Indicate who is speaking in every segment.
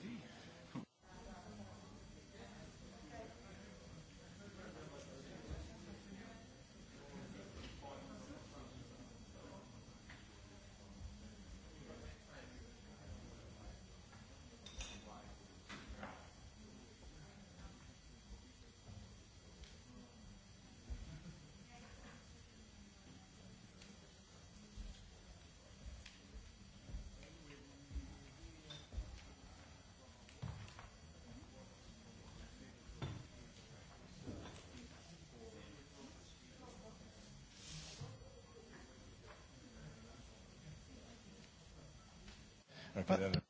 Speaker 1: TV But,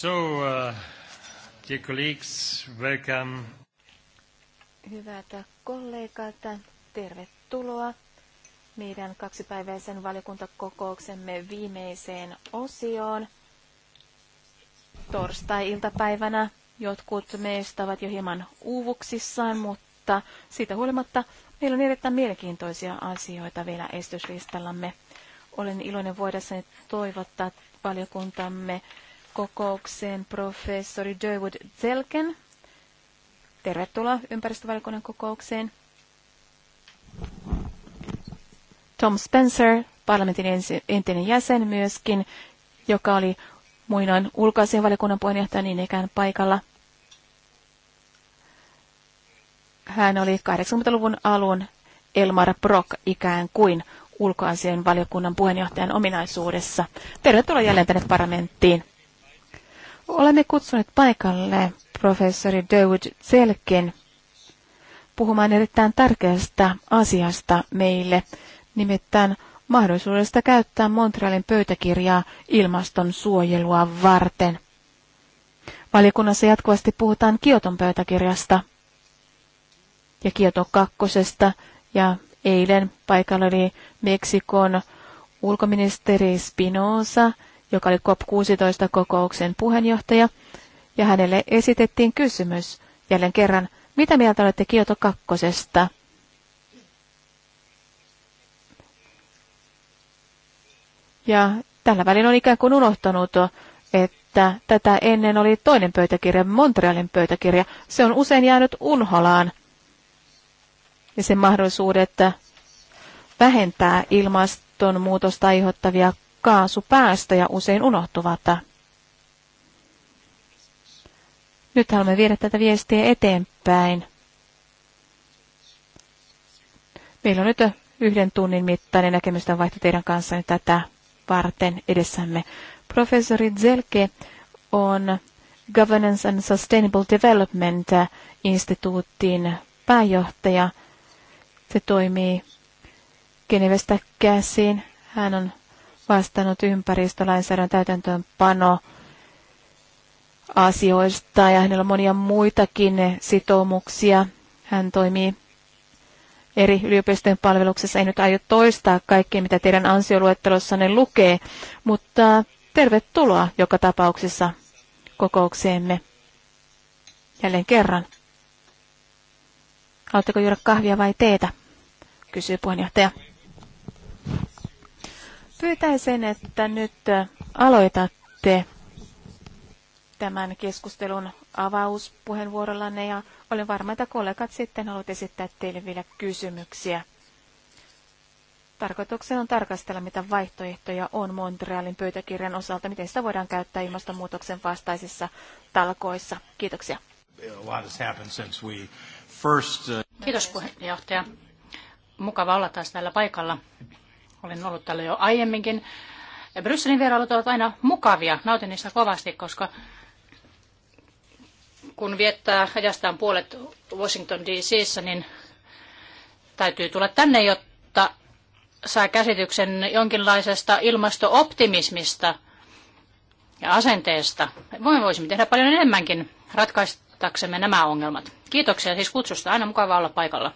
Speaker 1: So, uh, dear colleagues, welcome.
Speaker 2: Hyvät kollegat, tervetuloa meidän kaksipäiväisen valiokuntakokouksemme viimeiseen osioon. Torstai-iltapäivänä jotkut meistä ovat jo hieman uuvuksissaan, mutta siitä huolimatta meillä on erittäin mielenkiintoisia asioita vielä estyslistallamme. Olen iloinen voidessani toivottaa valiokuntamme kokoukseen professori Durwood Zelken. Tervetuloa ympäristövaliokunnan kokoukseen. Tom Spencer, parlamentin entinen jäsen myöskin, joka oli muinoin ulkoisen valiokunnan puheenjohtaja niin ikään paikalla. Hän oli 80-luvun alun Elmar Brock ikään kuin ulkoasian valiokunnan puheenjohtajan ominaisuudessa. Tervetuloa jälleen tänne parlamenttiin. Olemme kutsuneet paikalle professori David Zelkin puhumaan erittäin tärkeästä asiasta meille, nimittäin mahdollisuudesta käyttää Montrealin pöytäkirjaa ilmaston suojelua varten. Valiokunnassa jatkuvasti puhutaan Kioton pöytäkirjasta ja Kioton kakkosesta ja eilen paikalla oli Meksikon ulkoministeri Spinoza joka oli COP16-kokouksen puheenjohtaja, ja hänelle esitettiin kysymys jälleen kerran, mitä mieltä olette Kioto kakkosesta? Ja tällä välin on ikään kuin unohtanut, että tätä ennen oli toinen pöytäkirja, Montrealin pöytäkirja. Se on usein jäänyt unholaan. Ja sen mahdollisuudet vähentää ilmastonmuutosta aiheuttavia kaasupäästöjä usein unohtuvat. Nyt haluamme viedä tätä viestiä eteenpäin. Meillä on nyt yhden tunnin mittainen näkemysten vaihto teidän kanssanne tätä varten edessämme. Professori Zelke on Governance and Sustainable Development instituutin pääjohtaja. Se toimii Genevestä käsiin. Hän on vastannut ympäristölainsäädännön täytäntöönpano asioista ja hänellä on monia muitakin sitoumuksia. Hän toimii eri yliopistojen palveluksessa. ei nyt aio toistaa kaikkea, mitä teidän ansioluettelossanne lukee, mutta tervetuloa joka tapauksessa kokoukseemme jälleen kerran. Haluatteko juoda kahvia vai teetä? kysyy puheenjohtaja. Pyytäisin, että nyt äh, aloitatte tämän keskustelun avauspuheenvuorollanne ja olen varma, että kollegat sitten haluavat esittää teille vielä kysymyksiä. Tarkoituksena on tarkastella, mitä vaihtoehtoja on Montrealin pöytäkirjan osalta, miten sitä voidaan käyttää ilmastonmuutoksen vastaisissa talkoissa. Kiitoksia.
Speaker 1: Uh, Kiitos
Speaker 3: puheenjohtaja. Mukava olla taas täällä paikalla. Olen ollut täällä jo aiemminkin. Ja Brysselin vierailut ovat aina mukavia. Nautin niistä kovasti, koska kun viettää ajastaan puolet Washington DC:ssä, niin täytyy tulla tänne, jotta saa käsityksen jonkinlaisesta ilmastooptimismista ja asenteesta. Me voisimme tehdä paljon enemmänkin ratkaistaksemme nämä ongelmat. Kiitoksia siis kutsusta. Aina mukava olla paikalla.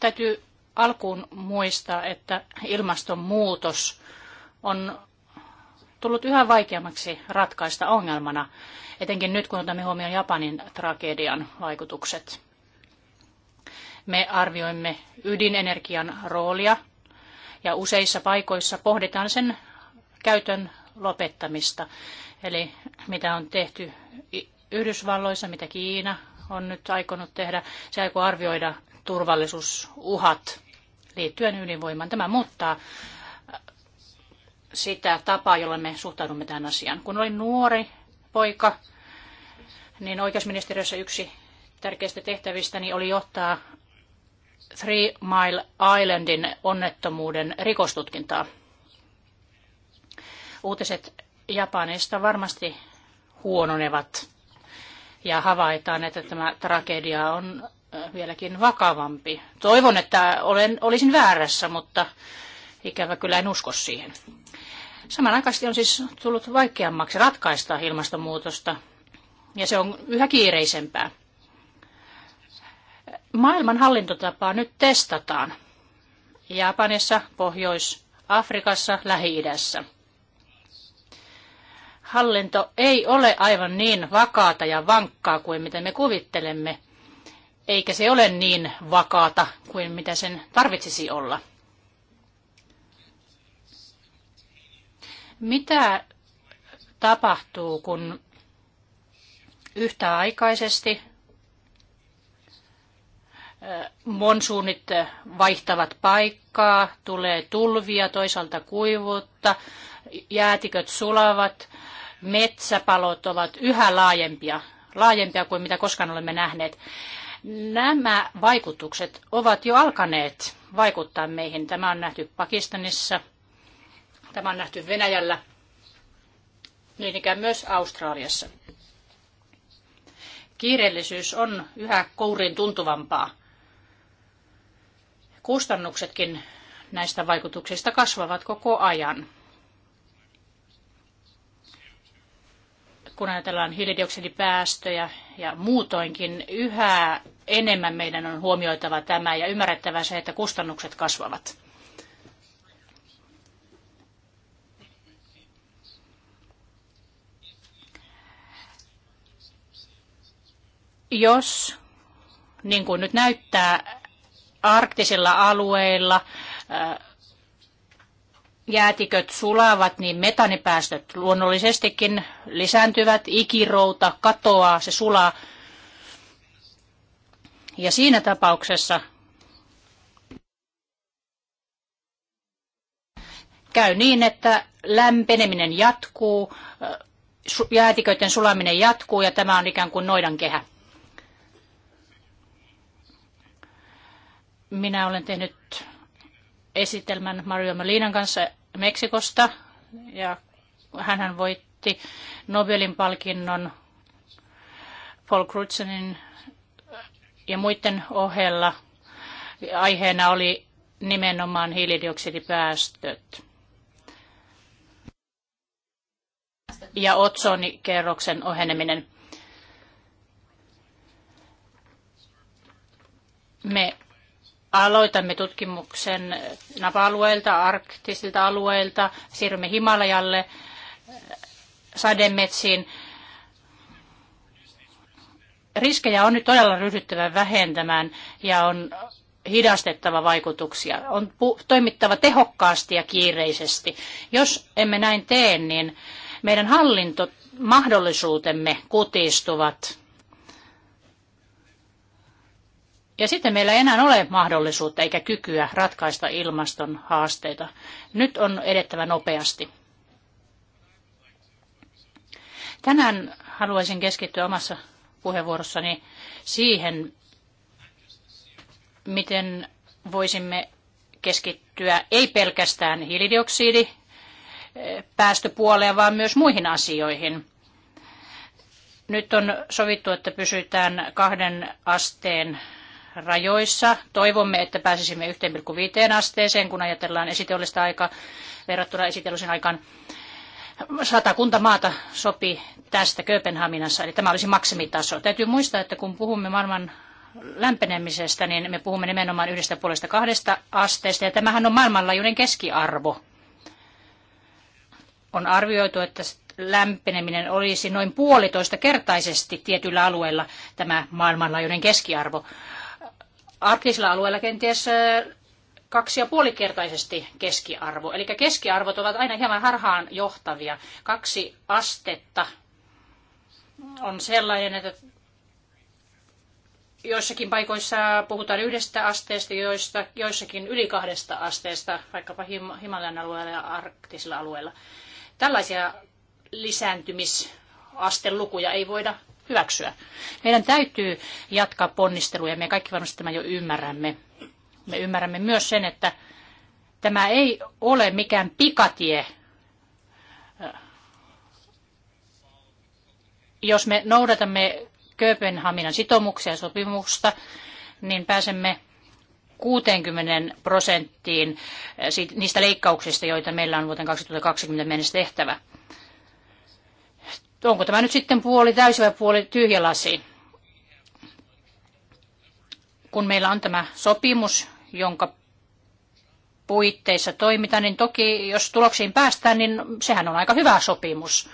Speaker 3: Täytyy alkuun muistaa, että ilmastonmuutos on tullut yhä vaikeammaksi ratkaista ongelmana, etenkin nyt kun otamme huomioon Japanin tragedian vaikutukset. Me arvioimme ydinenergian roolia ja useissa paikoissa pohditaan sen käytön lopettamista. Eli mitä on tehty Yhdysvalloissa, mitä Kiina on nyt aikonut tehdä, se aikoo arvioida turvallisuusuhat liittyen ydinvoimaan. Tämä muuttaa sitä tapaa, jolla me suhtaudumme tähän asiaan. Kun olin nuori poika, niin oikeusministeriössä yksi tärkeistä tehtävistäni niin oli johtaa Three Mile Islandin onnettomuuden rikostutkintaa. Uutiset Japanista varmasti huononevat ja havaitaan, että tämä tragedia on vieläkin vakavampi. Toivon, että olen, olisin väärässä, mutta ikävä kyllä en usko siihen. Samanaikaisesti on siis tullut vaikeammaksi ratkaista ilmastonmuutosta, ja se on yhä kiireisempää. Maailman hallintotapaa nyt testataan Japanissa, Pohjois-Afrikassa, Lähi-idässä. Hallinto ei ole aivan niin vakaata ja vankkaa kuin miten me kuvittelemme, eikä se ole niin vakaata kuin mitä sen tarvitsisi olla. Mitä tapahtuu, kun yhtäaikaisesti monsuunit vaihtavat paikkaa, tulee tulvia, toisaalta kuivuutta, jäätiköt sulavat, metsäpalot ovat yhä laajempia, laajempia kuin mitä koskaan olemme nähneet. Nämä vaikutukset ovat jo alkaneet vaikuttaa meihin. Tämä on nähty Pakistanissa, tämä on nähty Venäjällä, niin ikään myös Australiassa. Kiireellisyys on yhä kouriin tuntuvampaa. Kustannuksetkin näistä vaikutuksista kasvavat koko ajan. kun ajatellaan hiilidioksidipäästöjä ja muutoinkin, yhä enemmän meidän on huomioitava tämä ja ymmärrettävä se, että kustannukset kasvavat. Jos, niin kuin nyt näyttää, arktisilla alueilla jäätiköt sulavat, niin metanipäästöt luonnollisestikin lisääntyvät, ikirouta katoaa, se sulaa. Ja siinä tapauksessa käy niin, että lämpeneminen jatkuu, äh, jäätiköiden sulaminen jatkuu ja tämä on ikään kuin noidan kehä. Minä olen tehnyt esitelmän Mario Molinan kanssa Meksikosta ja hän voitti Nobelin palkinnon Paul Crutzenin ja muiden ohella. Aiheena oli nimenomaan hiilidioksidipäästöt. ja otsonikerroksen oheneminen. Me aloitamme tutkimuksen napa-alueilta, arktisilta alueilta, siirrymme Himalajalle, sademetsiin. Riskejä on nyt todella ryhdyttävä vähentämään ja on hidastettava vaikutuksia. On toimittava tehokkaasti ja kiireisesti. Jos emme näin tee, niin meidän hallintomahdollisuutemme kutistuvat Ja sitten meillä ei enää ole mahdollisuutta eikä kykyä ratkaista ilmaston haasteita. Nyt on edettävä nopeasti. Tänään haluaisin keskittyä omassa puheenvuorossani siihen, miten voisimme keskittyä ei pelkästään hiilidioksidi eh, päästöpuoleen, vaan myös muihin asioihin. Nyt on sovittu, että pysytään kahden asteen rajoissa. Toivomme, että pääsisimme 1,5 asteeseen, kun ajatellaan esiteollista aikaa verrattuna esiteollisen aikaan. Satakunta maata sopi tästä Kööpenhaminassa, eli tämä olisi maksimitaso. Täytyy muistaa, että kun puhumme maailman lämpenemisestä, niin me puhumme nimenomaan yhdestä puolesta kahdesta asteesta, ja tämähän on maailmanlaajuinen keskiarvo. On arvioitu, että lämpeneminen olisi noin puolitoista kertaisesti tietyillä alueilla tämä maailmanlaajuinen keskiarvo arktisilla alueilla kenties kaksi ja puolikertaisesti keskiarvo. Eli keskiarvot ovat aina hieman harhaan johtavia. Kaksi astetta on sellainen, että joissakin paikoissa puhutaan yhdestä asteesta, joista, joissakin yli kahdesta asteesta, vaikkapa Himalajan alueella ja arktisilla alueilla. Tällaisia lisääntymisastelukuja ei voida hyväksyä. Meidän täytyy jatkaa ponnisteluja. Me kaikki varmasti tämän jo ymmärrämme. Me ymmärrämme myös sen, että tämä ei ole mikään pikatie, jos me noudatamme Kööpenhaminan sitoumuksia ja sopimusta, niin pääsemme 60 prosenttiin niistä leikkauksista, joita meillä on vuoteen 2020 mennessä tehtävä onko tämä nyt sitten puoli täysi vai puoli tyhjä lasi? Kun meillä on tämä sopimus, jonka puitteissa toimitaan, niin toki jos tuloksiin päästään, niin sehän on aika hyvä sopimus.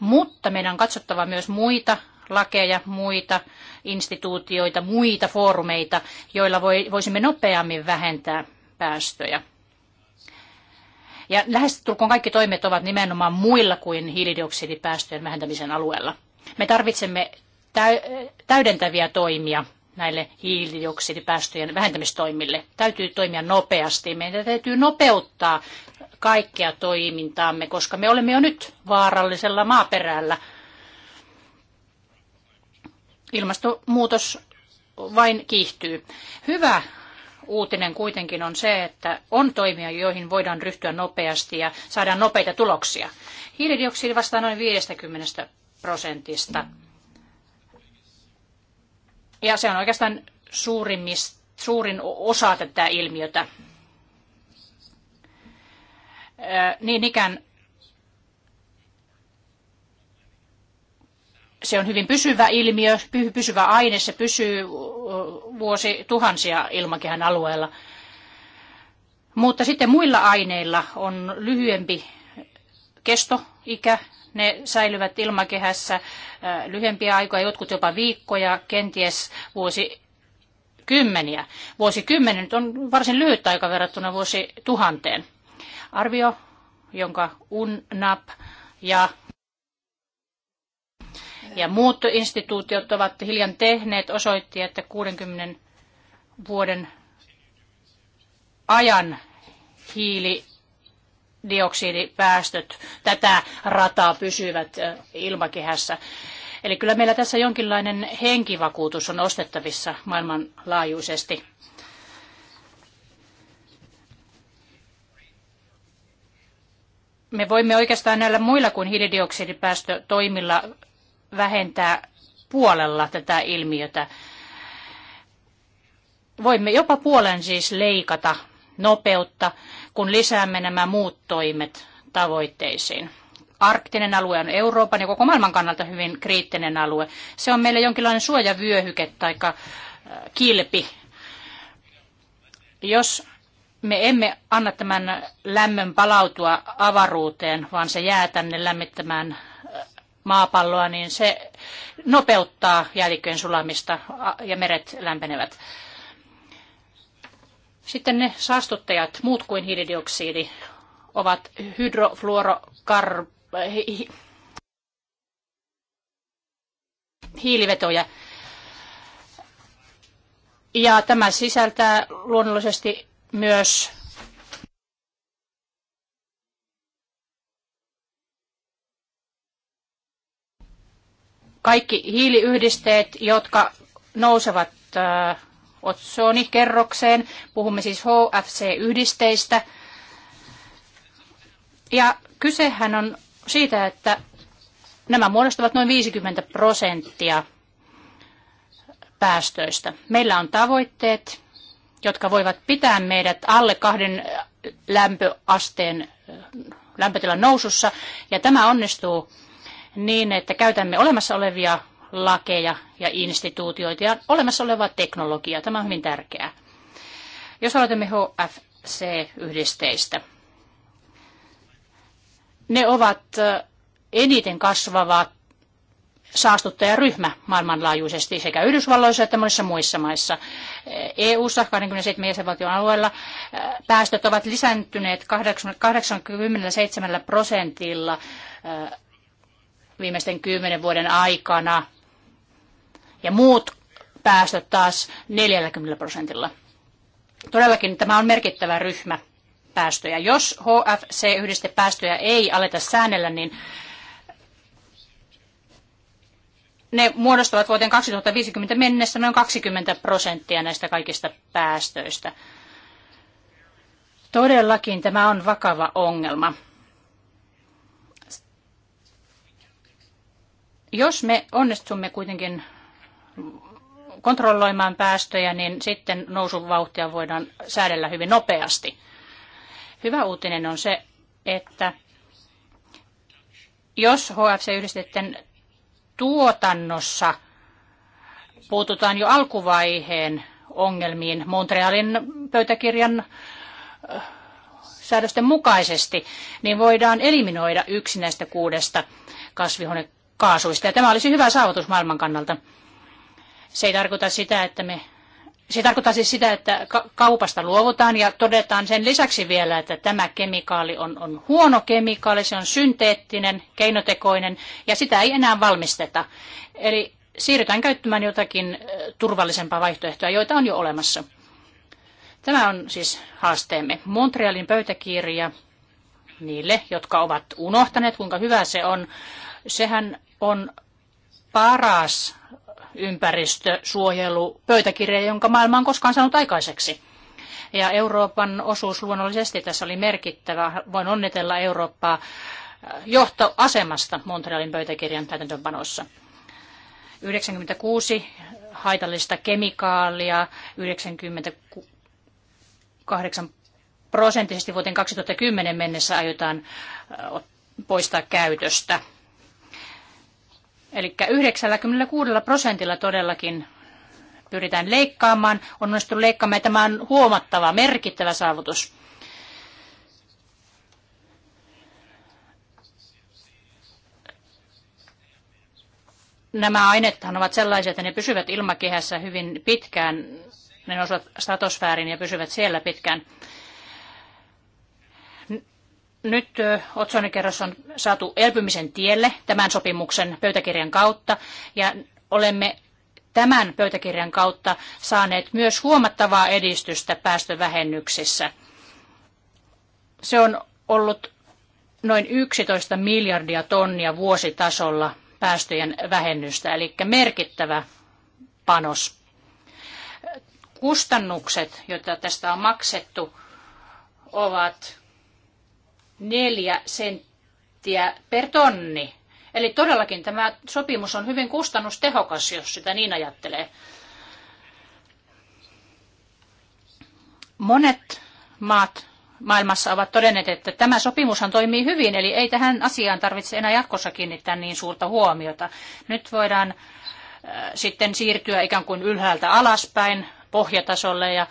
Speaker 3: Mutta meidän on katsottava myös muita lakeja, muita instituutioita, muita foorumeita, joilla voisimme nopeammin vähentää päästöjä. Ja lähestulkoon kaikki toimet ovat nimenomaan muilla kuin hiilidioksidipäästöjen vähentämisen alueella. Me tarvitsemme täydentäviä toimia näille hiilidioksidipäästöjen vähentämistoimille. Täytyy toimia nopeasti. Meidän täytyy nopeuttaa kaikkea toimintaamme, koska me olemme jo nyt vaarallisella maaperällä. Ilmastonmuutos vain kiihtyy. Hyvä uutinen kuitenkin on se, että on toimia, joihin voidaan ryhtyä nopeasti ja saadaan nopeita tuloksia. Hiilidioksidi vastaa noin 50 prosentista. Ja se on oikeastaan suurin osa tätä ilmiötä. Niin ikään se on hyvin pysyvä ilmiö, pysyvä aine, se pysyy vuosi tuhansia ilmakehän alueella. Mutta sitten muilla aineilla on lyhyempi kestoikä, ne säilyvät ilmakehässä lyhyempiä aikoja, jotkut jopa viikkoja, kenties vuosi kymmeniä. Vuosikymmenen on varsin lyhyt aika verrattuna vuosi tuhanteen. Arvio, jonka UNNAP ja ja muut instituutiot ovat hiljan tehneet, osoitti, että 60 vuoden ajan hiilidioksidipäästöt tätä rataa pysyvät ilmakehässä. Eli kyllä meillä tässä jonkinlainen henkivakuutus on ostettavissa maailmanlaajuisesti. Me voimme oikeastaan näillä muilla kuin hiilidioksidipäästötoimilla vähentää puolella tätä ilmiötä. Voimme jopa puolen siis leikata nopeutta, kun lisäämme nämä muut toimet tavoitteisiin. Arktinen alue on Euroopan ja koko maailman kannalta hyvin kriittinen alue. Se on meille jonkinlainen suojavyöhyke tai äh, kilpi. Jos me emme anna tämän lämmön palautua avaruuteen, vaan se jää tänne lämmittämään maapalloa, niin se nopeuttaa jäätikköjen sulamista ja meret lämpenevät. Sitten ne saastuttajat, muut kuin hiilidioksidi, ovat hydrofluorokar... hiilivetoja. Ja tämä sisältää luonnollisesti myös kaikki hiiliyhdisteet, jotka nousevat äh, otsonikerrokseen, puhumme siis HFC-yhdisteistä. Ja kysehän on siitä, että nämä muodostavat noin 50 prosenttia päästöistä. Meillä on tavoitteet, jotka voivat pitää meidät alle kahden lämpöasteen lämpötilan nousussa, ja tämä onnistuu niin, että käytämme olemassa olevia lakeja ja instituutioita ja olemassa olevaa teknologiaa. Tämä on hyvin tärkeää. Jos aloitamme HFC-yhdisteistä, ne ovat eniten kasvava saastuttajaryhmä maailmanlaajuisesti sekä Yhdysvalloissa että monissa muissa maissa. EU-ssa 27 jäsenvaltion alueella päästöt ovat lisääntyneet 87 prosentilla viimeisten kymmenen vuoden aikana ja muut päästöt taas 40 prosentilla. Todellakin tämä on merkittävä ryhmä päästöjä. Jos HFC-yhdistepäästöjä ei aleta säännellä, niin ne muodostavat vuoteen 2050 mennessä noin 20 prosenttia näistä kaikista päästöistä. Todellakin tämä on vakava ongelma. Jos me onnistumme kuitenkin kontrolloimaan päästöjä, niin sitten nousun vauhtia voidaan säädellä hyvin nopeasti. Hyvä uutinen on se, että jos hfc yhdistetten tuotannossa puututaan jo alkuvaiheen ongelmiin Montrealin pöytäkirjan säädösten mukaisesti, niin voidaan eliminoida yksi näistä kuudesta kasvihone kaasuista. Ja tämä olisi hyvä saavutus maailman kannalta. Se ei tarkoita sitä, että me se tarkoittaa siis sitä, että kaupasta luovutaan ja todetaan sen lisäksi vielä, että tämä kemikaali on, on huono kemikaali, se on synteettinen, keinotekoinen ja sitä ei enää valmisteta. Eli siirrytään käyttämään jotakin turvallisempaa vaihtoehtoa, joita on jo olemassa. Tämä on siis haasteemme. Montrealin pöytäkirja niille, jotka ovat unohtaneet, kuinka hyvä se on. Sehän on paras ympäristösuojelu pöytäkirja, jonka maailma on koskaan saanut aikaiseksi. Ja Euroopan osuus luonnollisesti tässä oli merkittävä. Voin onnitella Eurooppaa äh, johtoasemasta Montrealin pöytäkirjan täytäntöönpanossa. 96 haitallista kemikaalia, 98 prosenttisesti vuoteen 2010 mennessä aiotaan poistaa käytöstä. Eli 96 prosentilla todellakin pyritään leikkaamaan, on onnistuttu leikkaamaan, ja tämä on huomattava, merkittävä saavutus. Nämä aineethan ovat sellaisia, että ne pysyvät ilmakehässä hyvin pitkään, ne osuvat stratosfääriin ja pysyvät siellä pitkään nyt otsonikerros on saatu elpymisen tielle tämän sopimuksen pöytäkirjan kautta ja olemme tämän pöytäkirjan kautta saaneet myös huomattavaa edistystä päästövähennyksissä. Se on ollut noin 11 miljardia tonnia vuositasolla päästöjen vähennystä, eli merkittävä panos. Kustannukset, joita tästä on maksettu, ovat neljä senttiä per tonni. Eli todellakin tämä sopimus on hyvin kustannustehokas, jos sitä niin ajattelee. Monet maat maailmassa ovat todenneet, että tämä sopimushan toimii hyvin, eli ei tähän asiaan tarvitse enää jatkossa kiinnittää niin suurta huomiota. Nyt voidaan äh, sitten siirtyä ikään kuin ylhäältä alaspäin pohjatasolle ja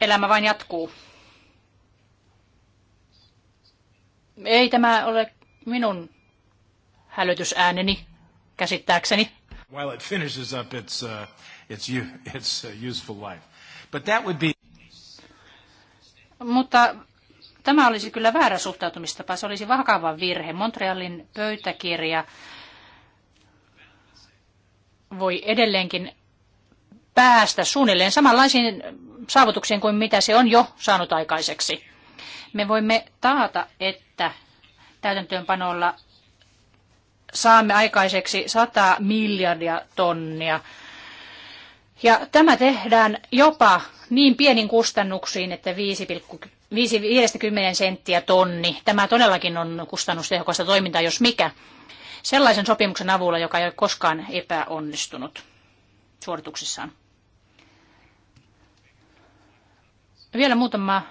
Speaker 3: elämä vain jatkuu. Ei tämä ole minun hälytysääneni, käsittääkseni.
Speaker 1: While it finishes up its, uh, its, its useful life. But that would be...
Speaker 3: Mutta tämä olisi kyllä väärä suhtautumistapa. Se olisi vakava virhe. Montrealin pöytäkirja voi edelleenkin päästä suunnilleen samanlaisiin saavutuksiin kuin mitä se on jo saanut aikaiseksi me voimme taata, että täytäntöönpanolla saamme aikaiseksi 100 miljardia tonnia. Ja tämä tehdään jopa niin pienin kustannuksiin, että 5,50 senttiä tonni. Tämä todellakin on kustannustehokasta toimintaa, jos mikä. Sellaisen sopimuksen avulla, joka ei ole koskaan epäonnistunut suorituksissaan. Vielä muutama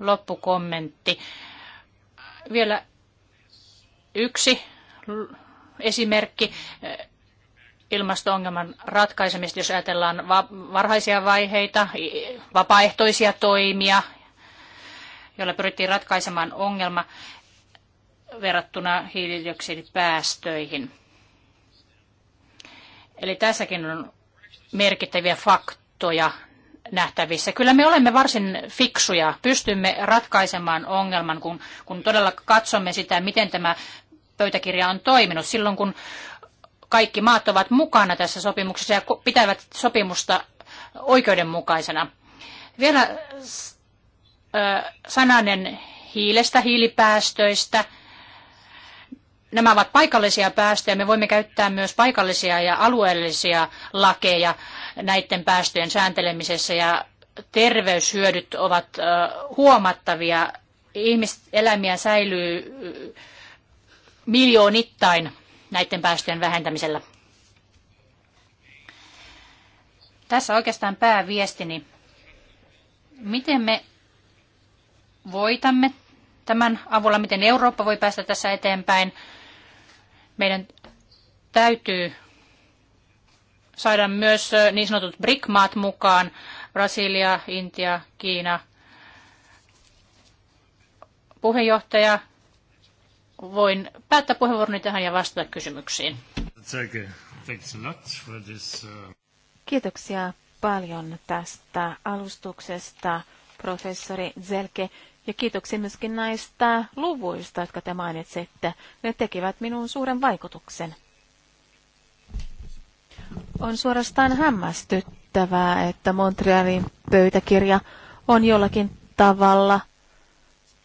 Speaker 3: loppukommentti. Vielä yksi esimerkki ilmasto-ongelman ratkaisemista, jos ajatellaan varhaisia vaiheita, vapaaehtoisia toimia, joilla pyrittiin ratkaisemaan ongelma verrattuna hiilidioksidipäästöihin. Eli tässäkin on merkittäviä faktoja nähtävissä. Kyllä me olemme varsin fiksuja, pystymme ratkaisemaan ongelman, kun, kun todella katsomme sitä, miten tämä pöytäkirja on toiminut silloin, kun kaikki maat ovat mukana tässä sopimuksessa ja pitävät sopimusta oikeudenmukaisena. Vielä sananen hiilestä, hiilipäästöistä. Nämä ovat paikallisia päästöjä. Me voimme käyttää myös paikallisia ja alueellisia lakeja näiden päästöjen sääntelemisessä ja terveyshyödyt ovat huomattavia. eläimiä säilyy miljoonittain näiden päästöjen vähentämisellä. Tässä oikeastaan pääviestini. Miten me voitamme tämän avulla, miten Eurooppa voi päästä tässä eteenpäin. Meidän täytyy saada myös niin sanotut BRIC-maat mukaan, Brasilia, Intia, Kiina. Puheenjohtaja, voin päättää puheenvuoroni tähän ja vastata kysymyksiin.
Speaker 1: Uh,
Speaker 2: kiitoksia paljon tästä alustuksesta, professori Zelke, ja kiitoksia myöskin näistä luvuista, jotka te mainitsitte. Ne tekivät minun suuren vaikutuksen. On suorastaan hämmästyttävää, että Montrealin pöytäkirja on jollakin tavalla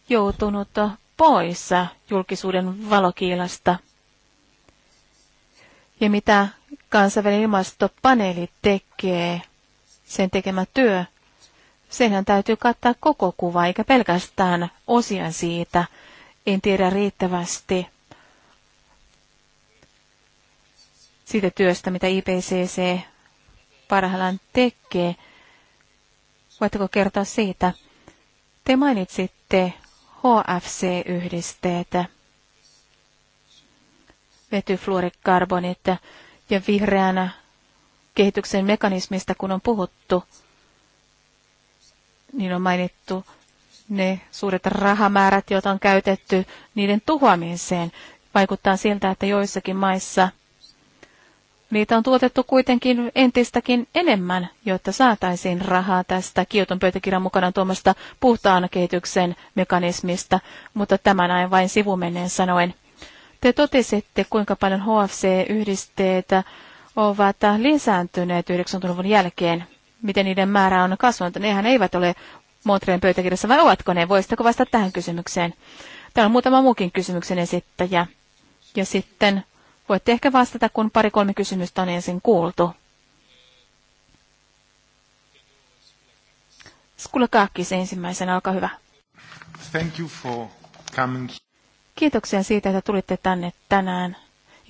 Speaker 2: joutunut pois julkisuuden valokiilasta. Ja mitä kansainvälinen ilmastopaneeli tekee, sen tekemä työ, senhän täytyy kattaa koko kuva, eikä pelkästään osia siitä. En tiedä riittävästi siitä työstä, mitä IPCC parhaillaan tekee. Voitteko kertoa siitä? Te mainitsitte HFC-yhdisteet, vetyfluorikarbonit ja vihreänä kehityksen mekanismista, kun on puhuttu, niin on mainittu ne suuret rahamäärät, joita on käytetty niiden tuhoamiseen. Vaikuttaa siltä, että joissakin maissa – Niitä on tuotettu kuitenkin entistäkin enemmän, jotta saataisiin rahaa tästä Kioton pöytäkirjan mukana tuomasta puhtaan kehityksen mekanismista, mutta tämän ajan vain sivumenneen sanoen. Te totesitte, kuinka paljon HFC-yhdisteitä ovat lisääntyneet 90-luvun jälkeen, miten niiden määrä on kasvanut. Nehän eivät ole Montreen pöytäkirjassa, vai ovatko ne? Voisitteko vastata tähän kysymykseen? Täällä on muutama muukin kysymyksen esittäjä. Ja sitten Voitte ehkä vastata, kun pari-kolme kysymystä on ensin kuultu. Skulakakis ensimmäisenä, olkaa hyvä.
Speaker 1: Thank you for coming.
Speaker 2: Kiitoksia siitä, että tulitte tänne tänään.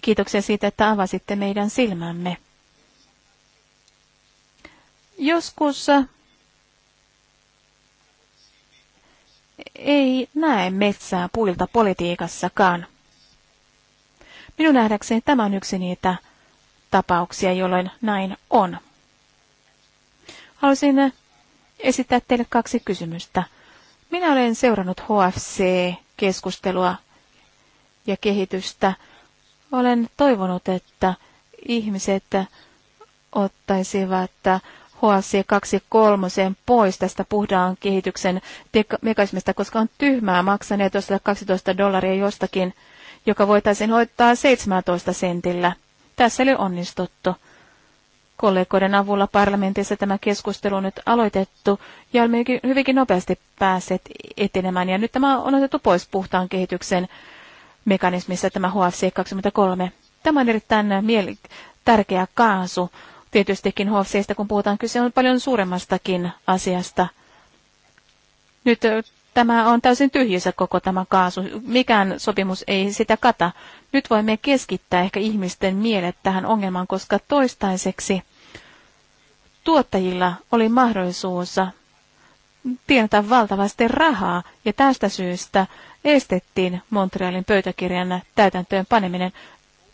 Speaker 2: Kiitoksia siitä, että avasitte meidän silmämme. Joskus eh, ei näe metsää puilta politiikassakaan. Minun nähdäkseni tämä on yksi niitä tapauksia, jolloin näin on. Haluaisin eh, esittää teille kaksi kysymystä. Minä olen seurannut HFC-keskustelua ja kehitystä. Olen toivonut, että ihmiset ottaisivat HFC 2.3 pois tästä puhdaan kehityksen mekanismista, koska on tyhmää maksaneet 12 dollaria jostakin – joka voitaisiin hoitaa 17 sentillä. Tässä oli onnistuttu. Kollegoiden avulla parlamentissa tämä keskustelu on nyt aloitettu ja olemme hyvinkin nopeasti päässeet etenemään. Ja nyt tämä on otettu pois puhtaan kehityksen mekanismissa, tämä HFC 23. Tämä on erittäin miel- tärkeä kaasu. Tietystikin HFCistä, kun puhutaan, kyse on paljon suuremmastakin asiasta. Nyt Tämä on täysin tyhjissä koko tämä kaasu. Mikään sopimus ei sitä kata. Nyt voimme keskittää ehkä ihmisten mielet tähän ongelmaan, koska toistaiseksi tuottajilla oli mahdollisuus tienata valtavasti rahaa, ja tästä syystä estettiin Montrealin pöytäkirjan täytäntöön paneminen.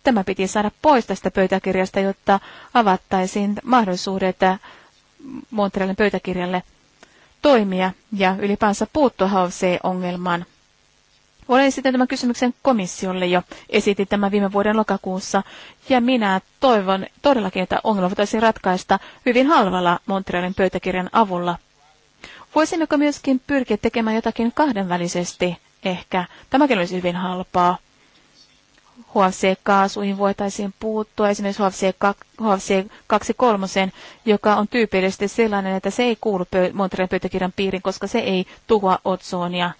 Speaker 2: Tämä piti saada pois tästä pöytäkirjasta, jotta avattaisiin mahdollisuudet Montrealin pöytäkirjalle toimia ja ylipäänsä puuttua HFC-ongelmaan. Olen esittänyt tämän kysymyksen komissiolle jo, esitin tämän viime vuoden lokakuussa, ja minä toivon todellakin, että ongelma voitaisiin ratkaista hyvin halvalla Montrealin pöytäkirjan avulla. Voisimmeko myöskin pyrkiä tekemään jotakin kahdenvälisesti, ehkä. Tämäkin olisi hyvin halpaa. HFC-kaasuihin voitaisiin puuttua, esimerkiksi HFC 23, joka on tyypillisesti sellainen, että se ei kuulu Montrealin pöytäkirjan piiriin, koska se ei tuhoa otsonia,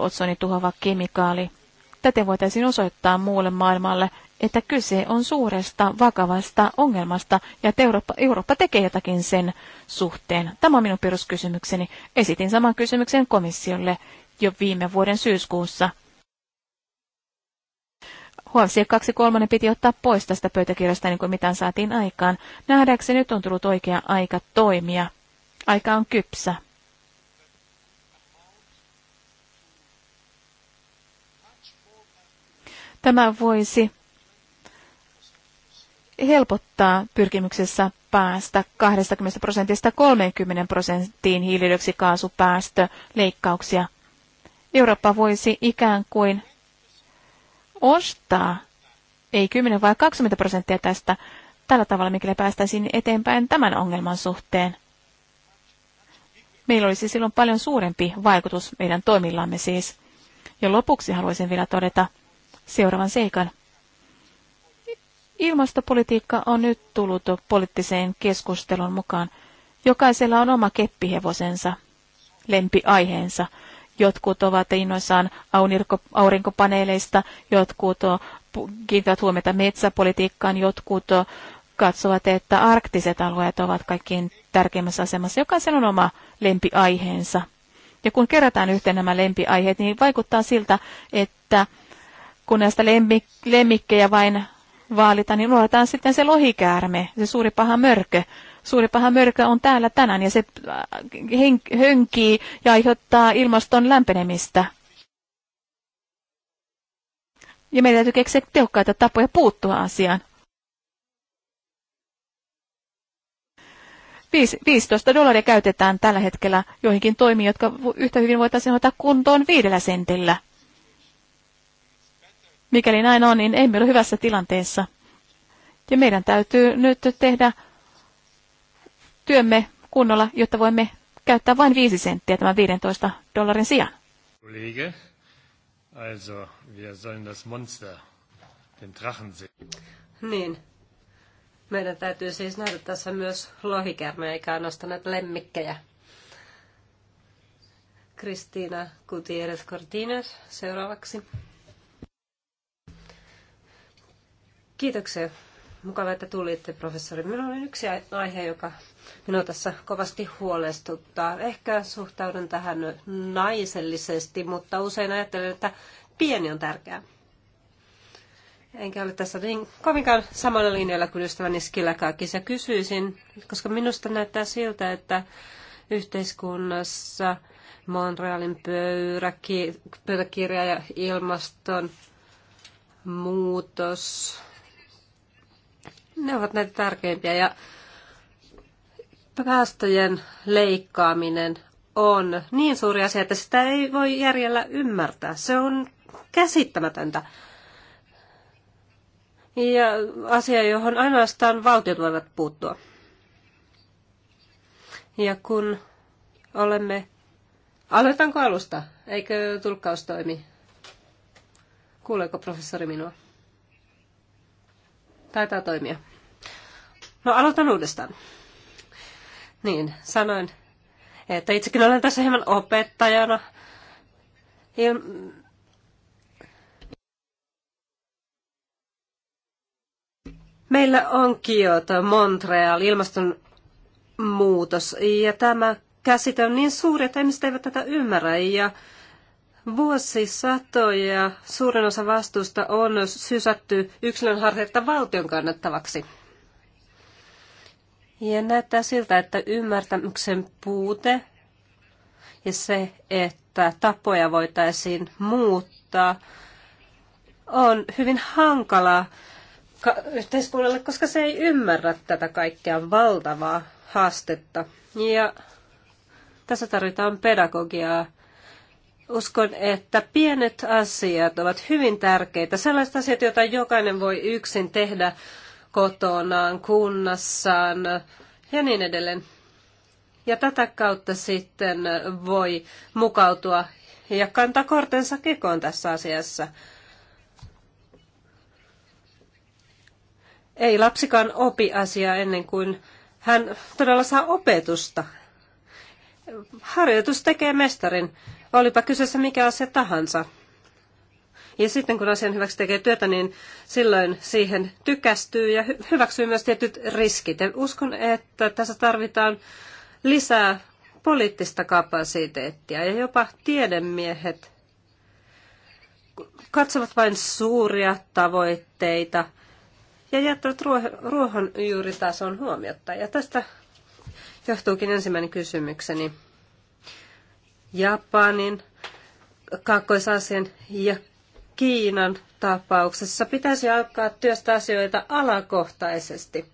Speaker 2: otsoni tuhoava kemikaali. Täten voitaisiin osoittaa muulle maailmalle, että kyse on suuresta, vakavasta ongelmasta ja että Eurooppa, Eurooppa tekee jotakin sen suhteen. Tämä on minun peruskysymykseni. Esitin saman kysymyksen komissiolle jo viime vuoden syyskuussa. Huomasi kaksi piti ottaa pois tästä pöytäkirjasta, niin kuin mitään saatiin aikaan. Nähdäkseni nyt on tullut oikea aika toimia. Aika on kypsä. Tämä voisi helpottaa pyrkimyksessä päästä 20 prosentista 30 prosenttiin hiilidioksikaasupäästöleikkauksia. Eurooppa voisi ikään kuin ostaa ei 10 vaan 20 prosenttia tästä tällä tavalla, mikäli päästäisiin eteenpäin tämän ongelman suhteen. Meillä olisi silloin paljon suurempi vaikutus meidän toimillamme siis. Ja lopuksi haluaisin vielä todeta seuraavan seikan. Ilmastopolitiikka on nyt tullut poliittiseen keskustelun mukaan. Jokaisella on oma keppihevosensa, lempiaiheensa. Jotkut ovat innoissaan aurinkopaneeleista, jotkut kiinnittävät huomiota metsäpolitiikkaan, jotkut katsovat, että arktiset alueet ovat kaikkein tärkeimmässä asemassa. Jokaisen on oma lempiaiheensa. Ja kun kerätään yhteen nämä lempiaiheet, niin vaikuttaa siltä, että kun näistä lemmik- lemmikkejä vain vaalitaan, niin unohdetaan sitten se lohikäärme, se suuri paha mörkö, Suuri paha mörkö on täällä tänään ja se äh, hönkii ja aiheuttaa ilmaston lämpenemistä. Ja meidän täytyy keksiä tehokkaita tapoja puuttua asiaan. 15 dollaria käytetään tällä hetkellä joihinkin toimiin, jotka yhtä hyvin voitaisiin hoitaa kuntoon viidellä sentillä. Mikäli näin on, niin emme ole hyvässä tilanteessa. Ja meidän täytyy nyt tehdä työmme kunnolla, jotta voimme käyttää vain 5 senttiä tämän 15 dollarin sijaan.
Speaker 1: Kollege, also wir sollen das Monster, den Drachen sehen.
Speaker 4: Niin. Meidän täytyy siis nähdä tässä myös lohikärme, eikä ainoastaan näitä lemmikkejä. Kristiina Gutierrez Cortines seuraavaksi. Kiitoksia. Mukava, että tulitte, professori. Minulla on yksi aihe, joka Minua tässä kovasti huolestuttaa. Ehkä suhtaudun tähän naisellisesti, mutta usein ajattelen, että pieni on tärkeää. Enkä ole tässä niin kovinkaan samalla linjalla kuin ystäväni Skilakakis. Ja kysyisin, koska minusta näyttää siltä, että yhteiskunnassa Montrealin pöytäkirja ja ilmaston muutos, ne ovat näitä tärkeimpiä. Ja päästöjen leikkaaminen on niin suuri asia, että sitä ei voi järjellä ymmärtää. Se on käsittämätöntä. Ja asia, johon ainoastaan valtiot voivat puuttua. Ja kun olemme... Aloitanko alusta? Eikö tulkkaus toimi? Kuuleeko professori minua? Taitaa toimia. No aloitan uudestaan. Niin, sanoin, että itsekin olen tässä hieman opettajana. Il- Meillä on Kioto, Montreal, ilmastonmuutos ja tämä käsite on niin suuri, että ihmiset eivät tätä ymmärrä ja vuosisatoja suurin osa vastuusta on sysätty yksilön harteilta valtion kannattavaksi. Ja näyttää siltä, että ymmärtämyksen puute ja se, että tapoja voitaisiin muuttaa, on hyvin hankalaa yhteiskunnalle, koska se ei ymmärrä tätä kaikkea valtavaa haastetta. Ja tässä tarvitaan pedagogiaa. Uskon, että pienet asiat ovat hyvin tärkeitä. Sellaiset asiat, joita jokainen voi yksin tehdä, kotonaan, kunnassaan ja niin edelleen. Ja tätä kautta sitten voi mukautua ja kantaa kortensa kekoon tässä asiassa. Ei lapsikaan opi asiaa ennen kuin hän todella saa opetusta. Harjoitus tekee mestarin, olipa kyseessä mikä asia tahansa. Ja sitten kun asian hyväksi tekee työtä, niin silloin siihen tykästyy ja hyväksyy myös tietyt riskit. Ja uskon, että tässä tarvitaan lisää poliittista kapasiteettia ja jopa tiedemiehet katsovat vain suuria tavoitteita ja jättävät on huomiota. Ja tästä johtuukin ensimmäinen kysymykseni. Japanin, Kaakkois-Aasian ja Kiinan tapauksessa pitäisi alkaa työstää asioita alakohtaisesti.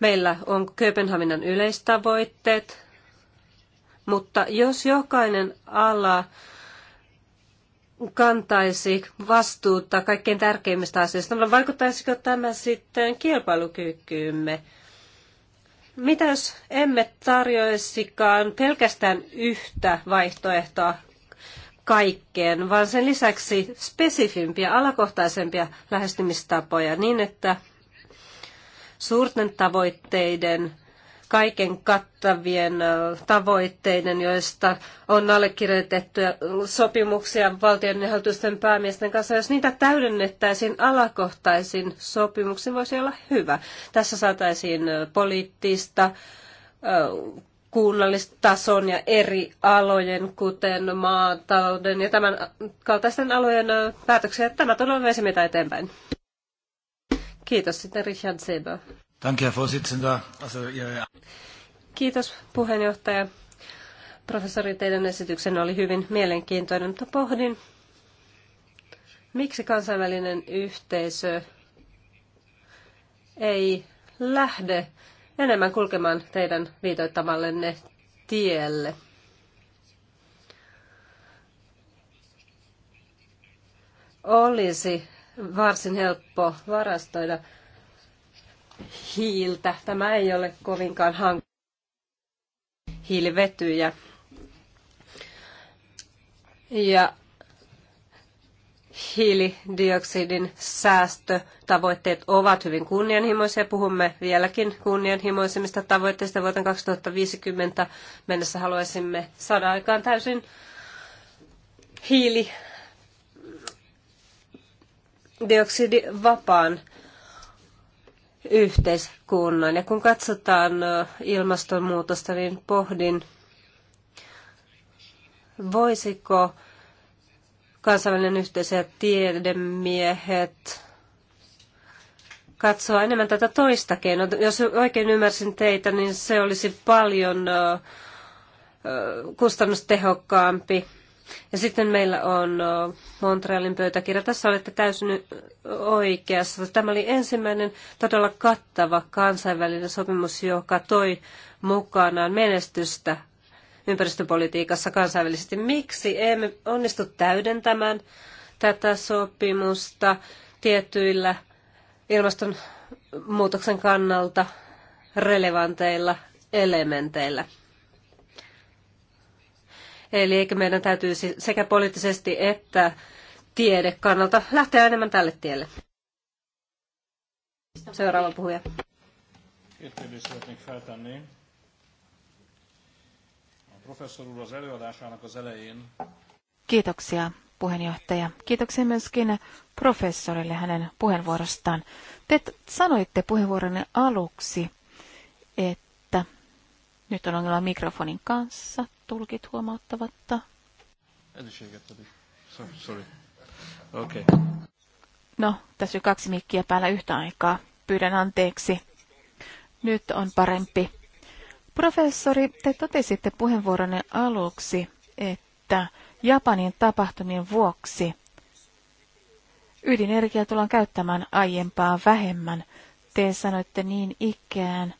Speaker 4: Meillä on Kööpenhaminan yleistavoitteet, mutta jos jokainen ala kantaisi vastuuta kaikkein tärkeimmistä asioista, no vaikuttaisiko tämä sitten kilpailukykyymme? Mitä jos emme tarjoisikaan pelkästään yhtä vaihtoehtoa kaikkeen, vaan sen lisäksi spesifimpiä, alakohtaisempia lähestymistapoja niin, että suurten tavoitteiden, kaiken kattavien tavoitteiden, joista on allekirjoitettu sopimuksia valtion ja hallitusten päämiesten kanssa, jos niitä täydennettäisiin alakohtaisin sopimuksiin, voisi olla hyvä. Tässä saataisiin poliittista kunnallistason ja eri alojen, kuten maatalouden ja tämän kaltaisten alojen äh, päätöksiä. Tämä todella veisi meitä eteenpäin. Kiitos sitten Richard Seber.
Speaker 2: Danke, Vorsitzender.
Speaker 4: Kiitos puheenjohtaja. Professori, teidän esityksenne oli hyvin mielenkiintoinen, mutta pohdin, miksi kansainvälinen yhteisö ei lähde enemmän kulkemaan teidän viitoittamallenne tielle. Olisi varsin helppo varastoida hiiltä. Tämä ei ole kovinkaan hankkeen hiilivetyjä. Ja hiilidioksidin säästötavoitteet ovat hyvin kunnianhimoisia. Puhumme vieläkin kunnianhimoisemmista tavoitteista. Vuoteen 2050 mennessä haluaisimme saada aikaan täysin hiilidioksidivapaan yhteiskunnan. Ja kun katsotaan ilmastonmuutosta, niin pohdin, voisiko kansainvälinen yhteisö ja tiedemiehet katsoa enemmän tätä toista keinoa. Jos oikein ymmärsin teitä, niin se olisi paljon kustannustehokkaampi. Ja sitten meillä on Montrealin pöytäkirja. Tässä olette täysin oikeassa. Tämä oli ensimmäinen todella kattava kansainvälinen sopimus, joka toi mukanaan menestystä ympäristöpolitiikassa kansainvälisesti. Miksi emme onnistu täydentämään tätä sopimusta tietyillä ilmastonmuutoksen kannalta relevanteilla elementeillä? Eli eikö meidän täytyisi sekä poliittisesti että tiedekannalta lähteä enemmän tälle tielle? Seuraava puhuja.
Speaker 1: Yhteydessä, professzor úr az előadásának az elején.
Speaker 2: Kiitoksia puheenjohtaja. Kiitoksia myöskin professorille hänen puheenvuorostaan. Te sanoitte puheenvuoronne aluksi, että nyt on ongelma mikrofonin kanssa, tulkit huomauttavatta.
Speaker 1: Sorry. Okay.
Speaker 2: No, tässä on kaksi mikkiä päällä yhtä aikaa. Pyydän anteeksi. Nyt on parempi. Professori, te totesitte puheenvuoronne aluksi, että Japanin tapahtumien vuoksi ydinenergiaa tullaan käyttämään aiempaa vähemmän. Te sanoitte niin ikään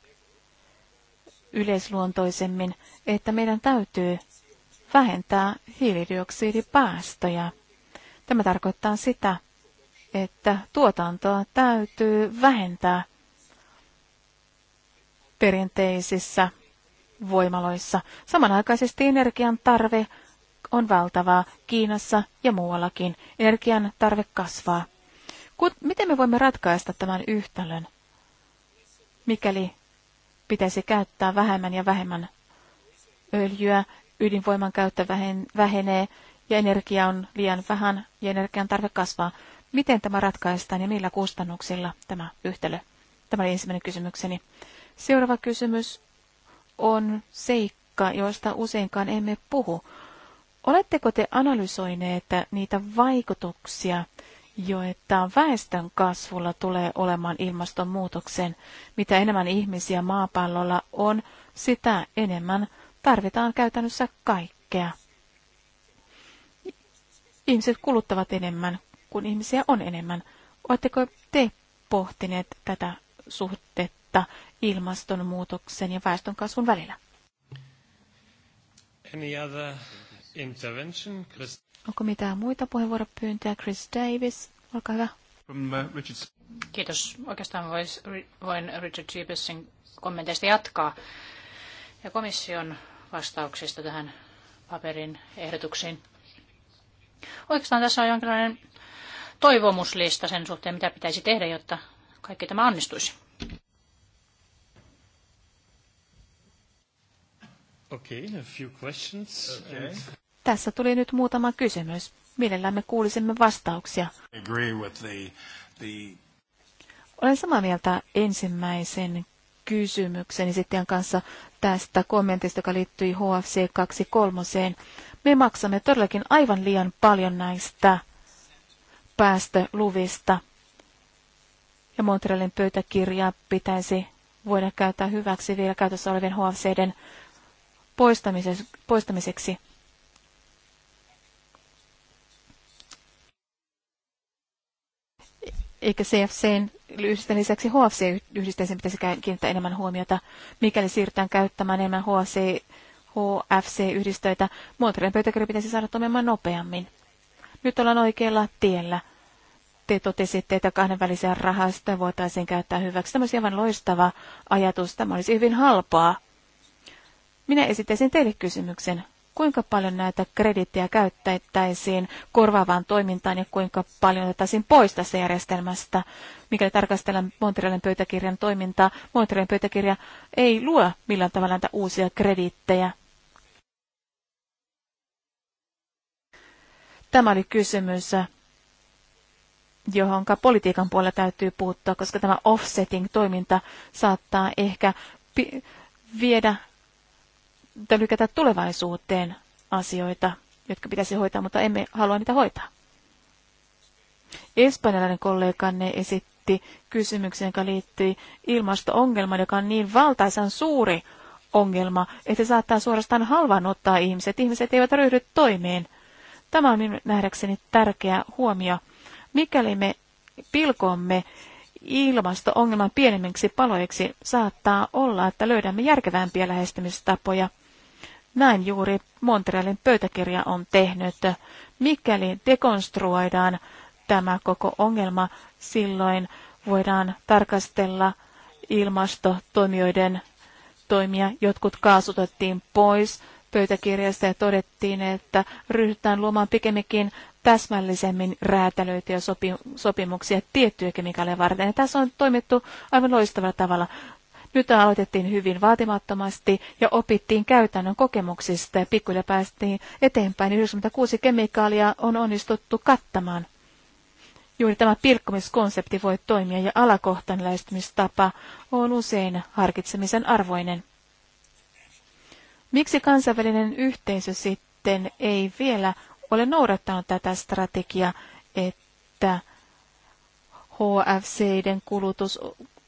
Speaker 2: yleisluontoisemmin, että meidän täytyy vähentää hiilidioksidipäästöjä. Tämä tarkoittaa sitä, että tuotantoa täytyy vähentää perinteisissä voimaloissa. Samanaikaisesti energian tarve on valtavaa Kiinassa ja muuallakin. Energian tarve kasvaa. Kut, miten me voimme ratkaista tämän yhtälön, mikäli pitäisi käyttää vähemmän ja vähemmän öljyä, ydinvoiman käyttö vähenee ja energia on liian vähän ja energian tarve kasvaa. Miten tämä ratkaistaan ja millä kustannuksilla tämä yhtälö? Tämä oli ensimmäinen kysymykseni. Seuraava kysymys on seikka, josta useinkaan emme puhu. Oletteko te analysoineet niitä vaikutuksia, joita väestön kasvulla tulee olemaan ilmastonmuutoksen? Mitä enemmän ihmisiä maapallolla on, sitä enemmän tarvitaan käytännössä kaikkea. Ihmiset kuluttavat enemmän, kun ihmisiä on enemmän. Oletteko te pohtineet tätä suhtetta? suhdetta ilmastonmuutoksen ja väestönkasvun välillä.
Speaker 1: Any other intervention? Chris...
Speaker 2: Onko mitään muita puheenvuoropyyntöjä? Chris Davis, olkaa hyvä.
Speaker 1: From,
Speaker 3: uh, Richard... Kiitos. Oikeastaan vois, voin Richard Jeepesin kommenteista jatkaa ja komission vastauksista tähän paperin ehdotuksiin. Oikeastaan tässä on jonkinlainen toivomuslista sen suhteen, mitä pitäisi tehdä, jotta kaikki tämä
Speaker 2: onnistuisi.
Speaker 1: Okay, a few questions. Okay.
Speaker 2: Tässä tuli nyt muutama kysymys. Mielellämme kuulisimme vastauksia.
Speaker 4: Agree with the, the...
Speaker 2: Olen samaa mieltä ensimmäisen kysymyksen esittäjän kanssa tästä kommentista, joka liittyi HFC 23. Me maksamme todellakin aivan liian paljon näistä päästöluvista. Ja Montrealin pöytäkirja pitäisi voida käyttää hyväksi vielä käytössä olevien HFCden poistamiseksi. eikä cfc yhdisten lisäksi HFC-yhdisteeseen pitäisi kiinnittää enemmän huomiota, mikäli siirrytään käyttämään enemmän HFC, HFC-yhdistöitä. Montrealin pöytäkirja pitäisi saada toimimaan nopeammin. Nyt ollaan oikealla tiellä. Te totesitte, että kahdenvälisiä rahastoja voitaisiin käyttää hyväksi. Tämä olisi aivan loistava ajatus. Tämä olisi hyvin halpaa minä esittäisin teille kysymyksen. Kuinka paljon näitä krediittejä käyttäisiin korvaavaan toimintaan ja kuinka paljon otettaisiin pois tästä järjestelmästä? Mikäli tarkastellaan Montrealin pöytäkirjan toimintaa, Montrealin pöytäkirja ei luo millään tavalla näitä uusia krediittejä. Tämä oli kysymys, johon politiikan puolella täytyy puuttua, koska tämä offsetting-toiminta saattaa ehkä viedä lykätä tulevaisuuteen asioita, jotka pitäisi hoitaa, mutta emme halua niitä hoitaa. Espanjalainen kolleganne esitti kysymyksen, joka liittyi ilmasto-ongelmaan, joka on niin valtaisan suuri ongelma, että se saattaa suorastaan ottaa ihmiset. Ihmiset eivät ryhdy toimeen. Tämä on minun nähdäkseni tärkeä huomio. Mikäli me pilkomme ilmasto-ongelman pienemmiksi paloiksi, saattaa olla, että löydämme järkevämpiä lähestymistapoja – näin juuri Montrealin pöytäkirja on tehnyt. Mikäli dekonstruoidaan tämä koko ongelma, silloin voidaan tarkastella ilmastotoimijoiden toimia. Jotkut kaasutettiin pois pöytäkirjasta ja todettiin, että ryhdytään luomaan pikemminkin täsmällisemmin räätälöitä ja sopimuksia tiettyjä kemikaaleja varten. Ja tässä on toimittu aivan loistavalla tavalla. Nyt aloitettiin hyvin vaatimattomasti ja opittiin käytännön kokemuksista ja pikkuja päästiin eteenpäin. 96 kemikaalia on onnistuttu kattamaan. Juuri tämä pilkkomiskonsepti voi toimia ja alakohtainen lähestymistapa on usein harkitsemisen arvoinen. Miksi kansainvälinen yhteisö sitten ei vielä ole noudattanut tätä strategiaa, että HFCiden kulutus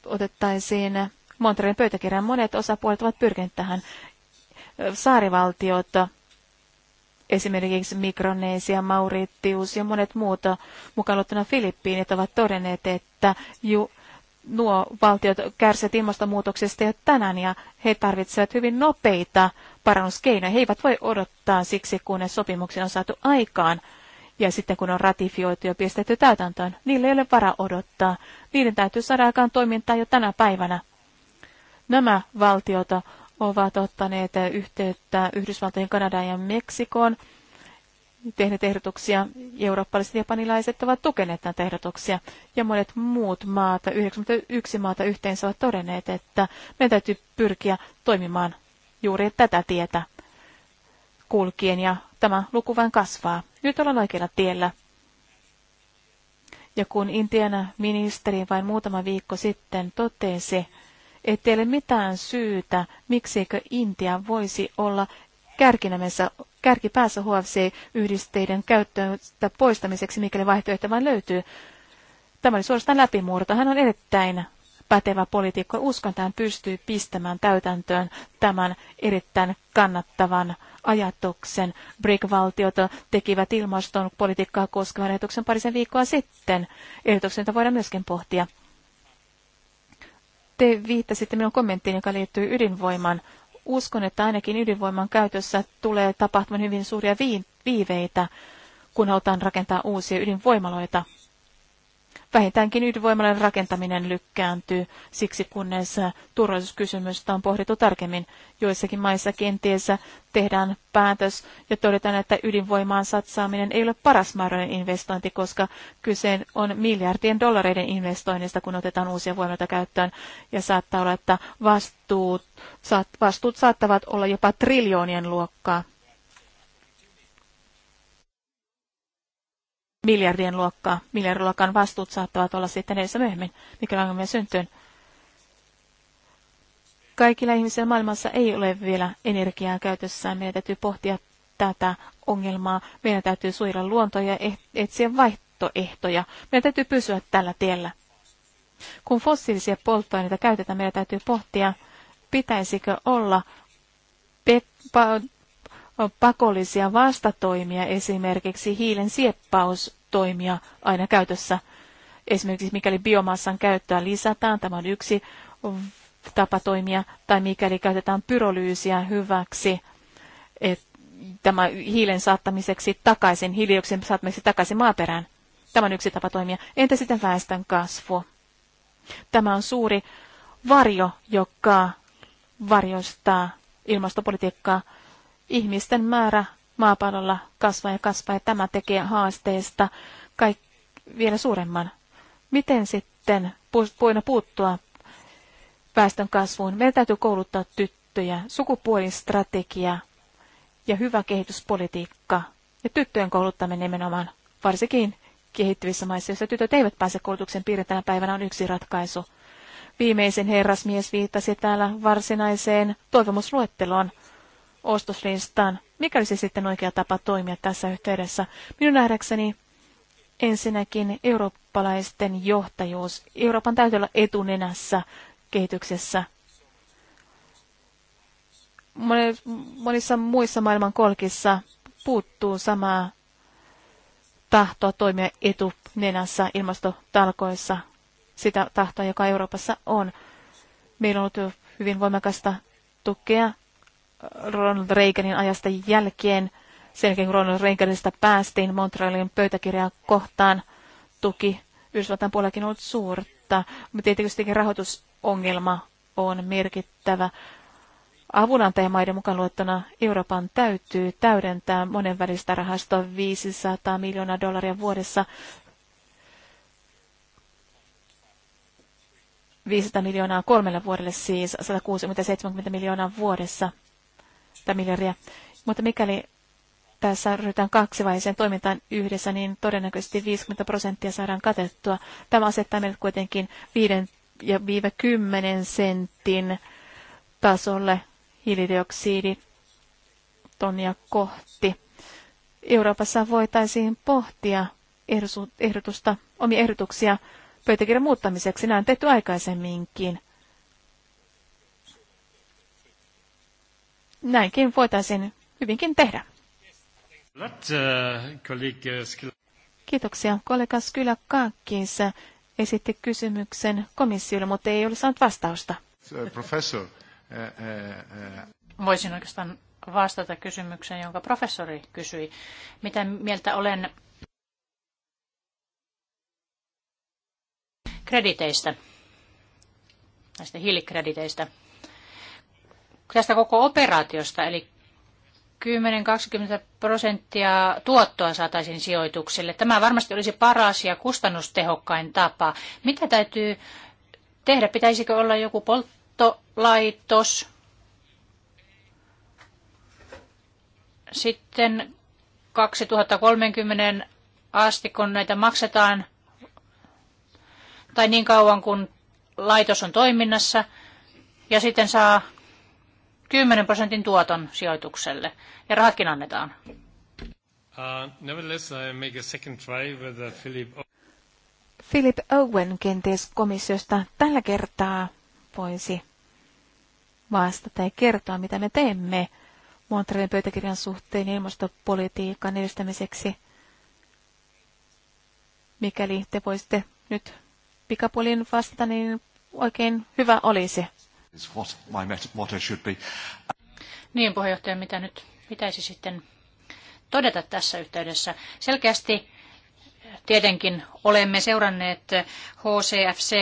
Speaker 2: otettaisiin Montrealin pöytäkirjan monet osapuolet ovat pyrkineet tähän. Saarivaltiot, esimerkiksi Mikronesia, Mauritius ja monet muut, mukaan luettuna Filippiinit, ovat todenneet, että ju, nuo valtiot kärsivät ilmastonmuutoksesta jo tänään ja he tarvitsevat hyvin nopeita parannuskeinoja. He eivät voi odottaa siksi, kunnes sopimuksen on saatu aikaan ja sitten kun on ratifioitu ja pistetty täytäntöön, niille ei ole vara odottaa. Niiden täytyy saada aikaan toimintaa jo tänä päivänä. Nämä valtiota ovat ottaneet yhteyttä Yhdysvaltojen, Kanadaan ja Meksikoon, tehneet ehdotuksia. Eurooppalaiset ja japanilaiset ovat tukeneet näitä ehdotuksia. Ja monet muut maat, 91 maata yhteensä ovat todenneet, että meidän täytyy pyrkiä toimimaan juuri tätä tietä kulkien ja tämä luku vain kasvaa. Nyt ollaan oikealla tiellä. Ja kun Intian ministeri vain muutama viikko sitten totesi, ettei ole mitään syytä, mikseikö Intia voisi olla kärkinämessä kärkipäässä HFC-yhdisteiden käyttööstä poistamiseksi, mikäli vaihtoehto vain löytyy. Tämä oli suorastaan läpimurto. Hän on erittäin pätevä poliitikko. Uskon, että hän pystyy pistämään täytäntöön tämän erittäin kannattavan ajatuksen. BRIC-valtiot tekivät ilmastonpolitiikkaa koskevan ehdotuksen parisen viikkoa sitten. Ehdotuksen, voidaan myöskin pohtia. Te viittasitte minun kommenttiin, joka liittyy ydinvoimaan. Uskon, että ainakin ydinvoiman käytössä tulee tapahtumaan hyvin suuria viiveitä, kun halutaan rakentaa uusia ydinvoimaloita Vähintäänkin ydinvoimalan rakentaminen lykkääntyy siksi, kunnes turvallisuuskysymystä on pohdittu tarkemmin. Joissakin maissa kenties tehdään päätös ja todetaan, että ydinvoimaan satsaaminen ei ole paras mahdollinen investointi, koska kyse on miljardien dollareiden investoinnista, kun otetaan uusia voimaloita käyttöön. Ja saattaa olla, että vastuut, vastuut saattavat olla jopa triljoonien luokkaa. miljardien luokkaa. Miljardiluokan vastuut saattavat olla sitten edessä myöhemmin, mikä ongelmia syntyyn. Kaikilla ihmisillä maailmassa ei ole vielä energiaa käytössään. Meidän täytyy pohtia tätä ongelmaa. Meidän täytyy suojella luontoa ja eh- etsiä vaihtoehtoja. Meidän täytyy pysyä tällä tiellä. Kun fossiilisia polttoaineita käytetään, meidän täytyy pohtia, pitäisikö olla pakollisia vastatoimia, esimerkiksi hiilen sieppaustoimia aina käytössä. Esimerkiksi mikäli biomassan käyttöä lisätään, tämä on yksi tapa toimia, tai mikäli käytetään pyrolyysiä hyväksi, et, tämä hiilen saattamiseksi takaisin, hiilidioksidin saattamiseksi takaisin maaperään. Tämä on yksi tapa toimia. Entä sitten väestön kasvu? Tämä on suuri varjo, joka varjostaa ilmastopolitiikkaa ihmisten määrä maapallolla kasvaa ja kasvaa ja tämä tekee haasteista kaik- vielä suuremman. Miten sitten voidaan puuttua väestön kasvuun? Meidän täytyy kouluttaa tyttöjä, sukupuolistrategia ja hyvä kehityspolitiikka ja tyttöjen kouluttaminen nimenomaan, varsinkin kehittyvissä maissa, joissa tytöt eivät pääse koulutuksen piiriin tänä päivänä, on yksi ratkaisu. Viimeisen herrasmies viittasi täällä varsinaiseen toivomusluetteloon ostoslistaan. Mikä olisi sitten oikea tapa toimia tässä yhteydessä? Minun nähdäkseni ensinnäkin eurooppalaisten johtajuus. Euroopan täytyy olla etunenässä kehityksessä. Monissa muissa maailman kolkissa puuttuu samaa tahtoa toimia etunenässä ilmastotalkoissa. Sitä tahtoa, joka Euroopassa on. Meillä on ollut hyvin voimakasta tukea Ronald Reaganin ajasta jälkeen, sen jälkeen kun Ronald Reaganista päästiin Montrealin pöytäkirjaa kohtaan, tuki Yhdysvaltain puolellakin ollut suurta, mutta tietysti rahoitusongelma on merkittävä. Avunantajamaiden mukaan luettuna Euroopan täytyy täydentää monenvälistä rahastoa 500 miljoonaa dollaria vuodessa 500 miljoonaa kolmelle vuodelle siis, 160-70 miljoonaa vuodessa. 50 miljardia. Mutta mikäli tässä ryhdytään kaksivaiheeseen toimintaan yhdessä, niin todennäköisesti 50 prosenttia saadaan katettua. Tämä asettaa meidät kuitenkin 5 ja 10 sentin tasolle tonnia kohti. Euroopassa voitaisiin pohtia ehdotusta, omia ehdotuksia pöytäkirjan muuttamiseksi. Nämä on tehty aikaisemminkin. näinkin voitaisiin hyvinkin tehdä.
Speaker 1: Uh,
Speaker 2: Kiitoksia. Kollega Skylä Kaakkis esitti kysymyksen komissiolle, mutta ei ole saanut vastausta.
Speaker 3: Uh, professor, uh, Voisin oikeastaan vastata kysymykseen, jonka professori kysyi. Mitä mieltä olen krediteistä, näistä hiilikrediteistä? tästä koko operaatiosta, eli 10-20 prosenttia tuottoa saataisiin sijoituksille. Tämä varmasti olisi paras ja kustannustehokkain tapa. Mitä täytyy tehdä? Pitäisikö olla joku polttolaitos? Sitten 2030 asti, kun näitä maksetaan, tai niin kauan kun laitos on toiminnassa, ja sitten saa 10 prosentin tuoton sijoitukselle ja rahatkin
Speaker 2: annetaan. Uh,
Speaker 1: uh, Philip
Speaker 2: Philip Owen kenties komissiosta tällä kertaa voisi vastata ja kertoa, mitä me teemme Montrealin pöytäkirjan suhteen ilmastopolitiikan edistämiseksi. Mikäli te voisitte nyt pikapuolin vastata, niin oikein hyvä olisi
Speaker 1: is what my motto should be.
Speaker 2: Niin, puheenjohtaja,
Speaker 3: mitä nyt pitäisi sitten todeta tässä yhteydessä? Selkeästi tietenkin olemme seuranneet HCFC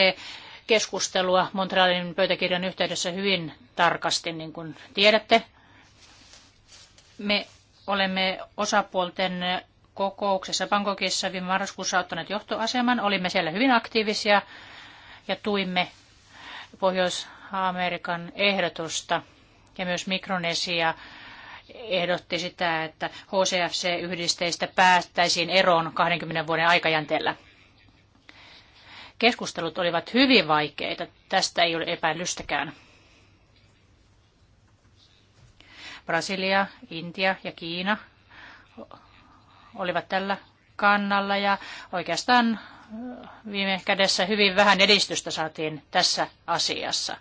Speaker 3: keskustelua Montrealin pöytäkirjan yhteydessä hyvin tarkasti, niin kuin tiedätte. Me olemme osapuolten kokouksessa Bangkokissa viime marraskuussa ottaneet johtoaseman. Olimme siellä hyvin aktiivisia ja tuimme pohjois Amerikan ehdotusta ja myös Mikronesia ehdotti sitä, että HCFC-yhdisteistä päästäisiin eroon 20 vuoden aikajänteellä. Keskustelut olivat hyvin vaikeita, tästä ei ole epäilystäkään. Brasilia, Intia ja Kiina olivat tällä kannalla ja oikeastaan viime kädessä hyvin vähän edistystä saatiin tässä asiassa.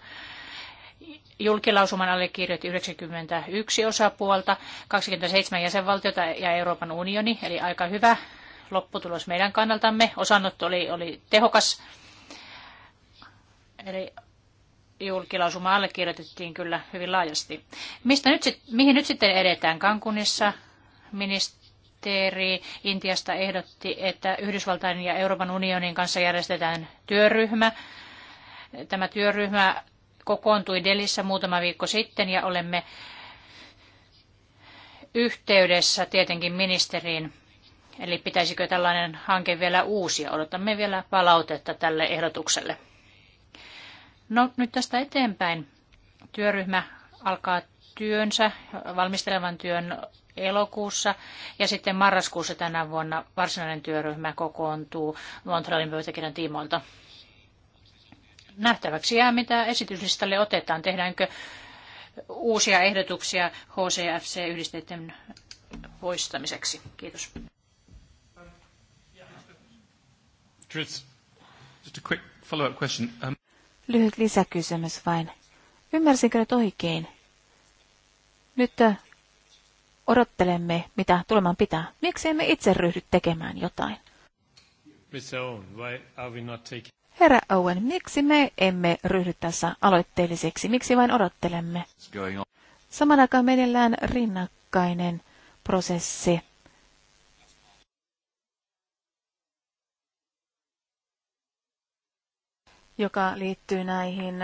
Speaker 3: Julkilausuman allekirjoitti 91 osapuolta, 27 jäsenvaltiota ja Euroopan unioni, eli aika hyvä lopputulos meidän kannaltamme. Osannot oli, oli tehokas, eli julkilausuma allekirjoitettiin kyllä hyvin laajasti. Mistä nyt sit, mihin nyt sitten edetään Kankunissa? Ministeri pääministeri Intiasta ehdotti, että Yhdysvaltain ja Euroopan unionin kanssa järjestetään työryhmä. Tämä työryhmä kokoontui Delissä muutama viikko sitten ja olemme yhteydessä tietenkin ministeriin. Eli pitäisikö tällainen hanke vielä uusia? Odotamme vielä palautetta tälle ehdotukselle. No nyt tästä eteenpäin. Työryhmä alkaa työnsä, valmistelevan työn elokuussa ja sitten marraskuussa tänä vuonna varsinainen työryhmä kokoontuu Montrealin pöytäkirjan tiimoilta. Nähtäväksi jää, mitä esityslistalle otetaan. Tehdäänkö uusia ehdotuksia HCFC-yhdisteiden poistamiseksi? Kiitos.
Speaker 1: Just a quick follow-up question. Um...
Speaker 2: Lyhyt lisäkysymys vain. Ymmärsinkö nyt oikein? Nyt äh, odottelemme, mitä tuleman pitää. Miksi emme itse ryhdy tekemään jotain? Herra Owen, miksi me emme ryhdy tässä aloitteelliseksi? Miksi vain odottelemme? Saman aikaan meneillään rinnakkainen prosessi. joka liittyy näihin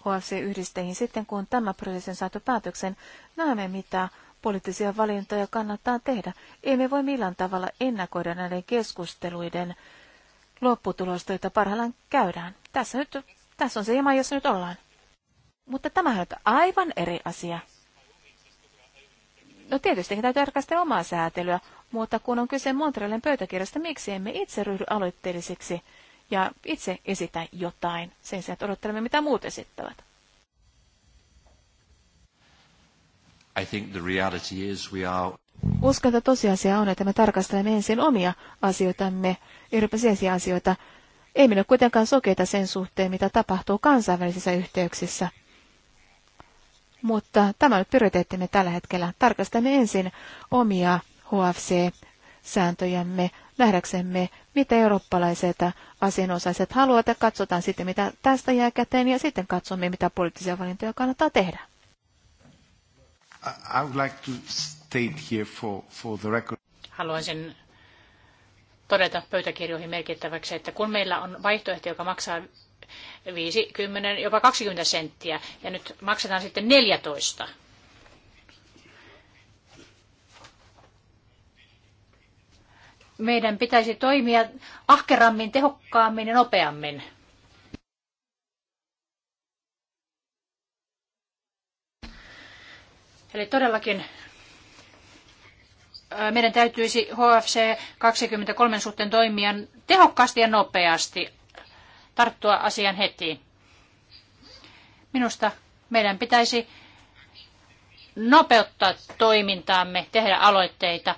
Speaker 2: HFC-yhdisteihin sitten, kun tämä prosessi on saatu päätöksen. Näemme, mitä poliittisia valintoja kannattaa tehdä. Emme voi millään tavalla ennakoida näiden keskusteluiden lopputulosta, jota parhaillaan käydään. Tässä, nyt, tässä on se ilma, jossa nyt ollaan. Mutta tämähän on aivan eri asia. No tietysti täytyy tarkastella omaa säätelyä, mutta kun on kyse Montrealin pöytäkirjasta, miksi emme itse ryhdy aloitteellisiksi ja itse esitä jotain sen sijaan, että odottelemme mitä muut esittävät.
Speaker 1: I think the reality is we are...
Speaker 2: Uskon, että tosiasia on, että me tarkastelemme ensin omia asioitamme, eurooppalaisia asioita. Ei minä kuitenkaan sokeita sen suhteen, mitä tapahtuu kansainvälisissä yhteyksissä. Mutta tämä on prioriteettimme tällä hetkellä. Tarkastamme ensin omia HFC-sääntöjämme, nähdäksemme, mitä eurooppalaiset asianosaiset haluavat ja katsotaan sitten, mitä tästä jää käteen ja sitten katsomme, mitä poliittisia valintoja kannattaa tehdä.
Speaker 1: I would like to state here for, for the record.
Speaker 3: Haluaisin todeta pöytäkirjoihin merkittäväksi, että kun meillä on vaihtoehto, joka maksaa 50, jopa 20 senttiä ja nyt maksetaan sitten 14 meidän pitäisi toimia ahkerammin, tehokkaammin ja nopeammin. Eli todellakin meidän täytyisi HFC 23 suhteen toimia tehokkaasti ja nopeasti, tarttua asian heti. Minusta meidän pitäisi nopeuttaa toimintaamme, tehdä aloitteita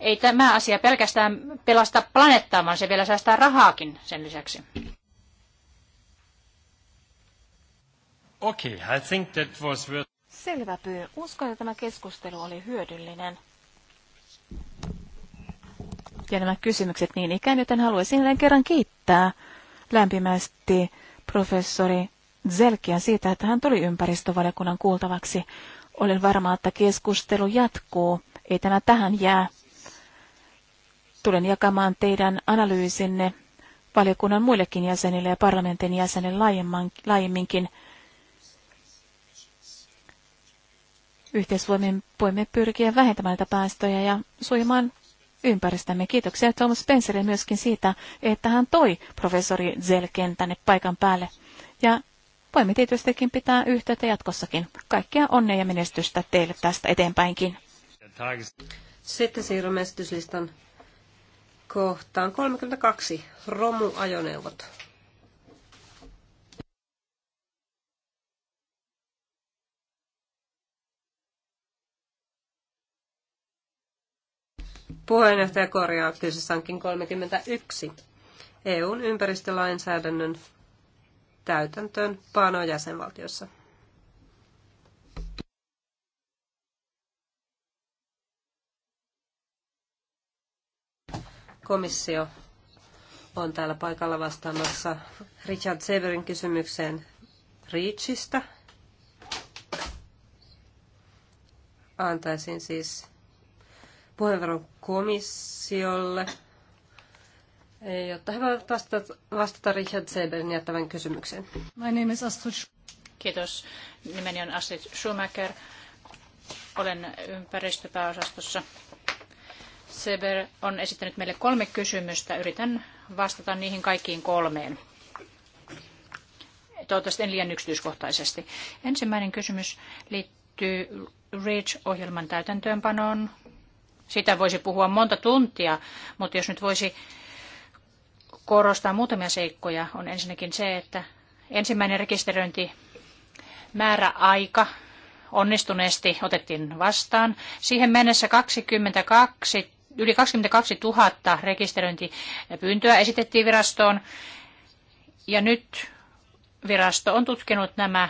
Speaker 3: ei tämä asia pelkästään pelasta planeettaa, vaan se vielä säästää rahaakin sen lisäksi.
Speaker 1: Okay, I think that was...
Speaker 2: Selvä pyy. Uskon, että tämä keskustelu oli hyödyllinen. Ja nämä kysymykset niin ikään, joten haluaisin jälleen kerran kiittää lämpimästi professori Zelkiä siitä, että hän tuli ympäristövaliokunnan kuultavaksi. Olen varma, että keskustelu jatkuu. Ei tämä tähän jää. Tulen jakamaan teidän analyysinne valiokunnan muillekin jäsenille ja parlamentin jäsenille laajemminkin. Yhteisvoimin voimme pyrkiä vähentämään näitä päästöjä ja suojamaan ympäristämme Kiitoksia Thomas Spencerille myöskin siitä, että hän toi professori Zelken tänne paikan päälle. Ja voimme tietystikin pitää yhteyttä jatkossakin. Kaikkea onnea ja menestystä
Speaker 4: teille tästä eteenpäinkin. Sitten siirrymme esityslistan kohtaan 32. Romuajoneuvot. Puheenjohtaja korjaa kyseessä onkin 31. EUn ympäristölainsäädännön täytäntöön pano jäsenvaltiossa. komissio on täällä paikalla vastaamassa Richard Severin kysymykseen Reachista. Antaisin siis puheenvuoron komissiolle, jotta he voivat vastata, vastata Richard Seberin jättävän kysymykseen. My name is Astrid. Kiitos. Nimeni on Astrid Schumacher.
Speaker 3: Olen ympäristöpääosastossa Seber on esittänyt meille kolme kysymystä. Yritän vastata niihin kaikkiin kolmeen. Toivottavasti en liian yksityiskohtaisesti. Ensimmäinen kysymys liittyy REACH-ohjelman täytäntöönpanoon. Sitä voisi puhua monta tuntia, mutta jos nyt voisi korostaa muutamia seikkoja, on ensinnäkin se, että ensimmäinen rekisteröinti määräaika onnistuneesti otettiin vastaan. Siihen mennessä 22 yli 22 000 rekisteröintipyyntöä esitettiin virastoon. Ja nyt virasto on tutkinut nämä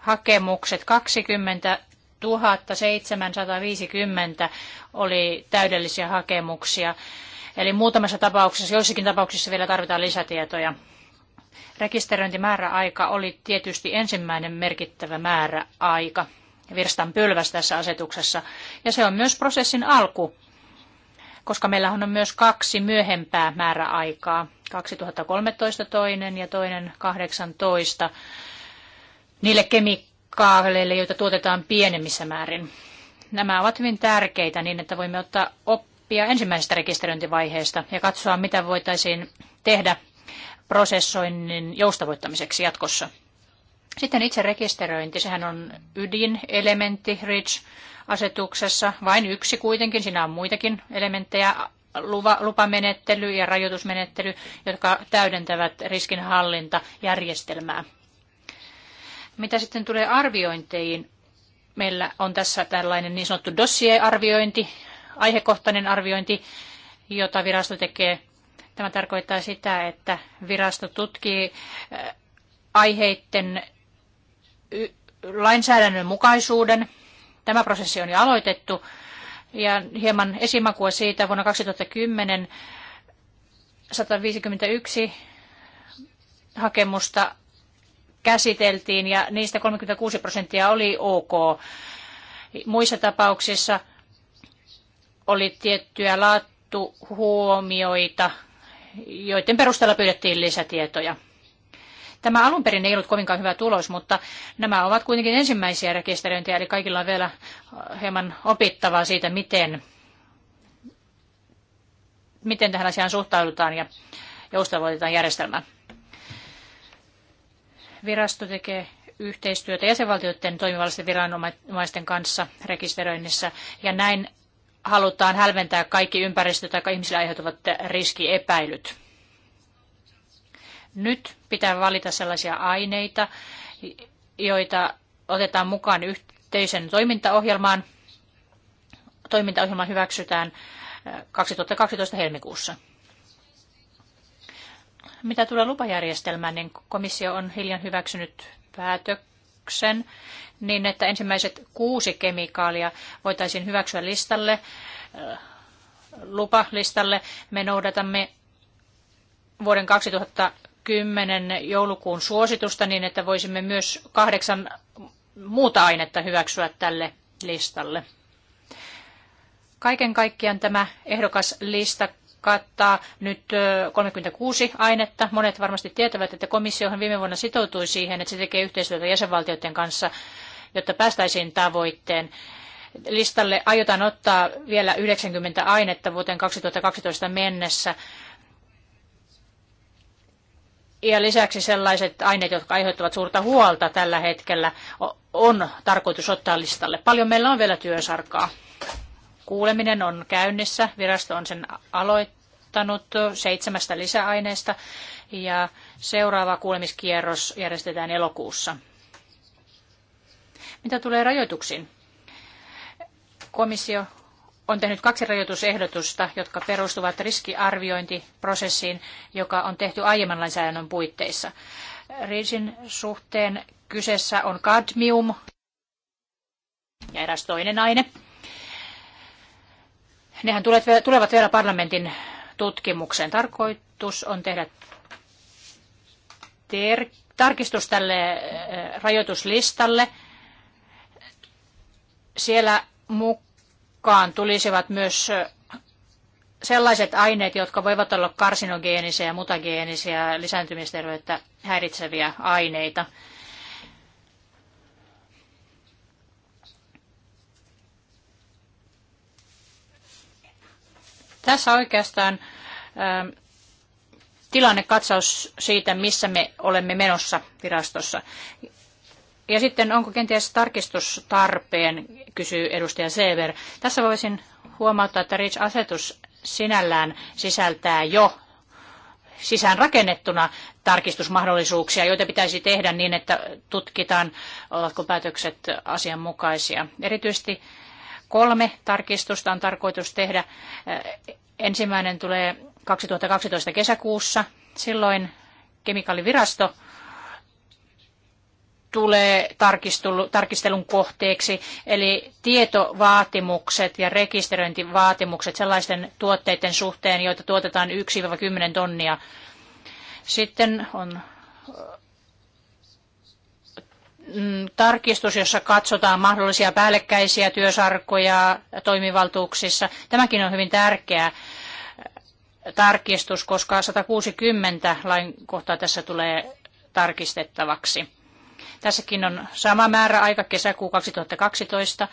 Speaker 3: hakemukset 20 1750 oli täydellisiä hakemuksia. Eli muutamassa tapauksessa, joissakin tapauksissa vielä tarvitaan lisätietoja. Rekisteröintimääräaika oli tietysti ensimmäinen merkittävä määräaika, virstan pylväs tässä asetuksessa, ja se on myös prosessin alku koska meillä on myös kaksi myöhempää määräaikaa, 2013 toinen ja toinen 18, niille kemikaaleille, joita tuotetaan pienemmissä määrin. Nämä ovat hyvin tärkeitä niin, että voimme ottaa oppia ensimmäisestä rekisteröintivaiheesta ja katsoa, mitä voitaisiin tehdä prosessoinnin joustavoittamiseksi jatkossa. Sitten itse rekisteröinti, sehän on ydinelementti rich, asetuksessa. Vain yksi kuitenkin, siinä on muitakin elementtejä, lupamenettely ja rajoitusmenettely, jotka täydentävät riskinhallintajärjestelmää. Mitä sitten tulee arviointeihin? Meillä on tässä tällainen niin sanottu dossierarviointi, aihekohtainen arviointi, jota virasto tekee. Tämä tarkoittaa sitä, että virasto tutkii eh, aiheiden lainsäädännön mukaisuuden Tämä prosessi on jo aloitettu ja hieman esimakua siitä vuonna 2010 151 hakemusta käsiteltiin ja niistä 36 prosenttia oli ok. Muissa tapauksissa oli tiettyjä laattuhuomioita, joiden perusteella pyydettiin lisätietoja. Tämä alun perin ei ollut kovinkaan hyvä tulos, mutta nämä ovat kuitenkin ensimmäisiä rekisteröintiä, eli kaikilla on vielä hieman opittavaa siitä, miten, miten tähän asiaan suhtaudutaan ja joustavoitetaan järjestelmää. Virasto tekee yhteistyötä jäsenvaltioiden toimivallisten viranomaisten kanssa rekisteröinnissä ja näin halutaan hälventää kaikki ympäristö- tai ihmisille aiheutuvat riskiepäilyt. Nyt Pitää valita sellaisia aineita, joita otetaan mukaan yhteisen toimintaohjelmaan. Toimintaohjelma hyväksytään 2012 äh, helmikuussa. Mitä tulee lupajärjestelmään, niin komissio on hiljan hyväksynyt päätöksen niin, että ensimmäiset kuusi kemikaalia voitaisiin hyväksyä listalle, äh, lupalistalle. Me noudatamme vuoden 2000 kymmenen joulukuun suositusta niin, että voisimme myös kahdeksan muuta ainetta hyväksyä tälle listalle. Kaiken kaikkiaan tämä ehdokaslista kattaa nyt 36 ainetta. Monet varmasti tietävät, että komissiohan viime vuonna sitoutui siihen, että se tekee yhteistyötä jäsenvaltioiden kanssa, jotta päästäisiin tavoitteen. Listalle aiotaan ottaa vielä 90 ainetta vuoteen 2012 mennessä ja lisäksi sellaiset aineet, jotka aiheuttavat suurta huolta tällä hetkellä, on tarkoitus ottaa listalle. Paljon meillä on vielä työsarkaa. Kuuleminen on käynnissä, virasto on sen aloittanut seitsemästä lisäaineesta ja seuraava kuulemiskierros järjestetään elokuussa. Mitä tulee rajoituksiin? Komissio on tehnyt kaksi rajoitusehdotusta, jotka perustuvat riskiarviointiprosessiin, joka on tehty aiemman lainsäädännön puitteissa. Riisin suhteen kyseessä on kadmium ja eräs toinen aine. Nehän tulevat vielä parlamentin tutkimukseen. Tarkoitus on tehdä tarkistus tälle eh, rajoituslistalle. Siellä mukaan mukaan tulisivat myös sellaiset aineet, jotka voivat olla ja mutageenisiä lisääntymisterveyttä häiritseviä aineita. Tässä oikeastaan ähm, tilannekatsaus siitä, missä me olemme menossa virastossa. Ja sitten onko kenties tarkistustarpeen, kysyy edustaja Sever. Tässä voisin huomauttaa, että REACH-asetus sinällään sisältää jo sisään rakennettuna tarkistusmahdollisuuksia, joita pitäisi tehdä niin, että tutkitaan, ovatko päätökset asianmukaisia. Erityisesti kolme tarkistusta on tarkoitus tehdä. Ensimmäinen tulee 2012 kesäkuussa. Silloin kemikaalivirasto tulee tarkistelun kohteeksi, eli tietovaatimukset ja rekisteröintivaatimukset sellaisten tuotteiden suhteen, joita tuotetaan 1-10 tonnia. Sitten on mm, tarkistus, jossa katsotaan mahdollisia päällekkäisiä työsarkoja toimivaltuuksissa. Tämäkin on hyvin tärkeä äh, tarkistus, koska 160 lain kohtaa tässä tulee tarkistettavaksi. Tässäkin on sama määrä aika kesäkuu 2012.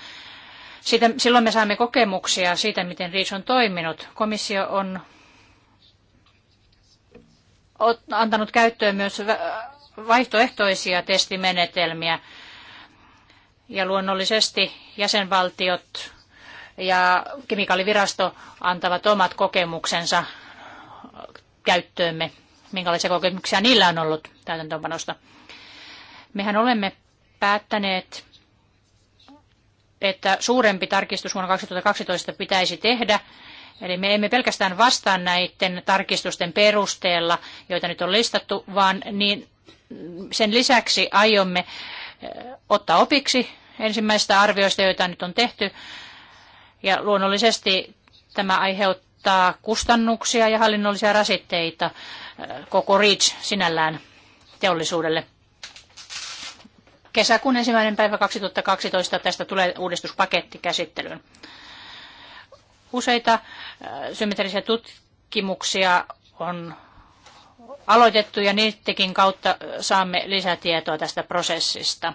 Speaker 3: Siitä, silloin me saamme kokemuksia siitä, miten Riis on toiminut. Komissio on antanut käyttöön myös vaihtoehtoisia testimenetelmiä. Ja luonnollisesti jäsenvaltiot ja kemikaalivirasto antavat omat kokemuksensa käyttöömme, minkälaisia kokemuksia niillä on ollut täytäntöönpanosta. Mehän olemme päättäneet, että suurempi tarkistus vuonna 2012 pitäisi tehdä. Eli me emme pelkästään vastaa näiden tarkistusten perusteella, joita nyt on listattu, vaan niin sen lisäksi aiomme eh, ottaa opiksi ensimmäistä arvioista, joita nyt on tehty. Ja luonnollisesti tämä aiheuttaa kustannuksia ja hallinnollisia rasitteita eh, koko REACH sinällään teollisuudelle kesäkuun ensimmäinen päivä 2012 tästä tulee uudistuspaketti käsittelyyn. Useita äh, symmetrisiä tutkimuksia on aloitettu ja niidenkin kautta saamme lisätietoa tästä prosessista.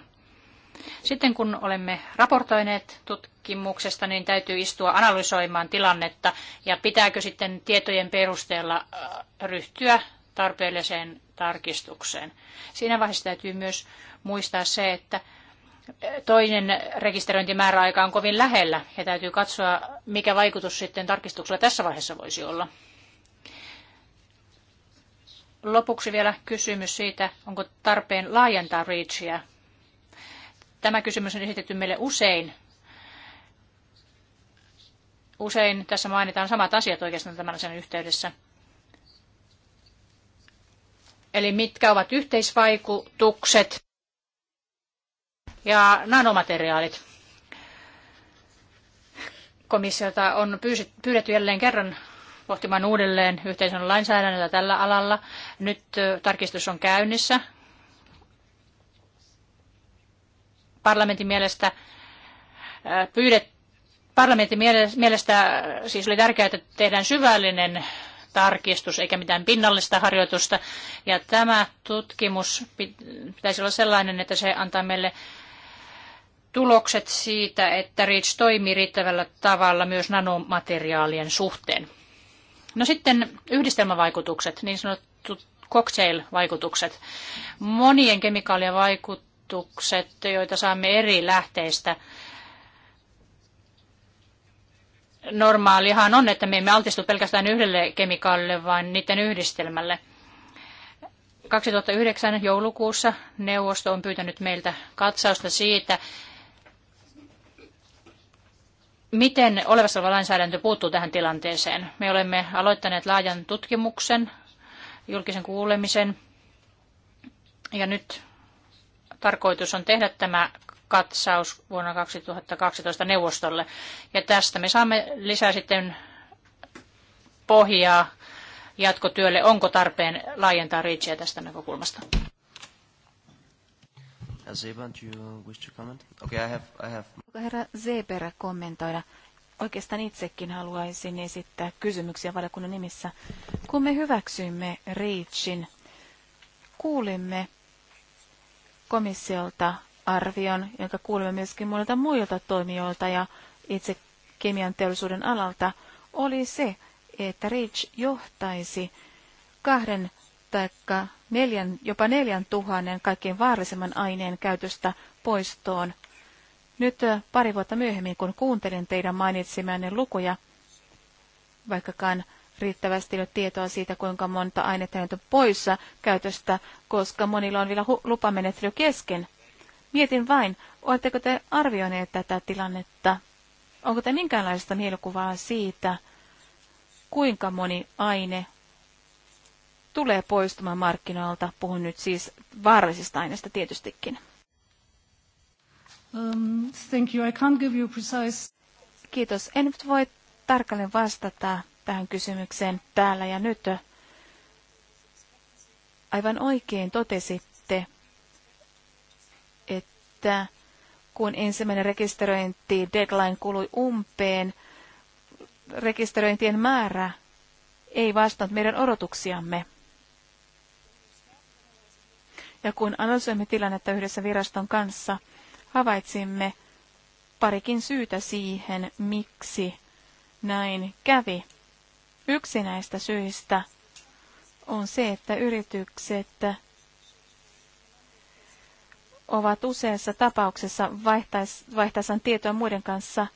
Speaker 3: Sitten kun olemme raportoineet tutkimuksesta, niin täytyy istua analysoimaan tilannetta ja pitääkö sitten tietojen perusteella äh, ryhtyä tarpeelliseen tarkistukseen. Siinä vaiheessa täytyy myös muistaa se, että toinen rekisteröintimääräaika on kovin lähellä ja täytyy katsoa, mikä vaikutus sitten tarkistuksella tässä vaiheessa voisi olla. Lopuksi vielä kysymys siitä, onko tarpeen laajentaa REACHia. Tämä kysymys on esitetty meille usein. Usein tässä mainitaan samat asiat oikeastaan tämän asian yhteydessä – Eli mitkä ovat yhteisvaikutukset ja nanomateriaalit. Komissiota on pyydetty jälleen kerran pohtimaan uudelleen yhteisön lainsäädännöllä tällä alalla. Nyt tarkistus on käynnissä. Parlamentin mielestä pyydet, parlamentin mielestä siis oli tärkeää, että tehdään syvällinen tarkistus eikä mitään pinnallista harjoitusta. Ja tämä tutkimus pitäisi olla sellainen, että se antaa meille tulokset siitä, että REACH toimii riittävällä tavalla myös nanomateriaalien suhteen. No sitten yhdistelmävaikutukset, niin sanotut cocktail-vaikutukset. Monien kemikaalien vaikutukset, joita saamme eri lähteistä, normaalihan on, että me emme altistu pelkästään yhdelle kemikaalille, vaan niiden yhdistelmälle. 2009 joulukuussa neuvosto on pyytänyt meiltä katsausta siitä, miten olevassa oleva lainsäädäntö puuttuu tähän tilanteeseen. Me olemme aloittaneet laajan tutkimuksen, julkisen kuulemisen, ja nyt tarkoitus on tehdä tämä katsaus vuonna 2012 neuvostolle. Ja tästä me saamme lisää sitten pohjaa jatkotyölle. Onko tarpeen laajentaa REACHia tästä näkökulmasta?
Speaker 4: Zeba, do you wish to comment? Okay, I have, I have...
Speaker 2: Herra Zeber kommentoida. Oikeastaan itsekin haluaisin esittää kysymyksiä valiokunnan nimissä. Kun me hyväksyimme REACHin, kuulimme komissiolta arvion, jonka kuulimme myöskin monilta muilta toimijoilta ja itse kemian teollisuuden alalta, oli se, että REACH johtaisi kahden tai neljän, jopa neljän tuhannen kaikkein vaarallisemman aineen käytöstä poistoon. Nyt pari vuotta myöhemmin, kun kuuntelin teidän mainitsemianne lukuja, vaikkakaan riittävästi ole tietoa siitä, kuinka monta ainetta on poissa käytöstä, koska monilla on vielä lupamenettely kesken. Mietin vain, oletteko te arvioineet tätä tilannetta? Onko te minkäänlaista mielikuvaa siitä, kuinka moni aine tulee poistumaan markkinoilta? Puhun nyt siis vaarallisista aineista tietystikin.
Speaker 4: Um, thank you. I can't give you
Speaker 2: precise... Kiitos. En nyt voi tarkalleen vastata tähän kysymykseen täällä ja nyt. Aivan oikein totesit että kun ensimmäinen rekisteröinti deadline kului umpeen, rekisteröintien määrä ei vastannut meidän odotuksiamme. Ja kun analysoimme tilannetta yhdessä viraston kanssa, havaitsimme parikin syytä siihen, miksi näin kävi. Yksi näistä syistä on se, että yritykset ovat useassa tapauksessa vaihtaessaan tietoa muiden kanssa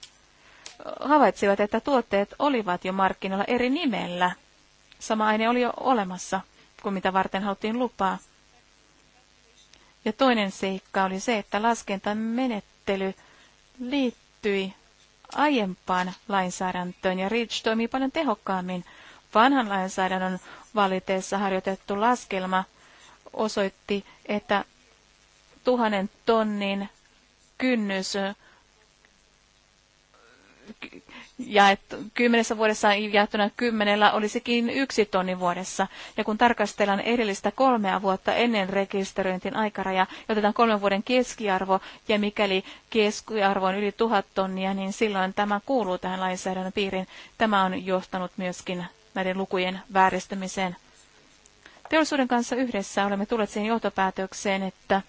Speaker 2: havaitsivat, että tuotteet olivat jo markkinoilla eri nimellä. Sama aine oli jo olemassa kuin mitä varten haluttiin lupaa. Ja toinen seikka oli se, että laskentamenettely liittyi aiempaan lainsäädäntöön ja REACH toimii paljon tehokkaammin. Vanhan lainsäädännön valiteessa harjoitettu laskelma osoitti, että tuhannen tonnin kynnys ja että kymmenessä vuodessa jaettuna kymmenellä olisikin yksi tonni vuodessa. Ja kun tarkastellaan edellistä kolmea vuotta ennen rekisteröintin aikaraja, otetaan kolmen vuoden keskiarvo, ja mikäli keskiarvo on yli tuhat tonnia, niin silloin tämä kuuluu tähän lainsäädännön piiriin. Tämä on johtanut myöskin näiden lukujen vääristämiseen. Teollisuuden kanssa yhdessä olemme tulleet siihen johtopäätökseen, että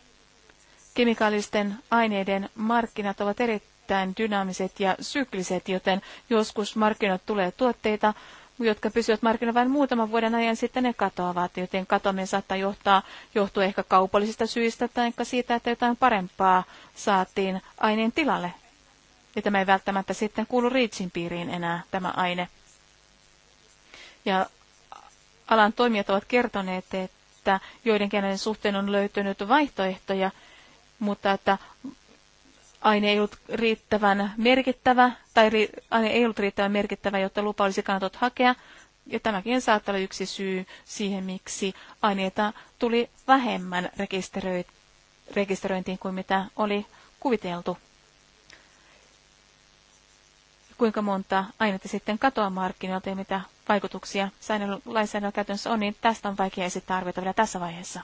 Speaker 2: Kemikaalisten aineiden markkinat ovat erittäin dynaamiset ja sykliset, joten joskus markkinat tulee tuotteita, jotka pysyvät markkinoilla vain muutaman vuoden ajan, sitten ne katoavat, joten katoaminen saattaa johtaa, johtua ehkä kaupallisista syistä tai siitä, että jotain parempaa saatiin aineen tilalle. Ja tämä ei välttämättä sitten kuulu riitsin piiriin enää, tämä aine. Ja alan toimijat ovat kertoneet, että joidenkin suhteen on löytynyt vaihtoehtoja, mutta että aine ei ollut riittävän merkittävä, tai ri, aine ei ollut riittävän merkittävä, jotta lupa olisi kannatut hakea. Ja tämäkin saattaa olla yksi syy siihen, miksi aineita tuli vähemmän rekisteröi, rekisteröintiin kuin mitä oli kuviteltu. Kuinka monta ainetta sitten katoaa markkinoilta ja mitä vaikutuksia lainsäädännön käytännössä on, niin tästä on vaikea esittää arvioita vielä tässä vaiheessa.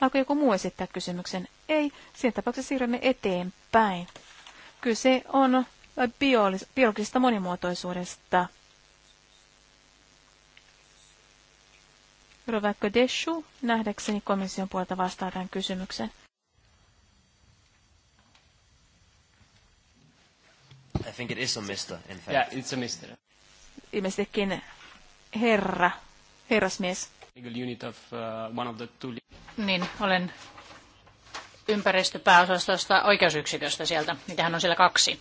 Speaker 2: Alkoi joku muu esittää kysymyksen? Ei, siinä tapauksessa siirrymme eteenpäin. Kyse on biologisesta monimuotoisuudesta. Rovakko Deschu, nähdäkseni komission puolta vastaa tämän kysymyksen.
Speaker 1: I think it is a mister, in fact. Yeah, it's a mister.
Speaker 2: Ilmeisestikin herra, herrasmies
Speaker 1: legal unit of uh, one of the two...
Speaker 2: Niin, olen
Speaker 3: ympäristöpääosastosta oikeusyksiköstä sieltä. Niitähän on siellä kaksi.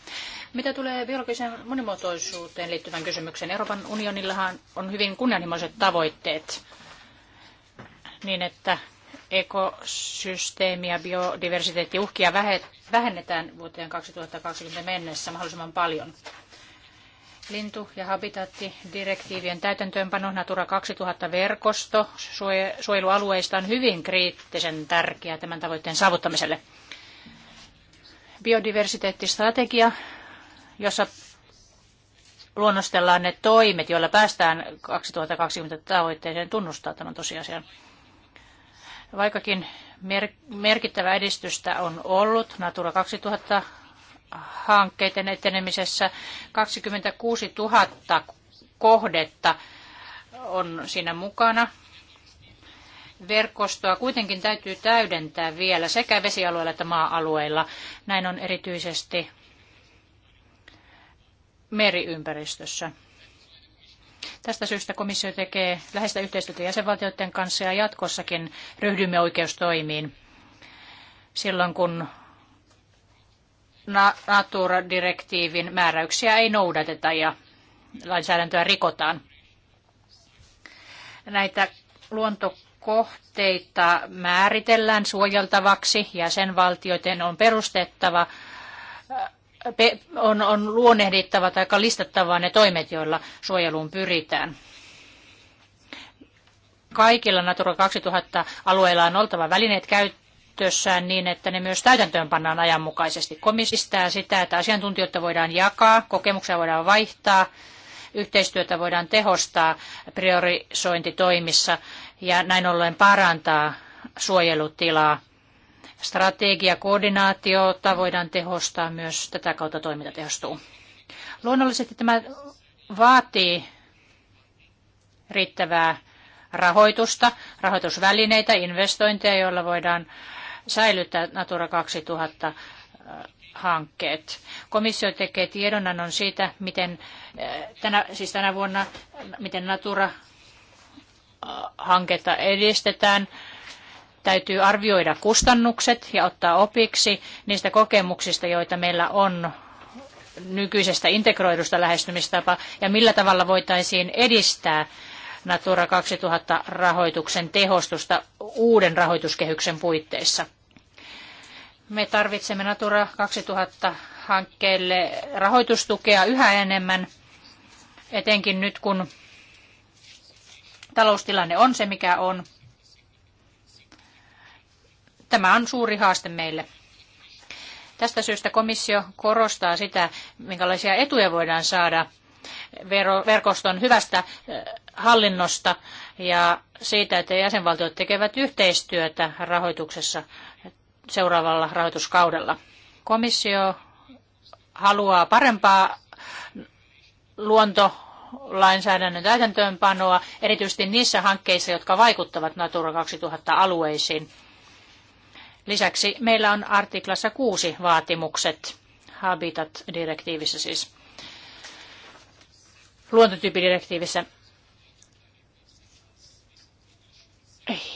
Speaker 3: Mitä tulee biologiseen monimuotoisuuteen liittyvän kysymykseen, Euroopan unionillahan on hyvin kunnianhimoiset tavoitteet niin, että ekosysteemi- ja biodiversiteettiuhkia vähennetään vuoteen 2020 mennessä mahdollisimman paljon lintu- ja habitatti-direktiivien täytäntöönpano Natura 2000-verkosto suojelualueista on hyvin kriittisen tärkeä tämän tavoitteen saavuttamiselle. Biodiversiteettistrategia, jossa luonnostellaan ne toimet, joilla päästään 2020 tavoitteeseen tunnustaa tämän tosiasian. Vaikkakin merkittävää edistystä on ollut Natura 2000 hankkeiden etenemisessä 26 000 kohdetta on siinä mukana. Verkostoa kuitenkin täytyy täydentää vielä sekä vesialueilla että maa-alueilla. Näin on erityisesti meriympäristössä. Tästä syystä komissio tekee läheistä yhteistyötä jäsenvaltioiden kanssa ja jatkossakin ryhdymme oikeustoimiin silloin, kun Natura-direktiivin määräyksiä ei noudateta ja lainsäädäntöä rikotaan. Näitä luontokohteita määritellään suojeltavaksi. valtioiden on perustettava, äh, on, on luonnehdittava tai listattava ne toimet, joilla suojeluun pyritään. Kaikilla Natura 2000 alueilla on oltava välineet käyttöön käytössään niin, että ne myös täytäntöön pannaan ajanmukaisesti. Komissistään sitä, että asiantuntijoita voidaan jakaa, kokemuksia voidaan vaihtaa, yhteistyötä voidaan tehostaa priorisointitoimissa ja näin ollen parantaa suojelutilaa. Strategiakoordinaatiota voidaan tehostaa myös, tätä kautta toiminta tehostuu. Luonnollisesti tämä vaatii riittävää rahoitusta, rahoitusvälineitä, investointeja, joilla voidaan säilyttää Natura 2000 äh, hankkeet. Komissio tekee tiedonannon siitä, miten äh, tänä, siis tänä vuonna, miten Natura-hanketta äh, edistetään. Täytyy arvioida kustannukset ja ottaa opiksi niistä kokemuksista, joita meillä on nykyisestä integroidusta lähestymistapa ja millä tavalla voitaisiin edistää Natura 2000 rahoituksen tehostusta uuden rahoituskehyksen puitteissa. Me tarvitsemme Natura 2000 hankkeelle rahoitustukea yhä enemmän, etenkin nyt kun taloustilanne on se mikä on. Tämä on suuri haaste meille. Tästä syystä komissio korostaa sitä, minkälaisia etuja voidaan saada verkoston hyvästä hallinnosta ja siitä, että jäsenvaltiot tekevät yhteistyötä rahoituksessa seuraavalla rahoituskaudella. Komissio haluaa parempaa luontolainsäädännön täytäntöönpanoa, erityisesti niissä hankkeissa, jotka vaikuttavat Natura 2000-alueisiin. Lisäksi meillä on artiklassa kuusi vaatimukset, Habitat-direktiivissä siis, luontotyypidirektiivissä.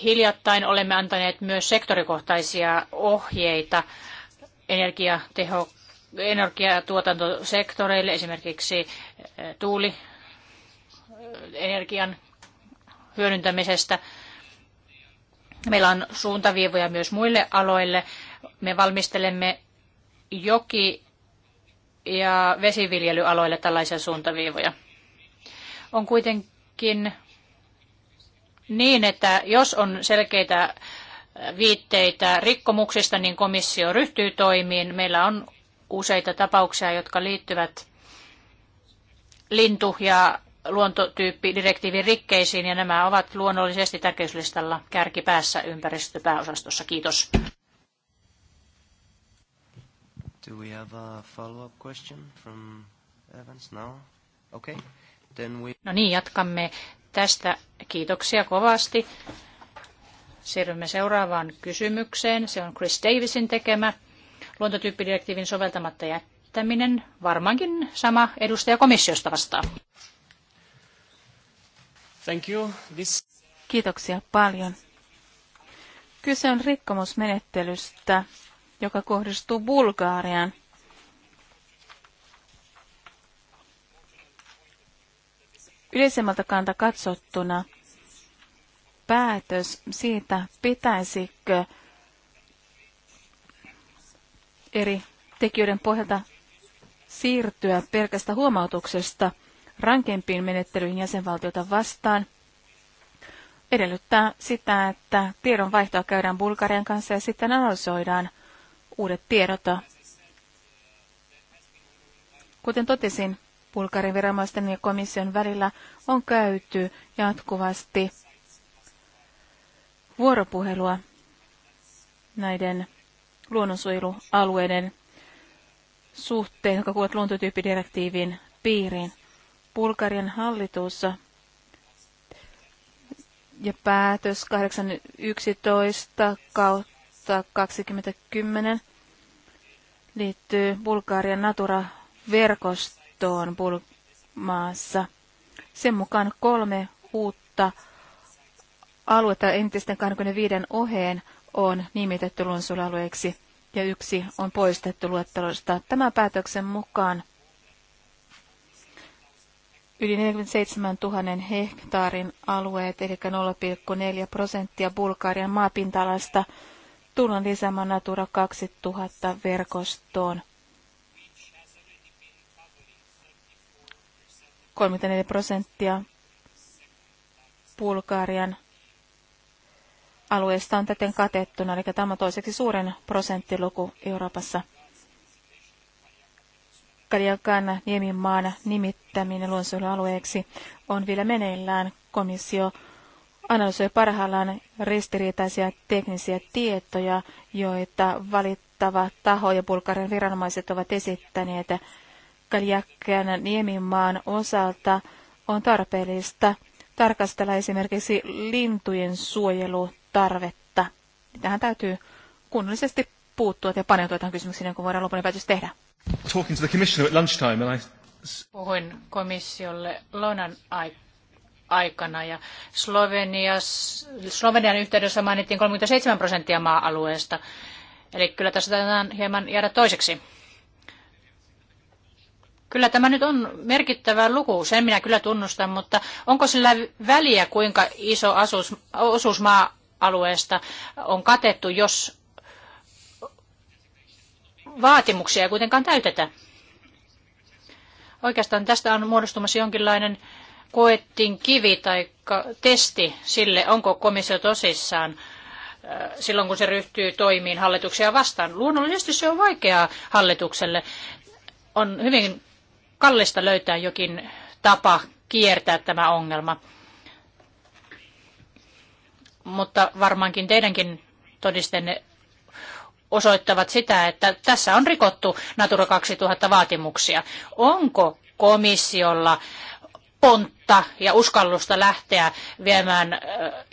Speaker 3: Hiljattain olemme antaneet myös sektorikohtaisia ohjeita energiateho, energiatuotantosektoreille, esimerkiksi eh, tuulienergian eh, hyödyntämisestä. Meillä on suuntaviivoja myös muille aloille. Me valmistelemme joki- ja vesiviljelyaloille tällaisia suuntaviivoja. On kuitenkin niin, että jos on selkeitä viitteitä rikkomuksista, niin komissio ryhtyy toimiin. Meillä on useita tapauksia, jotka liittyvät lintu- ja luontotyyppidirektiivin rikkeisiin, ja nämä ovat luonnollisesti tärkeyslistalla kärkipäässä ympäristöpääosastossa. Kiitos.
Speaker 4: Do we have a follow-up question from Evans now? Okay. Then we...
Speaker 3: No niin, jatkamme Tästä kiitoksia kovasti. Siirrymme seuraavaan kysymykseen. Se on Chris Davisin tekemä luontotyyppidirektiivin soveltamatta jättäminen.
Speaker 2: Varmaankin sama edustaja komissiosta vastaa. Thank you. This... Kiitoksia paljon. Kyse on rikkomusmenettelystä, joka kohdistuu Bulgaariaan. Yleisemmältä kanta katsottuna päätös siitä, pitäisikö eri tekijöiden pohjalta siirtyä pelkästä huomautuksesta rankempiin menettelyihin jäsenvaltiota vastaan, edellyttää sitä, että tiedonvaihtoa käydään Bulgarian kanssa ja sitten analysoidaan uudet tiedot. Kuten totesin, Bulgarin viranomaisten ja komission välillä on käyty jatkuvasti vuoropuhelua näiden luonnonsuojelualueiden suhteen, jotka kuuluvat luontotyyppidirektiivin piiriin. Bulgarian hallitus ja päätös 811 kautta 2010 liittyy Bulgarian Natura-verkostoon käyttöön Bulmaassa. Sen mukaan kolme uutta aluetta entisten 25 oheen on nimitetty luonnonsuojelualueeksi ja yksi on poistettu luettelosta. Tämän päätöksen mukaan yli 47 000 hehtaarin alueet, eli 0,4 prosenttia Bulgarian maapinta-alasta, tullaan lisäämään Natura 2000 verkostoon. 34 prosenttia Bulgarian alueesta on täten katettuna, eli tämä on toiseksi suuren prosenttiluku Euroopassa. Kaliakan niemimaan nimittäminen luonnonsuojelualueeksi on vielä meneillään. Komissio analysoi parhaillaan ristiriitaisia teknisiä tietoja, joita valittava taho ja Bulgarian viranomaiset ovat esittäneet Kaljakkean Niemimaan osalta on tarpeellista tarkastella esimerkiksi lintujen suojelutarvetta. Tähän täytyy kunnollisesti puuttua ja paneutua tähän kysymykseen, niin kun voidaan lopullinen päätös tehdä.
Speaker 1: Talking to the commissioner at lunchtime and I...
Speaker 3: Puhuin komissiolle lounan aikana ja Slovenias, Slovenian yhteydessä mainittiin 37 prosenttia maa-alueesta. Eli kyllä tässä täytyy hieman jäädä toiseksi. Kyllä tämä nyt on merkittävä luku, sen minä kyllä tunnustan, mutta onko sillä väliä, kuinka iso asus, osuus maa-alueesta on katettu, jos vaatimuksia ei kuitenkaan täytetä? Oikeastaan tästä on muodostumassa jonkinlainen koettiin kivi tai testi sille, onko komissio tosissaan äh, silloin, kun se ryhtyy toimiin hallituksia vastaan. Luonnollisesti se on vaikeaa hallitukselle on hyvin kallista löytää jokin tapa kiertää tämä ongelma. Mutta varmaankin teidänkin todistenne osoittavat sitä, että tässä on rikottu Natura 2000 vaatimuksia. Onko komissiolla pontta ja uskallusta lähteä viemään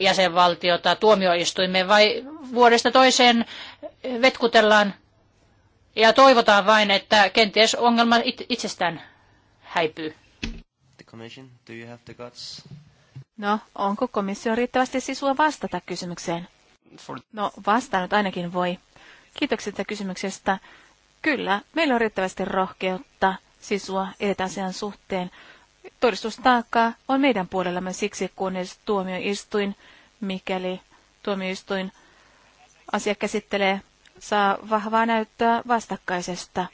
Speaker 3: jäsenvaltiota tuomioistuimeen vai vuodesta toiseen vetkutellaan ja toivotaan vain, että kenties ongelma itsestään
Speaker 4: häipyy.
Speaker 2: No, onko komissio riittävästi sisua vastata kysymykseen? No, vastaanut ainakin voi. Kiitoksia kysymyksestä. Kyllä, meillä on riittävästi rohkeutta sisua edetä suhteen. Todistustaakkaa on meidän puolellamme siksi, kunnes tuomioistuin, mikäli tuomioistuin asia käsittelee, saa vahvaa näyttöä vastakkaisesta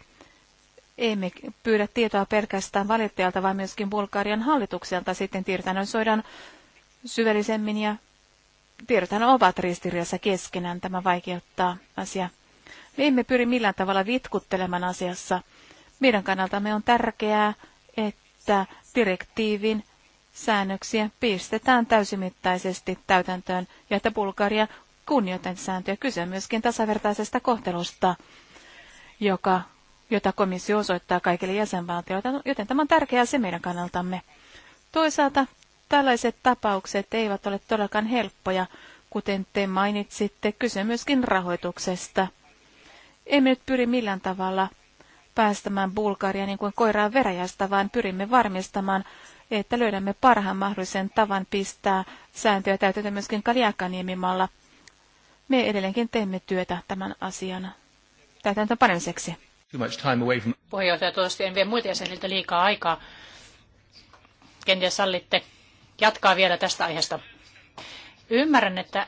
Speaker 2: emme pyydä tietoa pelkästään valittajalta, vaan myöskin Bulgarian hallitukselta. Sitten soidaan syvällisemmin ja tiedothan ovat ristiriidassa keskenään. Tämä vaikeuttaa asiaa. Me emme pyri millään tavalla vitkuttelemaan asiassa. Meidän kannaltamme on tärkeää, että direktiivin säännöksiä pistetään täysimittaisesti täytäntöön ja että Bulgaria kunnioittaa sääntöjä. Kyse on myöskin tasavertaisesta kohtelusta, joka jota komissio osoittaa kaikille jäsenvaltioille, joten tämä on tärkeää se meidän kannaltamme. Toisaalta tällaiset tapaukset eivät ole todellakaan helppoja, kuten te mainitsitte, kyse myöskin rahoituksesta. Emme nyt pyri millään tavalla päästämään Bulgaria niin kuin koiraa veräjästä, vaan pyrimme varmistamaan, että löydämme parhaan mahdollisen tavan pistää sääntöjä täytetä myöskin Kaliakaniemimalla. Me edelleenkin teemme työtä tämän asian täytäntöön panemiseksi
Speaker 1: too much time away from...
Speaker 3: Puheenjohtaja, toivottavasti en vie muilta jäseniltä liikaa aikaa. Kenties sallitte jatkaa vielä tästä aiheesta. Ymmärrän, että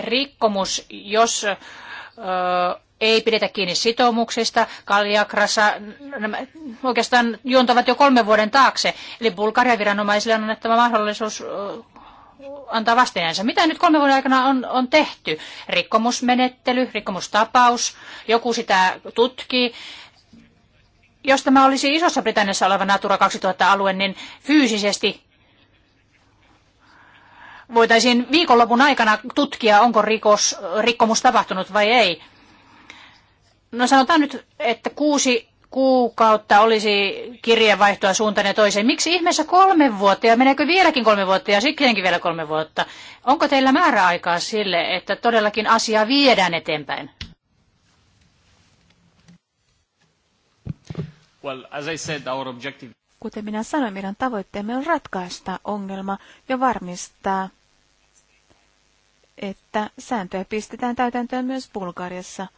Speaker 3: rikkomus, jos ö, ei pidetä kiinni sitoumuksista. Kaljakrassa nämä oikeastaan juontavat jo kolmen vuoden taakse. Eli Bulgarian viranomaisille on annettava mahdollisuus antaa vastineensa. Mitä nyt kolme vuoden aikana on, on tehty? Rikkomusmenettely, rikkomustapaus, joku sitä tutkii. Jos tämä olisi Isossa Britanniassa oleva Natura 2000-alue, niin fyysisesti voitaisiin viikonlopun aikana tutkia, onko rikos, rikkomus tapahtunut vai ei. No sanotaan nyt, että kuusi kuukautta olisi kirjeenvaihtoa suuntaan ja toiseen. Miksi ihmeessä kolme vuotta ja meneekö vieläkin kolme vuotta ja sittenkin vielä kolme vuotta? Onko teillä määräaikaa sille, että
Speaker 2: todellakin asiaa viedään eteenpäin?
Speaker 1: Well, as I said, our objective...
Speaker 2: Kuten minä sanoin, meidän tavoitteemme on ratkaista ongelma ja varmistaa, että sääntöjä pistetään täytäntöön myös Bulgariassa –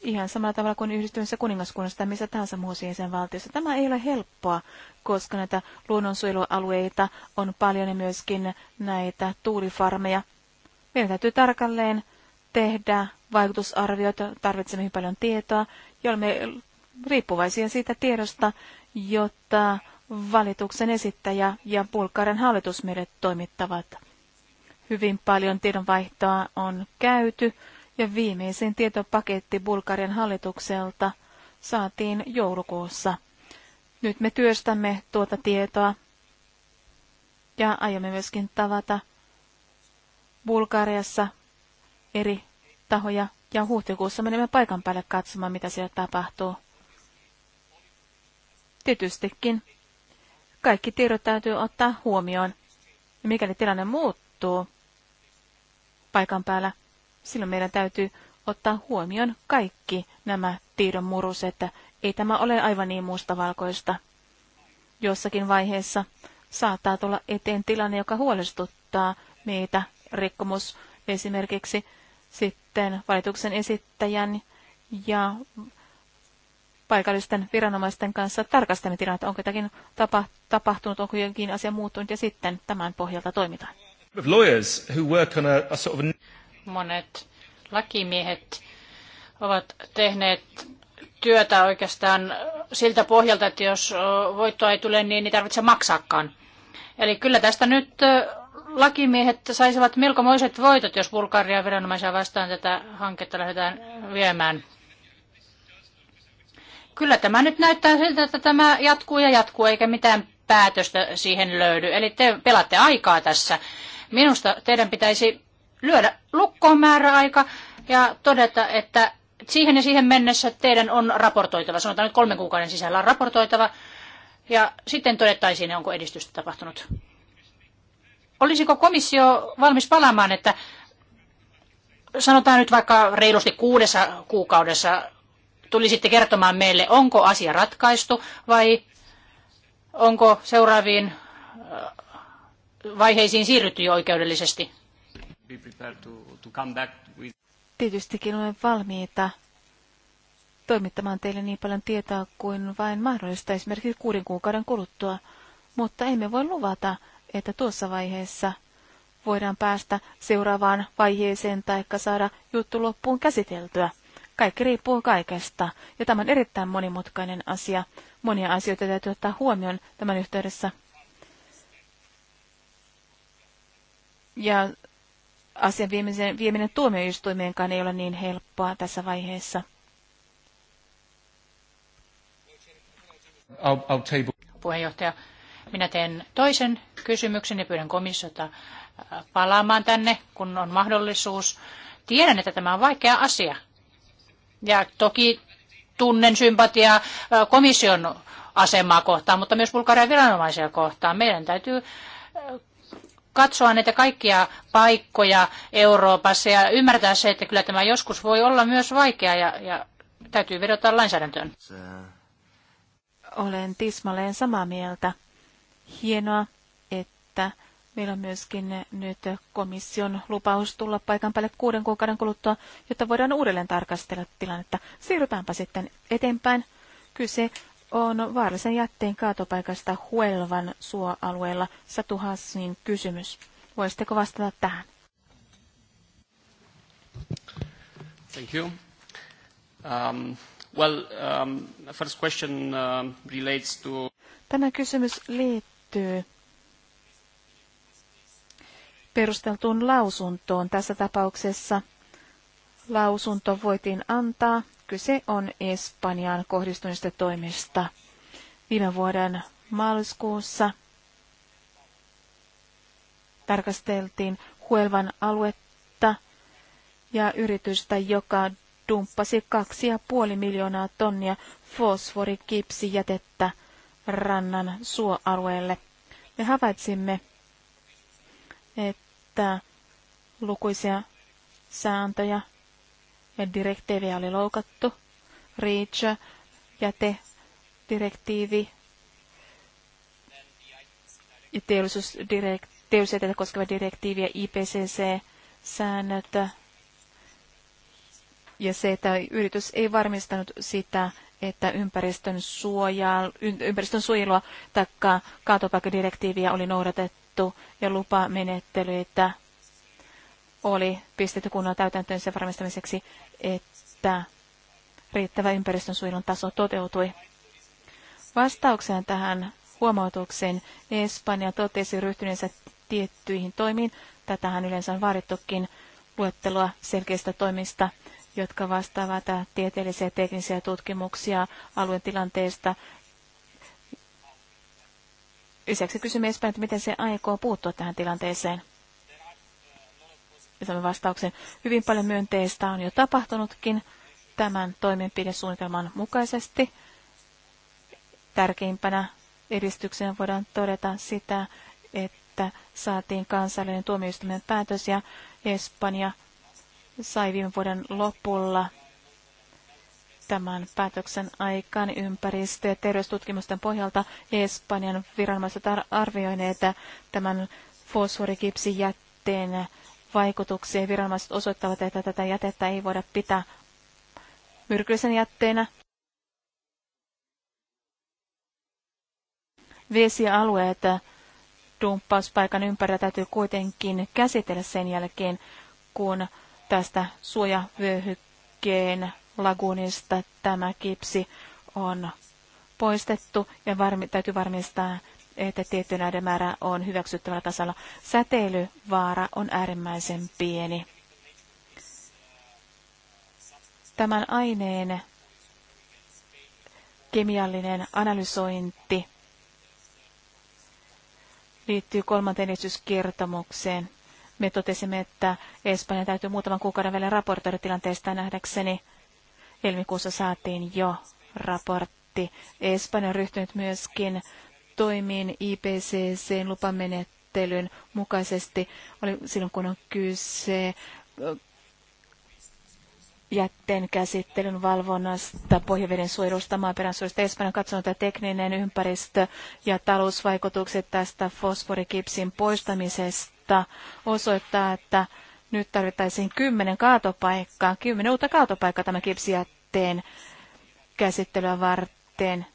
Speaker 2: ihan samalla tavalla kuin yhdistyneessä kuningaskunnassa tai missä tahansa muussa jäsenvaltiossa. Tämä ei ole helppoa, koska näitä luonnonsuojelualueita on paljon ja myöskin näitä tuulifarmeja. Meidän täytyy tarkalleen tehdä vaikutusarviot, tarvitsemme hyvin paljon tietoa ja olemme riippuvaisia siitä tiedosta, jotta valituksen esittäjä ja Bulgarian hallitus meille toimittavat. Hyvin paljon tiedonvaihtoa on käyty ja viimeisin tietopaketti Bulgarian hallitukselta saatiin joulukuussa. Nyt me työstämme tuota tietoa ja aiomme myöskin tavata Bulgariassa eri tahoja ja huhtikuussa menemme paikan päälle katsomaan, mitä siellä tapahtuu. Tietystikin kaikki tiedot täytyy ottaa huomioon. mikäli tilanne muuttuu paikan päällä, silloin meidän täytyy ottaa huomioon kaikki nämä tiedon muruset. Ei tämä ole aivan niin mustavalkoista. Jossakin vaiheessa saattaa tulla eteen tilanne, joka huolestuttaa meitä. Rikkomus esimerkiksi sitten valituksen esittäjän ja paikallisten viranomaisten kanssa tarkastamme että onko jotakin tapa, tapahtunut, onko jokin asia muuttunut ja sitten tämän pohjalta toimitaan. Monet
Speaker 3: lakimiehet ovat tehneet työtä oikeastaan siltä pohjalta, että jos voittoa ei tule, niin ei tarvitse maksaakaan. Eli kyllä tästä nyt lakimiehet saisivat melkomoiset voitot, jos Bulgaria viranomaisia vastaan tätä hanketta lähdetään viemään. Kyllä tämä nyt näyttää siltä, että tämä jatkuu ja jatkuu, eikä mitään päätöstä siihen löydy. Eli te pelaatte aikaa tässä. Minusta teidän pitäisi lyödä lukkoon määräaika ja todeta, että siihen ja siihen mennessä teidän on raportoitava, sanotaan nyt kolmen kuukauden sisällä on raportoitava, ja sitten todettaisiin, onko edistystä tapahtunut. Olisiko komissio valmis palaamaan, että sanotaan nyt vaikka reilusti kuudessa kuukaudessa tulisitte kertomaan meille, onko asia ratkaistu vai onko seuraaviin äh, vaiheisiin siirrytty jo
Speaker 2: oikeudellisesti?
Speaker 3: be prepared to, to come back with...
Speaker 2: Tietystikin olen valmiita toimittamaan teille niin paljon tietoa kuin vain mahdollista esimerkiksi kuuden kuukauden kuluttua, mutta emme voi luvata, että tuossa vaiheessa voidaan päästä seuraavaan vaiheeseen tai saada juttu loppuun käsiteltyä. Kaikki riippuu kaikesta, ja tämä on erittäin monimutkainen asia. Monia asioita täytyy ottaa huomioon tämän yhteydessä. Ja asian vieminen, vieminen tuomioistuimeenkaan ei ole niin helppoa tässä vaiheessa. Puheenjohtaja, minä teen toisen
Speaker 3: kysymyksen ja pyydän komissiota äh, palaamaan tänne, kun on mahdollisuus. Tiedän, että tämä on vaikea asia. Ja toki tunnen sympatiaa äh, komission asemaa kohtaan, mutta myös Bulgarian viranomaisia kohtaan. Meidän täytyy äh, katsoa näitä kaikkia paikkoja Euroopassa ja ymmärtää se, että kyllä tämä joskus voi olla myös vaikea ja, ja täytyy vedota lainsäädäntöön.
Speaker 2: Olen tismalleen samaa mieltä. Hienoa, että meillä on myöskin nyt komission lupaus tulla paikan päälle kuuden kuukauden kuluttua, jotta voidaan uudelleen tarkastella tilannetta. Siirrytäänpä sitten eteenpäin. Kyse on vaarallisen jätteen kaatopaikasta Huelvan suoalueella Satu Hassin kysymys. Voisitteko vastata tähän?
Speaker 1: Thank you. Um, well, um, first question um, relates to...
Speaker 2: Tämä kysymys liittyy perusteltuun lausuntoon. Tässä tapauksessa lausunto voitiin antaa Kyse on Espanjaan kohdistuneista toimista. Viime vuoden maaliskuussa tarkasteltiin Huelvan aluetta ja yritystä, joka dumppasi 2,5 miljoonaa tonnia fosforikipsijätettä rannan suoalueelle. Me havaitsimme, että lukuisia sääntöjä direktiiviä oli loukattu. REACH, jätedirektiivi ja teollisuusjätettä koskeva direktiivi ja IPCC-säännöt. Ja se, että yritys ei varmistanut sitä, että ympäristön, suojaa, ympäristön suojelua tai kaatopaikkadirektiiviä oli noudatettu ja lupamenettelyitä oli pistetty kunnolla täytäntöön sen varmistamiseksi, että riittävä ympäristönsuojelun taso toteutui. Vastaukseen tähän huomautukseen Espanja totesi ryhtyneensä tiettyihin toimiin. Tätähän yleensä on vaadittukin luettelua selkeistä toimista, jotka vastaavat tieteellisiä ja teknisiä tutkimuksia alueen tilanteesta. Lisäksi kysymme Espanjalta, miten se aikoo puuttua tähän tilanteeseen ja saamme vastauksen. Hyvin paljon myönteistä on jo tapahtunutkin tämän toimenpidesuunnitelman mukaisesti. Tärkeimpänä edistyksenä voidaan todeta sitä, että saatiin kansallinen tuomioistuimen päätös ja Espanja sai viime vuoden lopulla tämän päätöksen aikaan ympäristö- ja terveystutkimusten pohjalta Espanjan viranomaiset arvioineet tämän fosforikipsijätteen vaikutuksia. Viranomaiset osoittavat, että tätä jätettä ei voida pitää myrkyllisen jätteenä. Vesialueet dumppauspaikan ympärillä täytyy kuitenkin käsitellä sen jälkeen, kun tästä suojavyöhykkeen lagunista tämä kipsi on poistettu ja varmi, täytyy varmistaa että tietty näiden määrä on hyväksyttävällä tasolla. Säteilyvaara on äärimmäisen pieni. Tämän aineen kemiallinen analysointi liittyy kolmanteen esityskertomukseen. Me totesimme, että Espanjan täytyy muutaman kuukauden välein raportoida tilanteesta nähdäkseni. Helmikuussa saatiin jo raportti. Espanja on ryhtynyt myöskin toimiin IPCCn lupamenettelyn mukaisesti oli silloin, kun on kyse jätteen käsittelyn valvonnasta, pohjaveden suojelusta, maaperän suojelusta. Espanja on katsonut, että tekninen ympäristö ja talousvaikutukset tästä fosforikipsin poistamisesta osoittaa, että nyt tarvittaisiin kymmenen kaatopaikkaa, kymmenen uutta kaatopaikkaa tämän kipsijätteen käsittelyä varten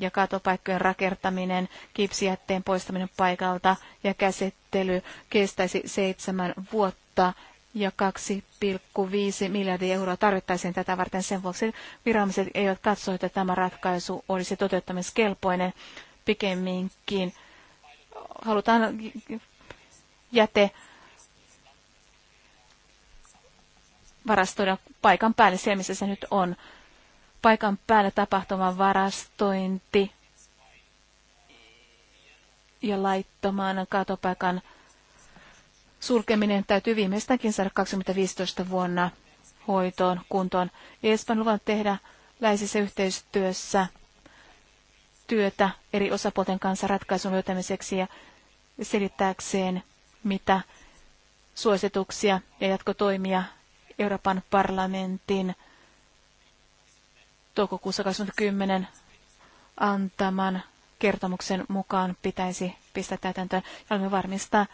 Speaker 2: ja kaatopaikkojen rakertaminen, kipsijätteen poistaminen paikalta ja käsittely kestäisi seitsemän vuotta ja 2,5 miljardia euroa tarvittaisiin tätä varten. Sen vuoksi viranomaiset eivät katso, että tämä ratkaisu olisi toteuttamiskelpoinen pikemminkin. Halutaan jäte varastoida paikan päälle siellä, missä se nyt on paikan päällä tapahtuvan varastointi ja laittoman katopaikan sulkeminen täytyy viimeistäänkin saada 2015 vuonna hoitoon, kuntoon. Espan luvan tehdä läheisessä yhteistyössä työtä eri osapuolten kanssa ratkaisun löytämiseksi ja selittääkseen, mitä suosituksia ja jatkotoimia Euroopan parlamentin toukokuussa 2010 antaman kertomuksen mukaan pitäisi pistää täytäntöön. Ja olemme varmistaa,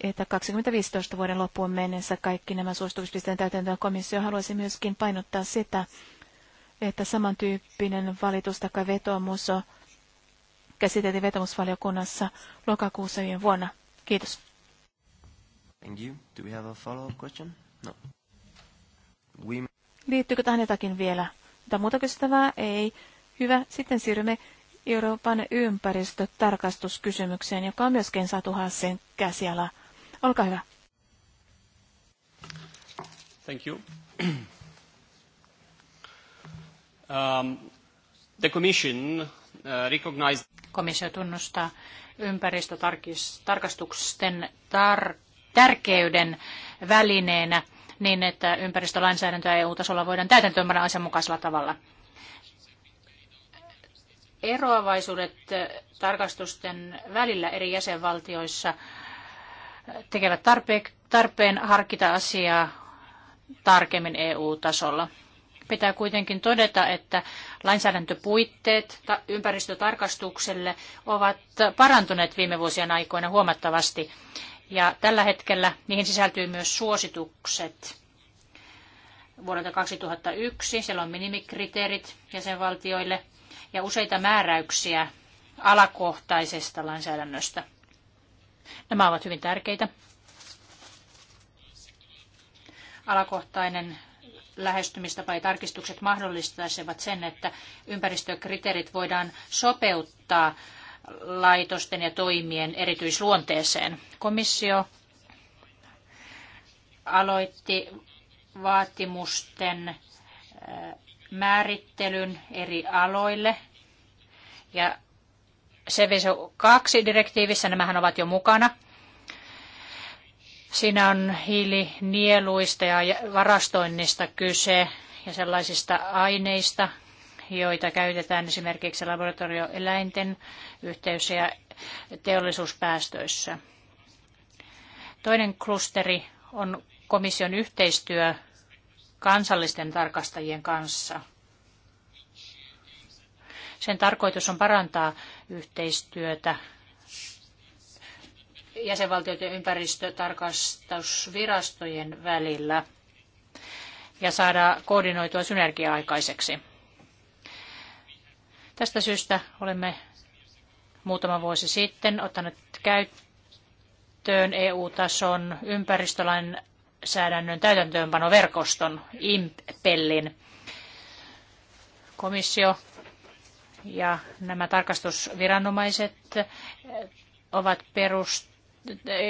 Speaker 2: että 2015 vuoden loppuun mennessä kaikki nämä suosituspisteen täytäntöön. Komissio haluaisi myöskin painottaa sitä, että samantyyppinen valitus tai vetomus käsiteltiin vetomusvaliokunnassa lokakuussa viime vuonna. Kiitos. Thank you. Do we have a follow-up question? No. We... Liittyykö tähän jotakin vielä? Mutta muuta kysyttävää? Ei. Hyvä. Sitten siirrymme Euroopan ympäristötarkastuskysymykseen, joka on myöskin Satu Hassen käsiala. Olkaa hyvä.
Speaker 1: Thank you. um, the Commission uh, recognized...
Speaker 3: Komissio tunnustaa ympäristötarkastusten tar- tärkeyden välineenä niin, että ympäristölainsäädäntöä EU-tasolla voidaan täytäntöönpanna asianmukaisella tavalla. Eroavaisuudet tarkastusten välillä eri jäsenvaltioissa tekevät tarpeen harkita asiaa tarkemmin EU-tasolla. Pitää kuitenkin todeta, että lainsäädäntöpuitteet ympäristötarkastukselle ovat parantuneet viime vuosien aikoina huomattavasti. Ja tällä hetkellä niihin sisältyy myös suositukset vuodelta 2001. Siellä on minimikriteerit jäsenvaltioille ja useita määräyksiä alakohtaisesta lainsäädännöstä. Nämä ovat hyvin tärkeitä. Alakohtainen lähestymistapa ja tarkistukset mahdollistaisivat sen, että ympäristökriteerit voidaan sopeuttaa laitosten ja toimien erityisluonteeseen. Komissio aloitti vaatimusten äh, määrittelyn eri aloille. Ja CVSO 2 direktiivissä nämähän ovat jo mukana. Siinä on hiilinieluista ja varastoinnista kyse ja sellaisista aineista, joita käytetään esimerkiksi laboratorioeläinten yhteys- ja teollisuuspäästöissä. Toinen klusteri on komission yhteistyö kansallisten tarkastajien kanssa. Sen tarkoitus on parantaa yhteistyötä jäsenvaltioiden ympäristötarkastusvirastojen välillä ja saada koordinoitua synergiaaikaiseksi. aikaiseksi. Tästä syystä olemme muutama vuosi sitten ottaneet käyttöön EU-tason ympäristölainsäädännön täytäntöönpanoverkoston IMPELLin. Komissio ja nämä tarkastusviranomaiset ovat perust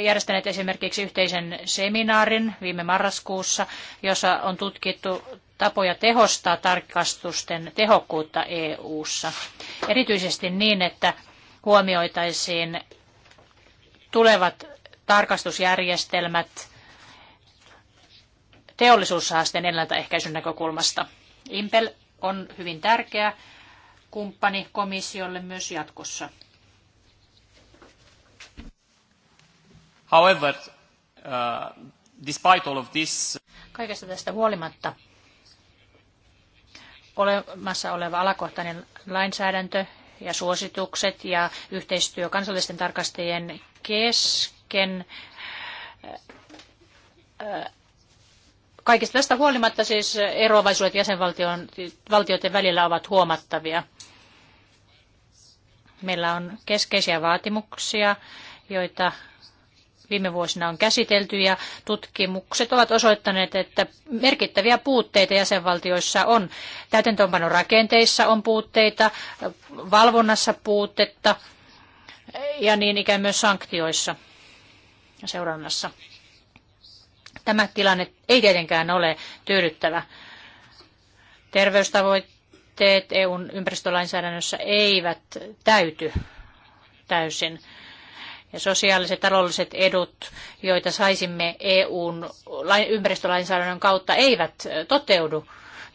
Speaker 3: järjestäneet esimerkiksi yhteisen seminaarin viime marraskuussa, jossa on tutkittu tapoja tehostaa tarkastusten tehokkuutta EU:ssa, erityisesti niin, että huomioitaisiin tulevat tarkastusjärjestelmät teollisuushaasteen ennaltaehkäisyn näkökulmasta. Impel on hyvin tärkeä kumppani komissiolle myös jatkossa.
Speaker 1: However, uh, despite all of this...
Speaker 3: Kaikesta tästä huolimatta olemassa oleva alakohtainen lainsäädäntö ja suositukset ja yhteistyö kansallisten tarkastajien kesken. Äh, Kaikista tästä huolimatta siis eroavaisuudet jäsenvaltioiden välillä ovat huomattavia. Meillä on keskeisiä vaatimuksia, joita viime vuosina on käsitelty ja tutkimukset ovat osoittaneet, että merkittäviä puutteita jäsenvaltioissa on. Täytäntöönpanon rakenteissa on puutteita, valvonnassa puutetta ja niin ikään myös sanktioissa ja seurannassa. Tämä tilanne ei tietenkään ole tyydyttävä. Terveystavoitteet EUn ympäristölainsäädännössä eivät täyty täysin ja sosiaaliset taloudelliset edut, joita saisimme EUn ympäristölainsäädännön kautta, eivät toteudu,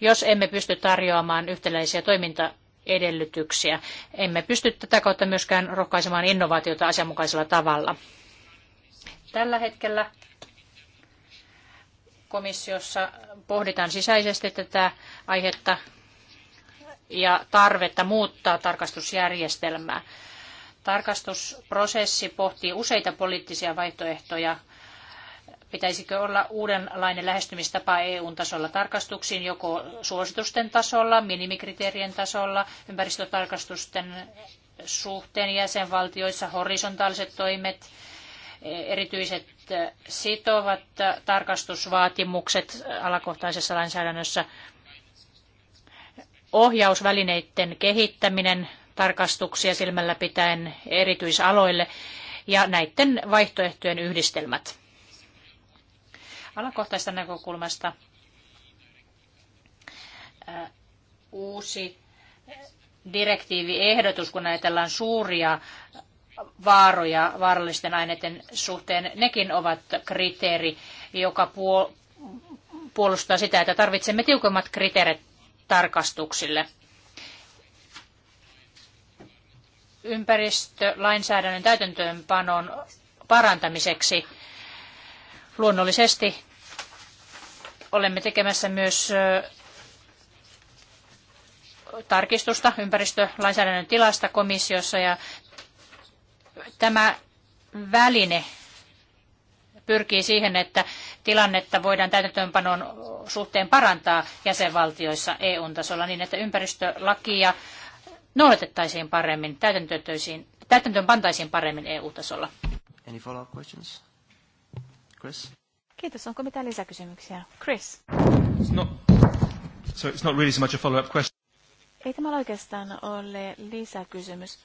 Speaker 3: jos emme pysty tarjoamaan yhtäläisiä toimintaedellytyksiä. Emme pysty tätä kautta myöskään rohkaisemaan innovaatiota asianmukaisella tavalla. Tällä hetkellä komissiossa pohditaan sisäisesti tätä aihetta ja tarvetta muuttaa tarkastusjärjestelmää. Tarkastusprosessi pohtii useita poliittisia vaihtoehtoja. Pitäisikö olla uudenlainen lähestymistapa EU-tasolla tarkastuksiin, joko suositusten tasolla, minimikriteerien tasolla, ympäristötarkastusten suhteen jäsenvaltioissa, horisontaaliset toimet, erityiset sitovat tarkastusvaatimukset alakohtaisessa lainsäädännössä, ohjausvälineiden kehittäminen, tarkastuksia silmällä pitäen erityisaloille ja näiden vaihtoehtojen yhdistelmät. Alakohtaista näkökulmasta äh, uusi direktiiviehdotus, kun ajatellaan suuria vaaroja vaarallisten aineiden suhteen, nekin ovat kriteeri, joka puolustaa sitä, että tarvitsemme tiukemmat kriteerit tarkastuksille. ympäristölainsäädännön täytäntöönpanon parantamiseksi. Luonnollisesti olemme tekemässä myös tarkistusta ympäristölainsäädännön tilasta komissiossa ja tämä väline pyrkii siihen, että tilannetta voidaan täytäntöönpanon suhteen parantaa jäsenvaltioissa EU-tasolla niin, että ympäristölakia noudatettaisiin paremmin, täytäntöön pantaisiin paremmin EU-tasolla.
Speaker 4: Any follow-up questions? Chris?
Speaker 2: Kiitos. Onko mitään lisäkysymyksiä? Chris? It's not,
Speaker 1: so it's not really so much a follow-up question.
Speaker 2: Ei tämä oikeastaan ole lisäkysymys,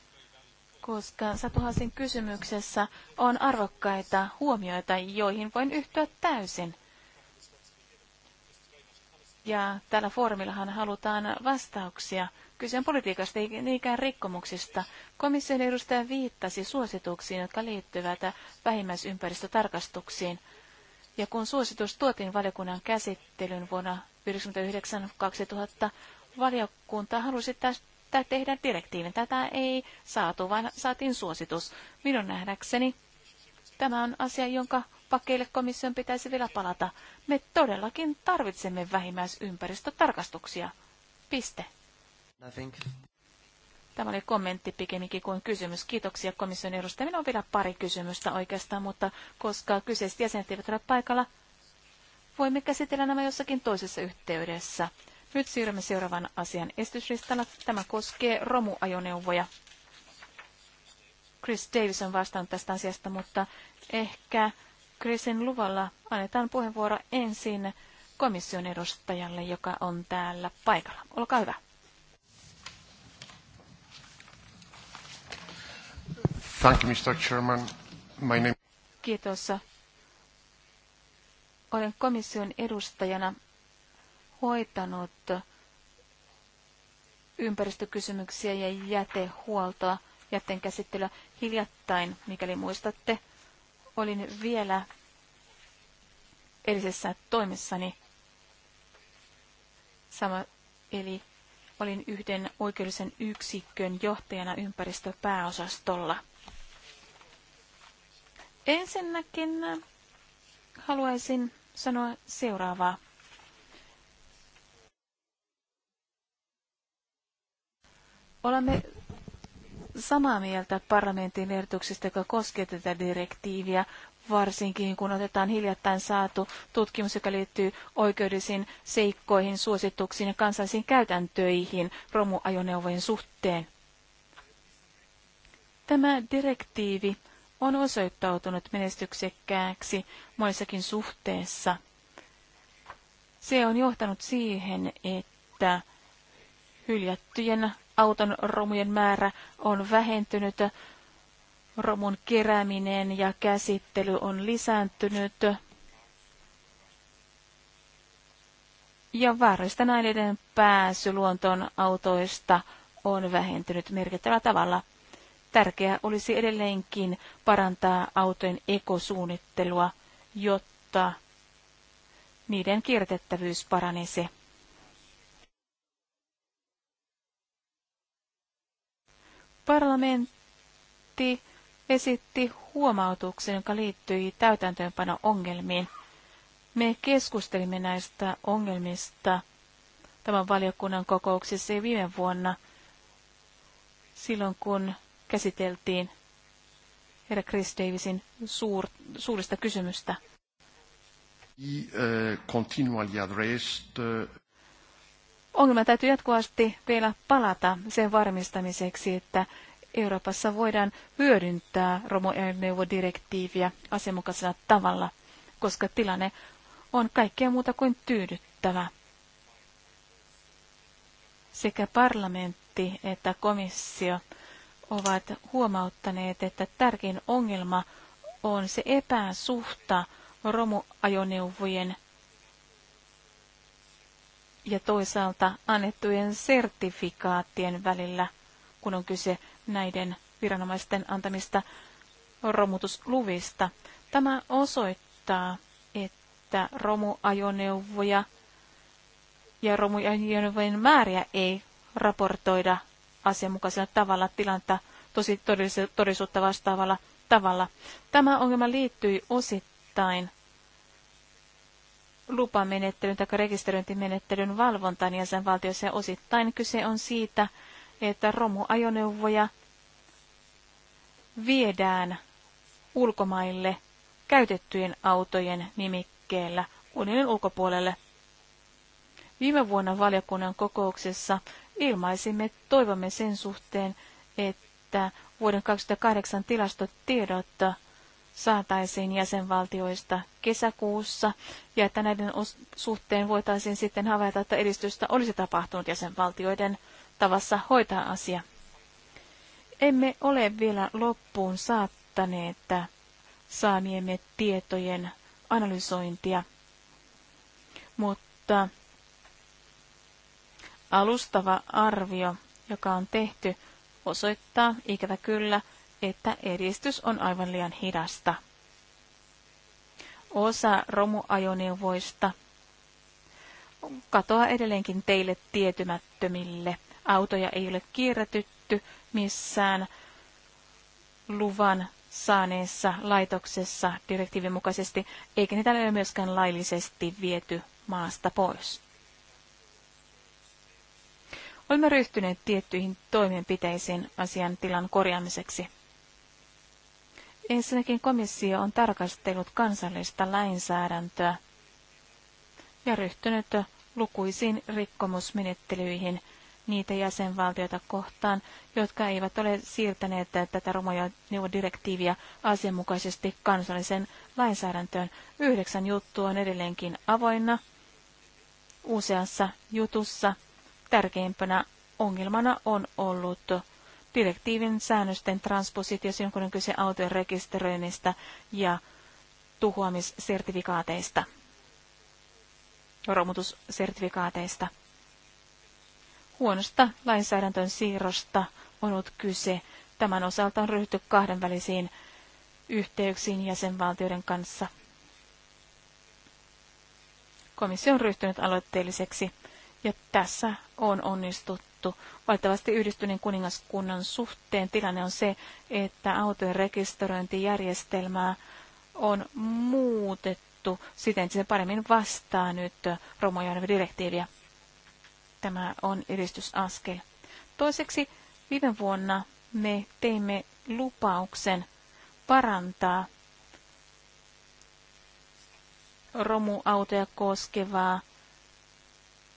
Speaker 2: koska Satuhasin kysymyksessä on arvokkaita huomioita, joihin voin yhtyä täysin. Ja tällä foorumillahan halutaan vastauksia Kyse on politiikasta, eikä niinkään rikkomuksista. Komission edustaja viittasi suosituksiin, jotka liittyvät vähimmäisympäristötarkastuksiin. Ja kun suositus tuotiin valiokunnan käsittelyn vuonna 1999-2000, valiokunta halusi tästä tehdä direktiivin. Tätä ei saatu, vaan saatiin suositus. Minun nähdäkseni tämä on asia, jonka pakkeille komission pitäisi vielä palata. Me todellakin tarvitsemme vähimmäisympäristötarkastuksia. Piste. Nothing. Tämä oli kommentti pikemminkin kuin kysymys. Kiitoksia komission edustaja. Minulla on vielä pari kysymystä oikeastaan, mutta koska kyseiset jäsenet eivät ole paikalla, voimme käsitellä nämä jossakin toisessa yhteydessä. Nyt siirrymme seuraavan asian esityslistalla. Tämä koskee romuajoneuvoja. Chris Davis on vastannut tästä asiasta, mutta ehkä Chrisin luvalla annetaan puheenvuoro ensin komission edustajalle, joka on täällä paikalla. Olkaa hyvä.
Speaker 1: Thank you, Mr. Chairman. My name...
Speaker 2: Kiitos. Olen komission edustajana hoitanut ympäristökysymyksiä ja jätehuoltoa, jätteen käsittelyä hiljattain, mikäli muistatte. Olin vielä edellisessä toimessani sama, eli olin yhden oikeudellisen yksikön johtajana ympäristöpääosastolla. Ensinnäkin haluaisin sanoa seuraavaa. Olemme samaa mieltä parlamentin ehdotuksista, joka koskee tätä direktiiviä, varsinkin kun otetaan hiljattain saatu tutkimus, joka liittyy oikeudellisiin seikkoihin, suosituksiin ja kansallisiin käytäntöihin romuajoneuvojen suhteen. Tämä direktiivi on osoittautunut menestyksekkääksi monissakin suhteessa. Se on johtanut siihen, että hyljättyjen auton romujen määrä on vähentynyt, romun kerääminen ja käsittely on lisääntynyt, ja vaarallisten aineiden pääsy luontoon autoista on vähentynyt merkittävällä tavalla. Tärkeää olisi edelleenkin parantaa autojen ekosuunnittelua, jotta niiden kiertettävyys paranisi. Parlamentti esitti huomautuksen, joka liittyi täytäntöönpano-ongelmiin. Me keskustelimme näistä ongelmista tämän valiokunnan kokouksessa viime vuonna, silloin kun käsiteltiin herra Chris Davisin suur, suurista kysymystä.
Speaker 1: Eh,
Speaker 2: Ongelma täytyy jatkuvasti vielä palata sen varmistamiseksi, että Euroopassa voidaan hyödyntää romuajoneuvodirektiiviä asianmukaisella tavalla, koska tilanne on kaikkea muuta kuin tyydyttävä. Sekä parlamentti että komissio ovat huomauttaneet, että tärkein ongelma on se epäsuhta romuajoneuvojen ja toisaalta annettujen sertifikaattien välillä, kun on kyse näiden viranomaisten antamista romutusluvista. Tämä osoittaa, että romuajoneuvoja ja romuajoneuvojen määriä ei raportoida asianmukaisella tavalla tilannetta tosi todellisuutta vastaavalla tavalla. Tämä ongelma liittyi osittain lupamenettelyn tai rekisteröintimenettelyn valvontaan jäsenvaltioissa ja osittain kyse on siitä, että romuajoneuvoja viedään ulkomaille käytettyjen autojen nimikkeellä unionin ulkopuolelle. Viime vuonna valiokunnan kokouksessa ilmaisimme toivomme sen suhteen, että vuoden 2008 tilastotiedot saataisiin jäsenvaltioista kesäkuussa ja että näiden suhteen voitaisiin sitten havaita, että edistystä olisi tapahtunut jäsenvaltioiden tavassa hoitaa asia. Emme ole vielä loppuun saattaneet saamiemme tietojen analysointia, mutta Alustava arvio, joka on tehty, osoittaa ikävä kyllä, että edistys on aivan liian hidasta. Osa romuajoneuvoista katoaa edelleenkin teille tietymättömille. Autoja ei ole kierrätytty missään luvan saaneessa laitoksessa direktiivin mukaisesti, eikä niitä ole myöskään laillisesti viety maasta pois. Olemme ryhtyneet tiettyihin toimenpiteisiin asian tilan korjaamiseksi. Ensinnäkin komissio on tarkastellut kansallista lainsäädäntöä ja ryhtynyt lukuisiin rikkomusmenettelyihin niitä jäsenvaltioita kohtaan, jotka eivät ole siirtäneet tätä rumoja direktiiviä asianmukaisesti kansalliseen lainsäädäntöön. Yhdeksän juttua on edelleenkin avoinna. Useassa jutussa Tärkeimpänä ongelmana on ollut direktiivin säännösten transpositio, jonkun on kyse autojen rekisteröinnistä ja tuhoamissertifikaateista, romutussertifikaateista. Huonosta lainsäädäntön siirrosta on ollut kyse. Tämän osalta on ryhty kahdenvälisiin yhteyksiin jäsenvaltioiden kanssa. Komissio on ryhtynyt aloitteelliseksi ja tässä on onnistuttu. Valitettavasti yhdistyneen kuningaskunnan suhteen tilanne on se, että autojen rekisteröintijärjestelmää on muutettu siten, että se paremmin vastaa nyt Romojärvi-direktiiviä. Tämä on edistysaskel. Toiseksi viime vuonna me teimme lupauksen parantaa romuautoja koskevaa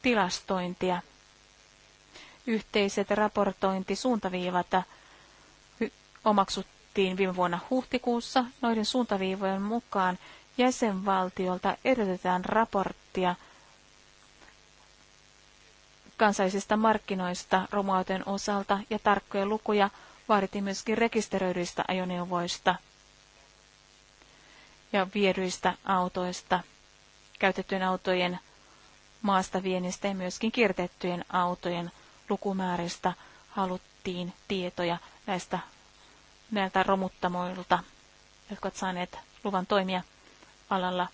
Speaker 2: tilastointia yhteiset raportointisuuntaviivat omaksuttiin viime vuonna huhtikuussa. Noiden suuntaviivojen mukaan jäsenvaltiolta edellytetään raporttia kansallisista markkinoista romuautojen osalta ja tarkkoja lukuja vaadittiin myöskin rekisteröidyistä ajoneuvoista ja viedyistä autoista, käytettyjen autojen maasta viennistä ja myöskin kiertettyjen autojen lukumääristä haluttiin tietoja näistä näiltä romuttamoilta, jotka ovat saaneet luvan toimia alalla.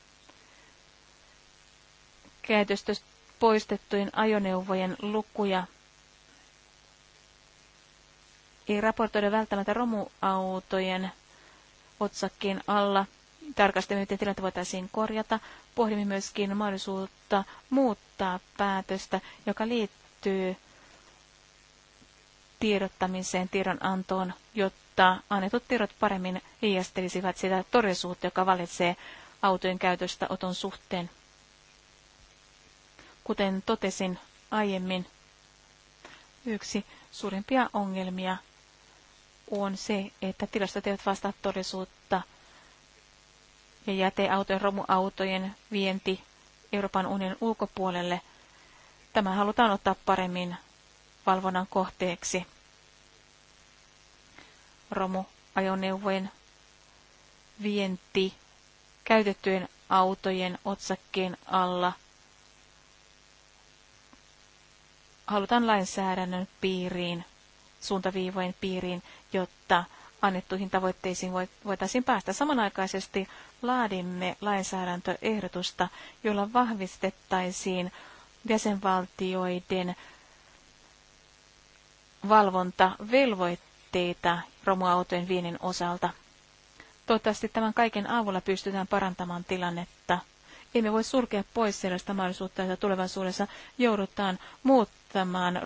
Speaker 2: Käytöstä poistettujen ajoneuvojen lukuja ei raportoida välttämättä romuautojen otsakkeen alla. Tarkastamme, miten tilannetta voitaisiin korjata. Pohdimme myöskin mahdollisuutta muuttaa päätöstä, joka liittyy tiedottamiseen, tiedonantoon, jotta annetut tiedot paremmin heijastelisivat sitä todellisuutta, joka valitsee autojen käytöstä oton suhteen. Kuten totesin aiemmin, yksi suurimpia ongelmia on se, että tilastot eivät vastaa todellisuutta ja jäteautojen, romuautojen vienti Euroopan unionin ulkopuolelle. Tämä halutaan ottaa paremmin valvonnan kohteeksi. Romuajoneuvojen vienti käytettyjen autojen otsakkeen alla halutaan lainsäädännön piiriin, suuntaviivojen piiriin, jotta annettuihin tavoitteisiin voitaisiin päästä. Samanaikaisesti laadimme lainsäädäntöehdotusta, jolla vahvistettaisiin jäsenvaltioiden valvontavelvoitteita romuautojen viennin osalta. Toivottavasti tämän kaiken avulla pystytään parantamaan tilannetta. Emme voi sulkea pois sellaista mahdollisuutta, että tulevaisuudessa joudutaan muuttamaan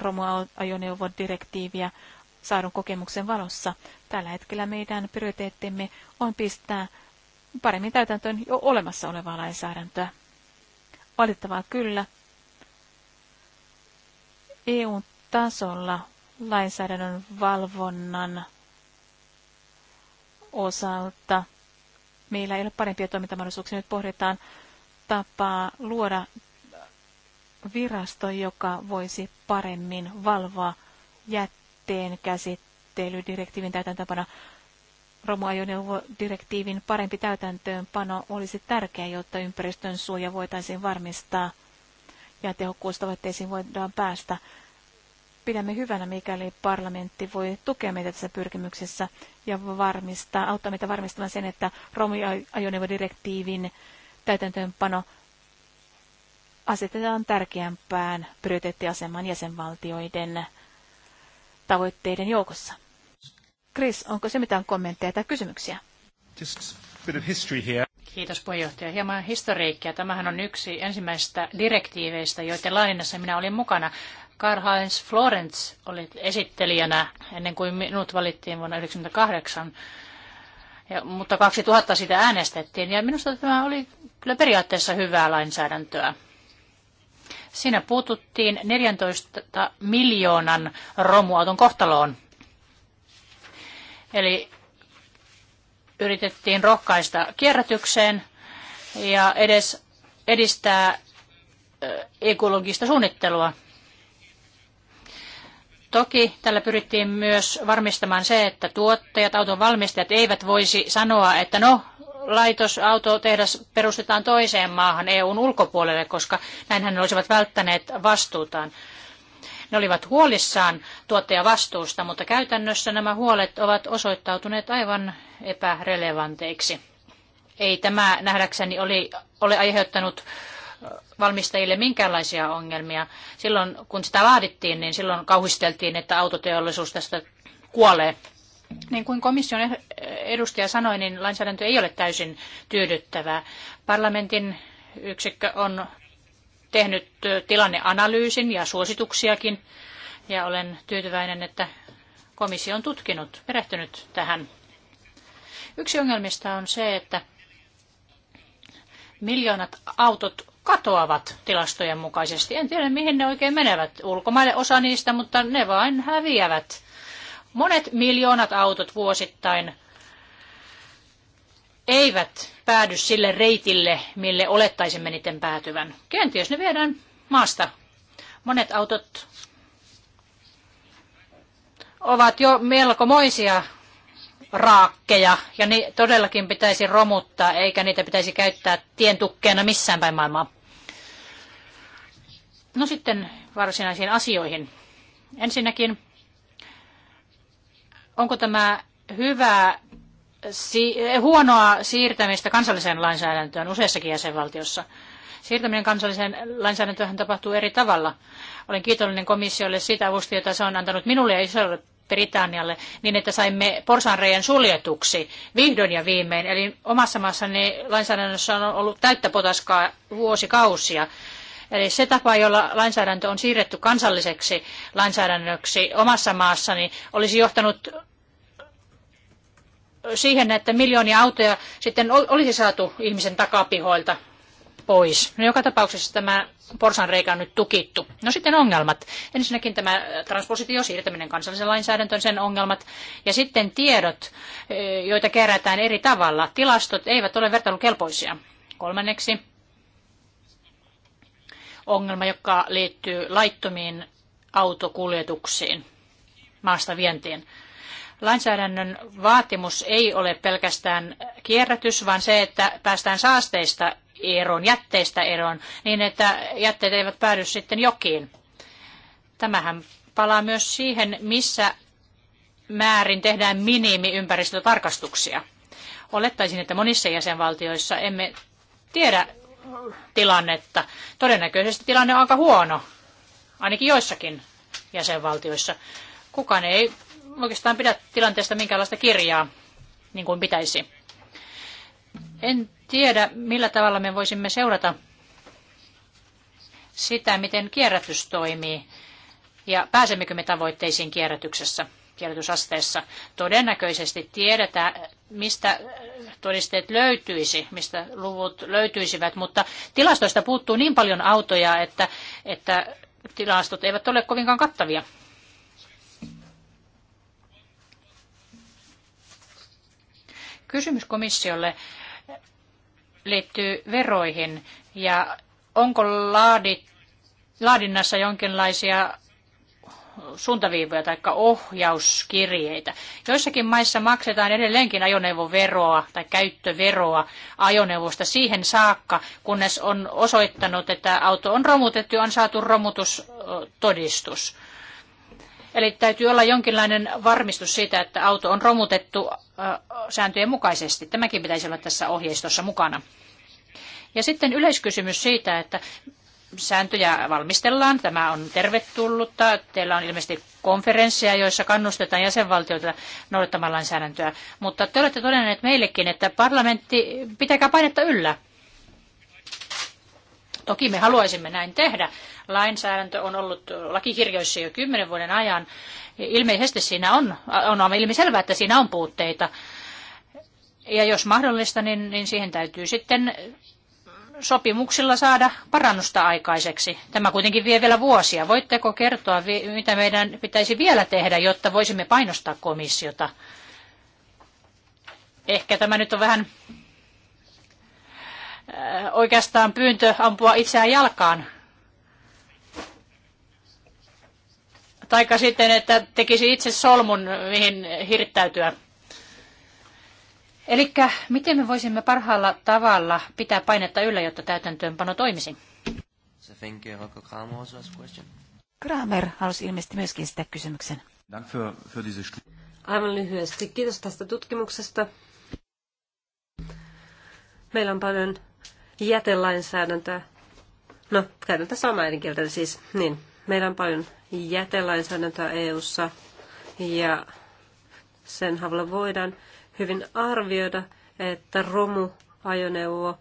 Speaker 2: direktiiviä saadun kokemuksen valossa. Tällä hetkellä meidän prioriteettimme on pistää paremmin täytäntöön jo olemassa olevaa lainsäädäntöä. Valitettavaa kyllä. eu tasolla lainsäädännön valvonnan osalta. Meillä ei ole parempia toimintamahdollisuuksia. Nyt pohditaan tapaa luoda virasto, joka voisi paremmin valvoa jätteen käsittelydirektiivin täytäntöpana. Romuajoneuvodirektiivin parempi täytäntöönpano olisi tärkeää, jotta ympäristön suoja voitaisiin varmistaa ja tehokkuustavoitteisiin voidaan päästä pidämme hyvänä, mikäli parlamentti voi tukea meitä tässä pyrkimyksessä ja varmistaa, auttaa meitä varmistamaan sen, että romuajoneuvodirektiivin täytäntöönpano asetetaan tärkeämpään prioriteettiaseman jäsenvaltioiden tavoitteiden joukossa. Chris, onko se mitään kommentteja tai kysymyksiä?
Speaker 1: Just a bit of history here.
Speaker 2: Kiitos
Speaker 3: puheenjohtaja. Hieman historiikkia. Tämähän on yksi ensimmäistä direktiiveistä, joiden laadinnassa minä olin mukana. Karl-Heinz Florence oli esittelijänä ennen kuin minut valittiin vuonna 1998. Ja, mutta 2000 sitä äänestettiin ja minusta tämä oli kyllä periaatteessa hyvää lainsäädäntöä. Siinä puututtiin 14 miljoonan romuauton kohtaloon. Eli yritettiin rohkaista kierrätykseen ja edes edistää ekologista suunnittelua. Toki tällä pyrittiin myös varmistamaan se, että tuottajat, auton valmistajat eivät voisi sanoa, että no, laitos, tehdas perustetaan toiseen maahan EUn ulkopuolelle, koska näinhän ne olisivat välttäneet vastuutaan. Ne olivat huolissaan tuottajavastuusta, mutta käytännössä nämä huolet ovat osoittautuneet aivan epärelevanteiksi. Ei tämä nähdäkseni oli, ole aiheuttanut valmistajille minkäänlaisia ongelmia. Silloin kun sitä laadittiin, niin silloin kauhisteltiin, että autoteollisuus tästä kuolee. Niin kuin komission e- edustaja sanoi, niin lainsäädäntö ei ole täysin tyydyttävää. Parlamentin yksikkö on tehnyt tilanneanalyysin ja suosituksiakin. Ja olen tyytyväinen, että komissio on tutkinut, perehtynyt tähän. Yksi ongelmista on se, että miljoonat autot katoavat tilastojen mukaisesti. En tiedä, mihin ne oikein menevät. Ulkomaille osa niistä, mutta ne vain häviävät. Monet miljoonat autot vuosittain eivät päädy sille reitille, mille olettaisimme niiden päätyvän. Kenties ne viedään maasta. Monet autot ovat jo melkomoisia raakkeja, ja ne todellakin pitäisi romuttaa, eikä niitä pitäisi käyttää tien tukkeena missään päin maailmaa. No sitten varsinaisiin asioihin. Ensinnäkin, onko tämä hyvä si- huonoa siirtämistä kansalliseen lainsäädäntöön useissakin jäsenvaltiossa. Siirtäminen kansalliseen lainsäädäntöön tapahtuu eri tavalla. Olen kiitollinen komissiolle siitä avusta, jota se on antanut minulle ja isolle Britannialle, niin että saimme porsanreijän suljetuksi vihdoin ja viimein. Eli omassa maassani lainsäädännössä on ollut täyttä potaskaa vuosikausia. Eli se tapa, jolla lainsäädäntö on siirretty kansalliseksi lainsäädännöksi omassa maassani, olisi johtanut siihen, että miljoonia autoja sitten olisi saatu ihmisen takapihoilta pois. No joka tapauksessa tämä porsanreikä on nyt tukittu. No sitten ongelmat. Ensinnäkin tämä äh, transpositio siirtäminen kansalliseen lainsäädäntöön, sen ongelmat. Ja sitten tiedot, äh, joita kerätään eri tavalla. Tilastot eivät ole vertailukelpoisia. Kolmanneksi ongelma, joka liittyy laittomiin autokuljetuksiin maasta vientiin lainsäädännön vaatimus ei ole pelkästään kierrätys, vaan se, että päästään saasteista eroon, jätteistä eroon, niin että jätteet eivät päädy sitten jokiin. Tämähän palaa myös siihen, missä määrin tehdään minimiympäristötarkastuksia. Olettaisin, että monissa jäsenvaltioissa emme tiedä tilannetta. Todennäköisesti tilanne on aika huono, ainakin joissakin jäsenvaltioissa. Kukaan ei oikeastaan pidä tilanteesta minkäänlaista kirjaa, niin kuin pitäisi. En tiedä, millä tavalla me voisimme seurata sitä, miten kierrätys toimii ja pääsemmekö me tavoitteisiin kierrätyksessä, kierrätysasteessa. Todennäköisesti tiedetään, mistä todisteet löytyisi, mistä luvut löytyisivät, mutta tilastoista puuttuu niin paljon autoja, että, että tilastot eivät ole kovinkaan kattavia. Kysymys komissiolle liittyy veroihin ja onko laadit, laadinnassa jonkinlaisia suuntaviivoja tai ohjauskirjeitä. Joissakin maissa maksetaan edelleenkin ajoneuvoveroa tai käyttöveroa ajoneuvosta siihen saakka, kunnes on osoittanut, että auto on romutettu ja on saatu romutustodistus. Eli täytyy olla jonkinlainen varmistus siitä, että auto on romutettu sääntöjen mukaisesti. Tämäkin pitäisi olla tässä ohjeistossa mukana. Ja sitten yleiskysymys siitä, että sääntöjä valmistellaan. Tämä on tervetullutta. Teillä on ilmeisesti konferensseja, joissa kannustetaan jäsenvaltioita noudattamaan lainsäädäntöä. Mutta te olette todenneet meillekin, että parlamentti, pitäkää painetta yllä. Toki me haluaisimme näin tehdä. Lainsäädäntö on ollut lakikirjoissa jo kymmenen vuoden ajan. Ilmeisesti siinä on, on aivan ilmiselvää, että siinä on puutteita. Ja jos mahdollista, niin, niin siihen täytyy sitten sopimuksilla saada parannusta aikaiseksi. Tämä kuitenkin vie vielä vuosia. Voitteko kertoa, mitä meidän pitäisi vielä tehdä, jotta voisimme painostaa komissiota? Ehkä tämä nyt on vähän oikeastaan pyyntö ampua itseään jalkaan. Taikka sitten, että tekisi itse solmun, mihin hirttäytyä. Eli miten me voisimme parhaalla tavalla pitää painetta yllä, jotta täytäntöönpano toimisi?
Speaker 4: Kramer, halusi ilmeisesti myöskin sitä kysymyksen. Aivan lyhyesti. Kiitos tästä tutkimuksesta. Meillä on paljon jätelainsäädäntöä. No, käytän tässä omaa äidinkieltä siis. Niin, meillä on paljon jätelainsäädäntöä EU-ssa ja sen havalla voidaan hyvin arvioida, että romuajoneuvo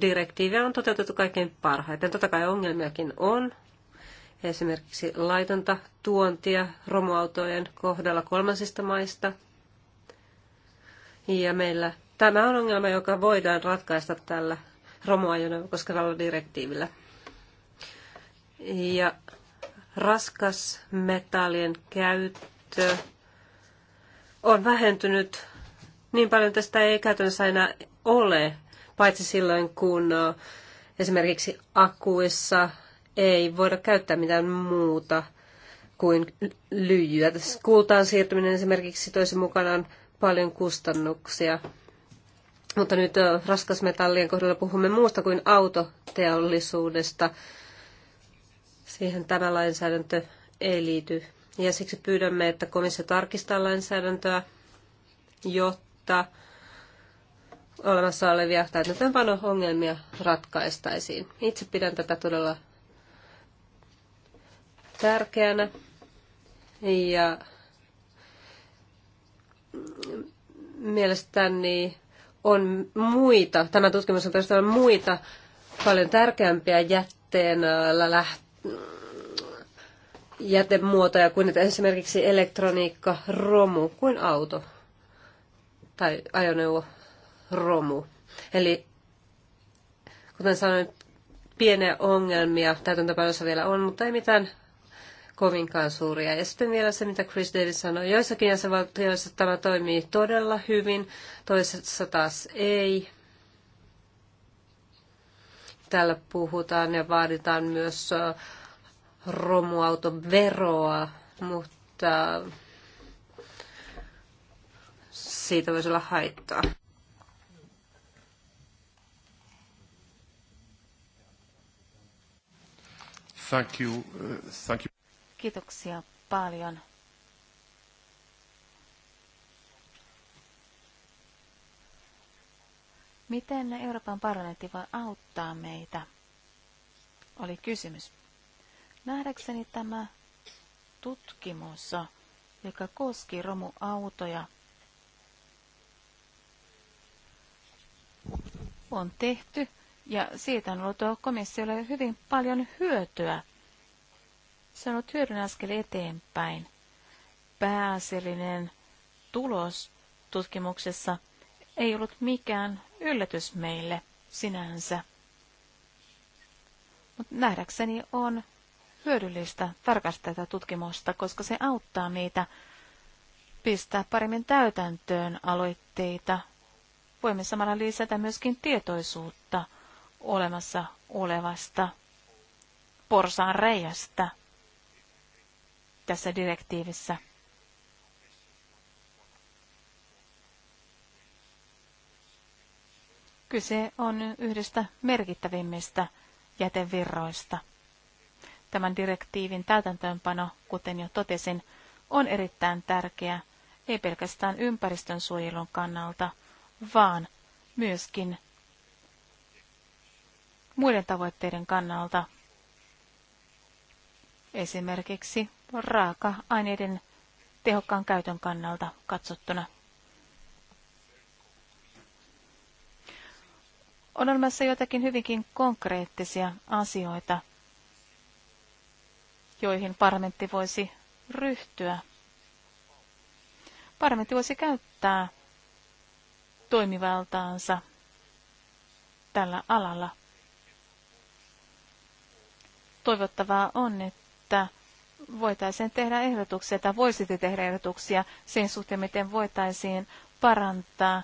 Speaker 4: direktiivi on toteutettu kaikkein parhaiten. Totta kai ongelmiakin on. Esimerkiksi laitonta tuontia romuautojen kohdalla kolmansista maista. Ja meillä tämä on ongelma, joka voidaan ratkaista tällä romuajoneuvo koskevalla direktiivillä. Ja raskas metallien käyttö on vähentynyt niin paljon, että sitä ei käytännössä enää ole, paitsi silloin kun esimerkiksi akuissa ei voida käyttää mitään muuta kuin lyijyä. Kultaan siirtyminen esimerkiksi toisi mukanaan paljon kustannuksia. Mutta nyt raskasmetallien kohdalla puhumme muusta kuin autoteollisuudesta. Siihen tämä lainsäädäntö ei liity. Ja siksi pyydämme, että komissio tarkistaa lainsäädäntöä, jotta olemassa olevia täytäntöönpano-ongelmia ratkaistaisiin. Itse pidän tätä todella tärkeänä. Ja mielestäni on muita, tämä tutkimus on perustellut muita paljon tärkeämpiä jätteen läht- jätemuotoja kuin esimerkiksi elektroniikka, romu kuin auto tai ajoneuvo, romu. Eli kuten sanoin, pieniä ongelmia täytäntöpäivässä vielä on, mutta ei mitään kovinkaan suuria. Ja sitten vielä se, mitä Chris Davis sanoi. Joissakin jäsenvaltioissa tämä toimii todella hyvin, toisessa taas ei. Täällä puhutaan ja vaaditaan myös romuautoveroa, mutta siitä voisi olla haittaa.
Speaker 1: Thank you. Uh, thank you.
Speaker 2: Kiitoksia paljon. Miten Euroopan parlamentti voi auttaa meitä? Oli kysymys. Nähdäkseni tämä tutkimus, joka koski romuautoja, on tehty ja siitä on ollut komissiolle hyvin paljon hyötyä. Se on ollut hyödyn askel eteenpäin. Pääasiallinen tulos tutkimuksessa ei ollut mikään yllätys meille sinänsä. Mutta nähdäkseni on hyödyllistä tarkastaa tätä tutkimusta, koska se auttaa meitä pistää paremmin täytäntöön aloitteita. Voimme samalla lisätä myöskin tietoisuutta olemassa olevasta porsaan reiästä tässä direktiivissä. Kyse on yhdestä merkittävimmistä jätevirroista. Tämän direktiivin täytäntöönpano, kuten jo totesin, on erittäin tärkeä, ei pelkästään ympäristön suojelun kannalta, vaan myöskin muiden tavoitteiden kannalta, esimerkiksi raaka-aineiden tehokkaan käytön kannalta katsottuna. On olemassa jotakin hyvinkin konkreettisia asioita, joihin parlamentti voisi ryhtyä. Parlamentti voisi käyttää toimivaltaansa tällä alalla. Toivottavaa on, että voitaisiin tehdä ehdotuksia tai voisitte tehdä ehdotuksia sen suhteen, miten voitaisiin parantaa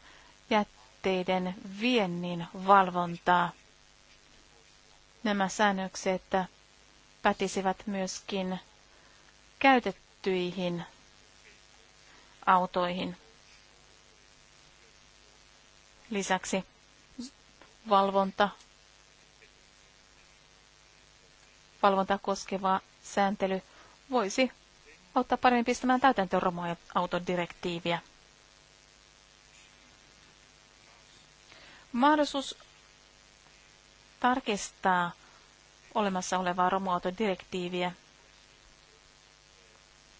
Speaker 2: jätteiden viennin valvontaa. Nämä säännökset pätisivät myöskin käytettyihin autoihin. Lisäksi valvonta, valvonta koskeva sääntely voisi auttaa paremmin pistämään täytäntöön romuautodirektiiviä. Mahdollisuus tarkistaa olemassa olevaa romuautodirektiiviä,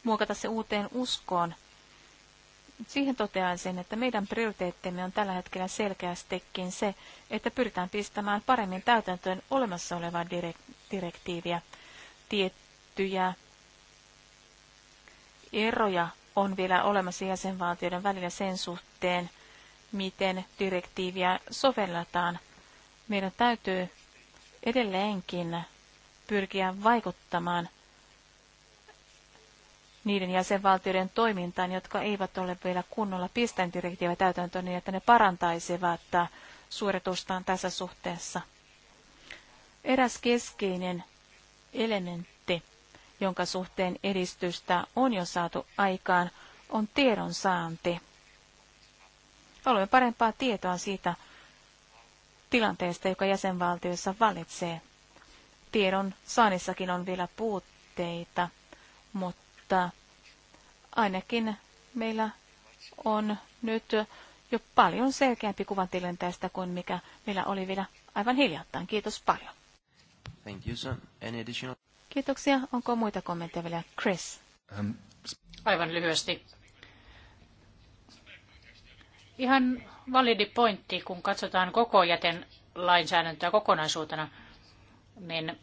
Speaker 2: muokata se uuteen uskoon. Siihen totean sen, että meidän prioriteettimme on tällä hetkellä selkeästikin se, että pyritään pistämään paremmin täytäntöön olemassa olevaa direktiiviä. Tiettyjä eroja on vielä olemassa jäsenvaltioiden välillä sen suhteen, miten direktiiviä sovelletaan. Meidän täytyy edelleenkin pyrkiä vaikuttamaan niiden jäsenvaltioiden toimintaan, jotka eivät ole vielä kunnolla pistäen direktiivä täytäntöön niin, että ne parantaisivat suoritustaan tässä suhteessa. Eräs keskeinen elementti jonka suhteen edistystä on jo saatu aikaan, on saanti. Olemme parempaa tietoa siitä tilanteesta, joka jäsenvaltioissa valitsee. Tiedon saanissakin on vielä puutteita, mutta ainakin meillä on nyt jo paljon selkeämpi kuva tilanteesta kuin mikä meillä oli vielä aivan hiljattain. Kiitos paljon. Thank you, sir. Any additional... Kiitoksia. Onko muita kommentteja vielä? Chris. Ähm,
Speaker 3: Aivan lyhyesti.
Speaker 2: Ihan validi pointti, kun katsotaan
Speaker 3: koko jäten lainsäädäntöä kokonaisuutena, niin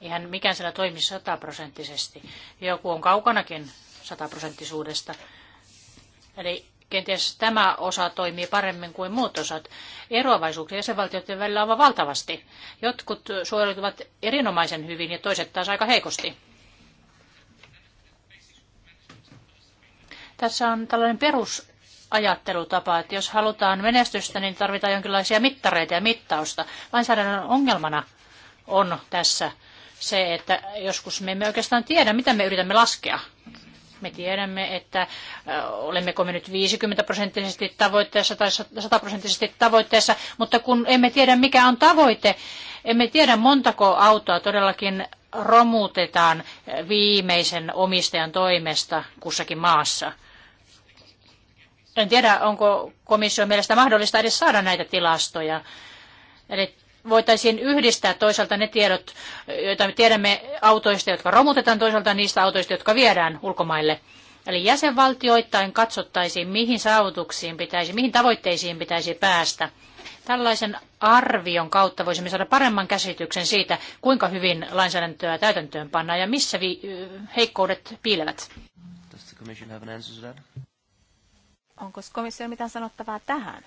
Speaker 3: ihan mikään siellä toimi sataprosenttisesti. Joku on kaukanakin sataprosenttisuudesta. Eli kenties tämä osa toimii paremmin kuin muut osat. Eroavaisuuksia jäsenvaltioiden välillä on valtavasti. Jotkut suoriutuvat erinomaisen hyvin ja toiset taas aika heikosti. Tässä on tällainen perusajattelutapa, että jos halutaan menestystä, niin tarvitaan jonkinlaisia mittareita ja mittausta. Lainsäädännön ongelmana on tässä se, että joskus me emme oikeastaan tiedä, mitä me yritämme laskea. Me tiedämme, että olemmeko me nyt 50 prosenttisesti tavoitteessa tai 100 prosenttisesti tavoitteessa, mutta kun emme tiedä mikä on tavoite, emme tiedä montako autoa todellakin romutetaan viimeisen omistajan toimesta kussakin maassa. En tiedä, onko komission mielestä mahdollista edes saada näitä tilastoja. Eli voitaisiin yhdistää toisaalta ne tiedot, joita me tiedämme autoista, jotka romutetaan, toisaalta niistä autoista, jotka viedään ulkomaille. Eli jäsenvaltioittain katsottaisiin, mihin saavutuksiin pitäisi, mihin tavoitteisiin pitäisi päästä. Tällaisen arvion kautta voisimme saada paremman käsityksen siitä, kuinka hyvin lainsäädäntöä täytäntöön pannaan ja missä vi- heikkoudet piilevät.
Speaker 2: Onko komissio mitään sanottavaa tähän?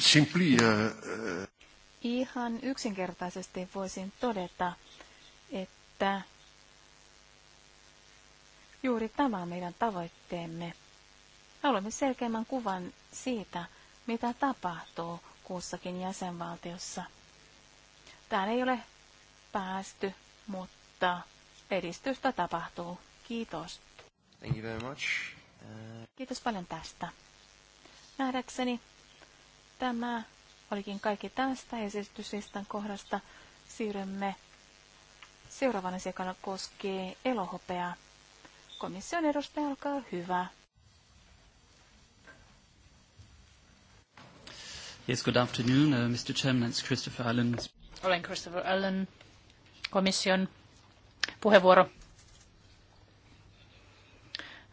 Speaker 1: simply, uh, uh,
Speaker 2: Ihan yksinkertaisesti voisin todeta, että juuri tämä on meidän tavoitteemme. Haluamme selkeämmän kuvan siitä, mitä tapahtuu kussakin jäsenvaltiossa. Täällä ei ole päästy, mutta edistystä tapahtuu. Kiitos. Thank you very much. Uh... Kiitos paljon tästä. Nähdäkseni Tämä olikin kaikki tästä esityslistan kohdasta. Siirrymme seuraavan sekana koskee elohopea. Komission edustaja, olkaa hyvä.
Speaker 1: Yes, good afternoon, uh, Mr. Chairman. It's Christopher Allen.
Speaker 3: Olen Christopher Allen, komission puheenvuoro.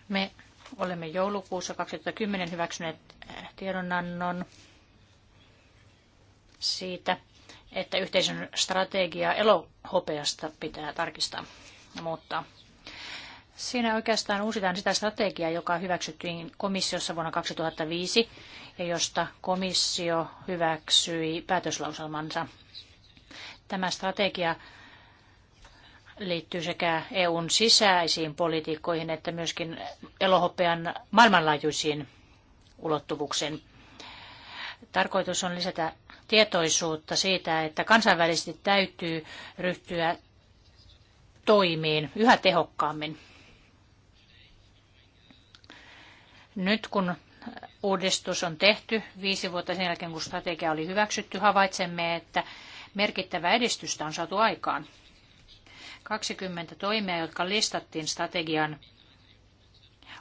Speaker 3: Me olemme joulukuussa 2010 hyväksyneet äh, tiedonannon siitä, että yhteisön strategia elohopeasta pitää tarkistaa ja muuttaa. Siinä oikeastaan uusitaan sitä strategiaa, joka hyväksyttiin komissiossa vuonna 2005 ja josta komissio hyväksyi päätöslauselmansa. Tämä strategia liittyy sekä EUn sisäisiin politiikkoihin että myöskin elohopean maailmanlaajuisiin ulottuvuuksiin. Tarkoitus on lisätä tietoisuutta siitä, että kansainvälisesti täytyy ryhtyä toimiin yhä tehokkaammin. Nyt kun uudistus on tehty viisi vuotta sen jälkeen, kun strategia oli hyväksytty, havaitsemme, että merkittävä edistystä on saatu aikaan. 20 toimia, jotka listattiin strategian,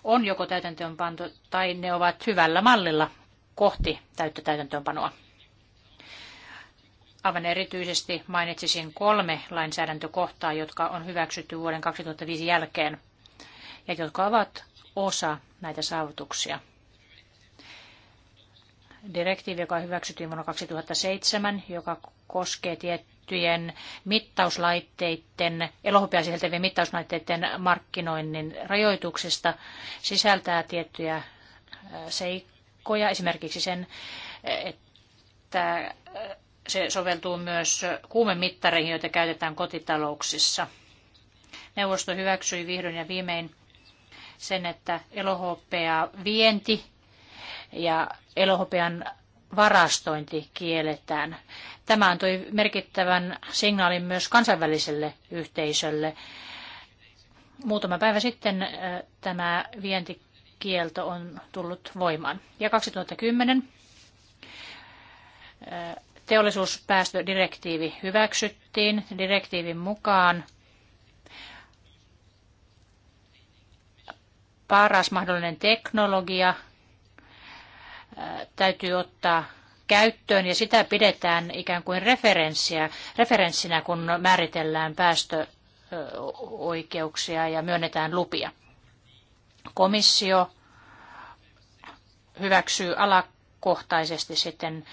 Speaker 3: on joko täytäntöönpanto tai ne ovat hyvällä mallilla kohti täyttä täytäntöönpanoa. Aivan erityisesti mainitsisin kolme lainsäädäntökohtaa, jotka on hyväksytty vuoden 2005 jälkeen ja jotka ovat osa näitä saavutuksia. Direktiivi, joka hyväksyttiin vuonna 2007, joka koskee tiettyjen mittauslaitteiden, elohopea sisältävien mittauslaitteiden markkinoinnin rajoituksista, sisältää tiettyjä seikkoja, esimerkiksi sen, että se soveltuu myös kuumemittareihin, joita käytetään kotitalouksissa. Neuvosto hyväksyi vihdoin ja viimein sen, että elohopea vienti ja elohopean varastointi kielletään. Tämä antoi merkittävän signaalin myös kansainväliselle yhteisölle. Muutama päivä sitten äh, tämä vientikielto on tullut voimaan. Ja 2010 teollisuuspäästödirektiivi hyväksyttiin. Direktiivin mukaan paras mahdollinen teknologia täytyy ottaa käyttöön ja sitä pidetään ikään kuin referenssiä, referenssinä, kun määritellään päästöoikeuksia ja myönnetään lupia. Komissio hyväksyy alakohtaisesti sitten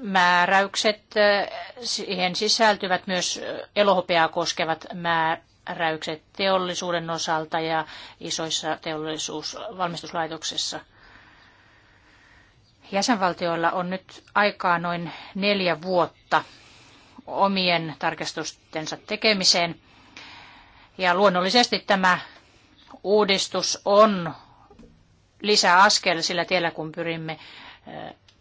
Speaker 3: määräykset, siihen sisältyvät myös elohopeaa koskevat määräykset teollisuuden osalta ja isoissa teollisuusvalmistuslaitoksissa. Jäsenvaltioilla on nyt aikaa noin neljä vuotta omien tarkastustensa tekemiseen. Ja luonnollisesti tämä uudistus on lisäaskel sillä tiellä, kun pyrimme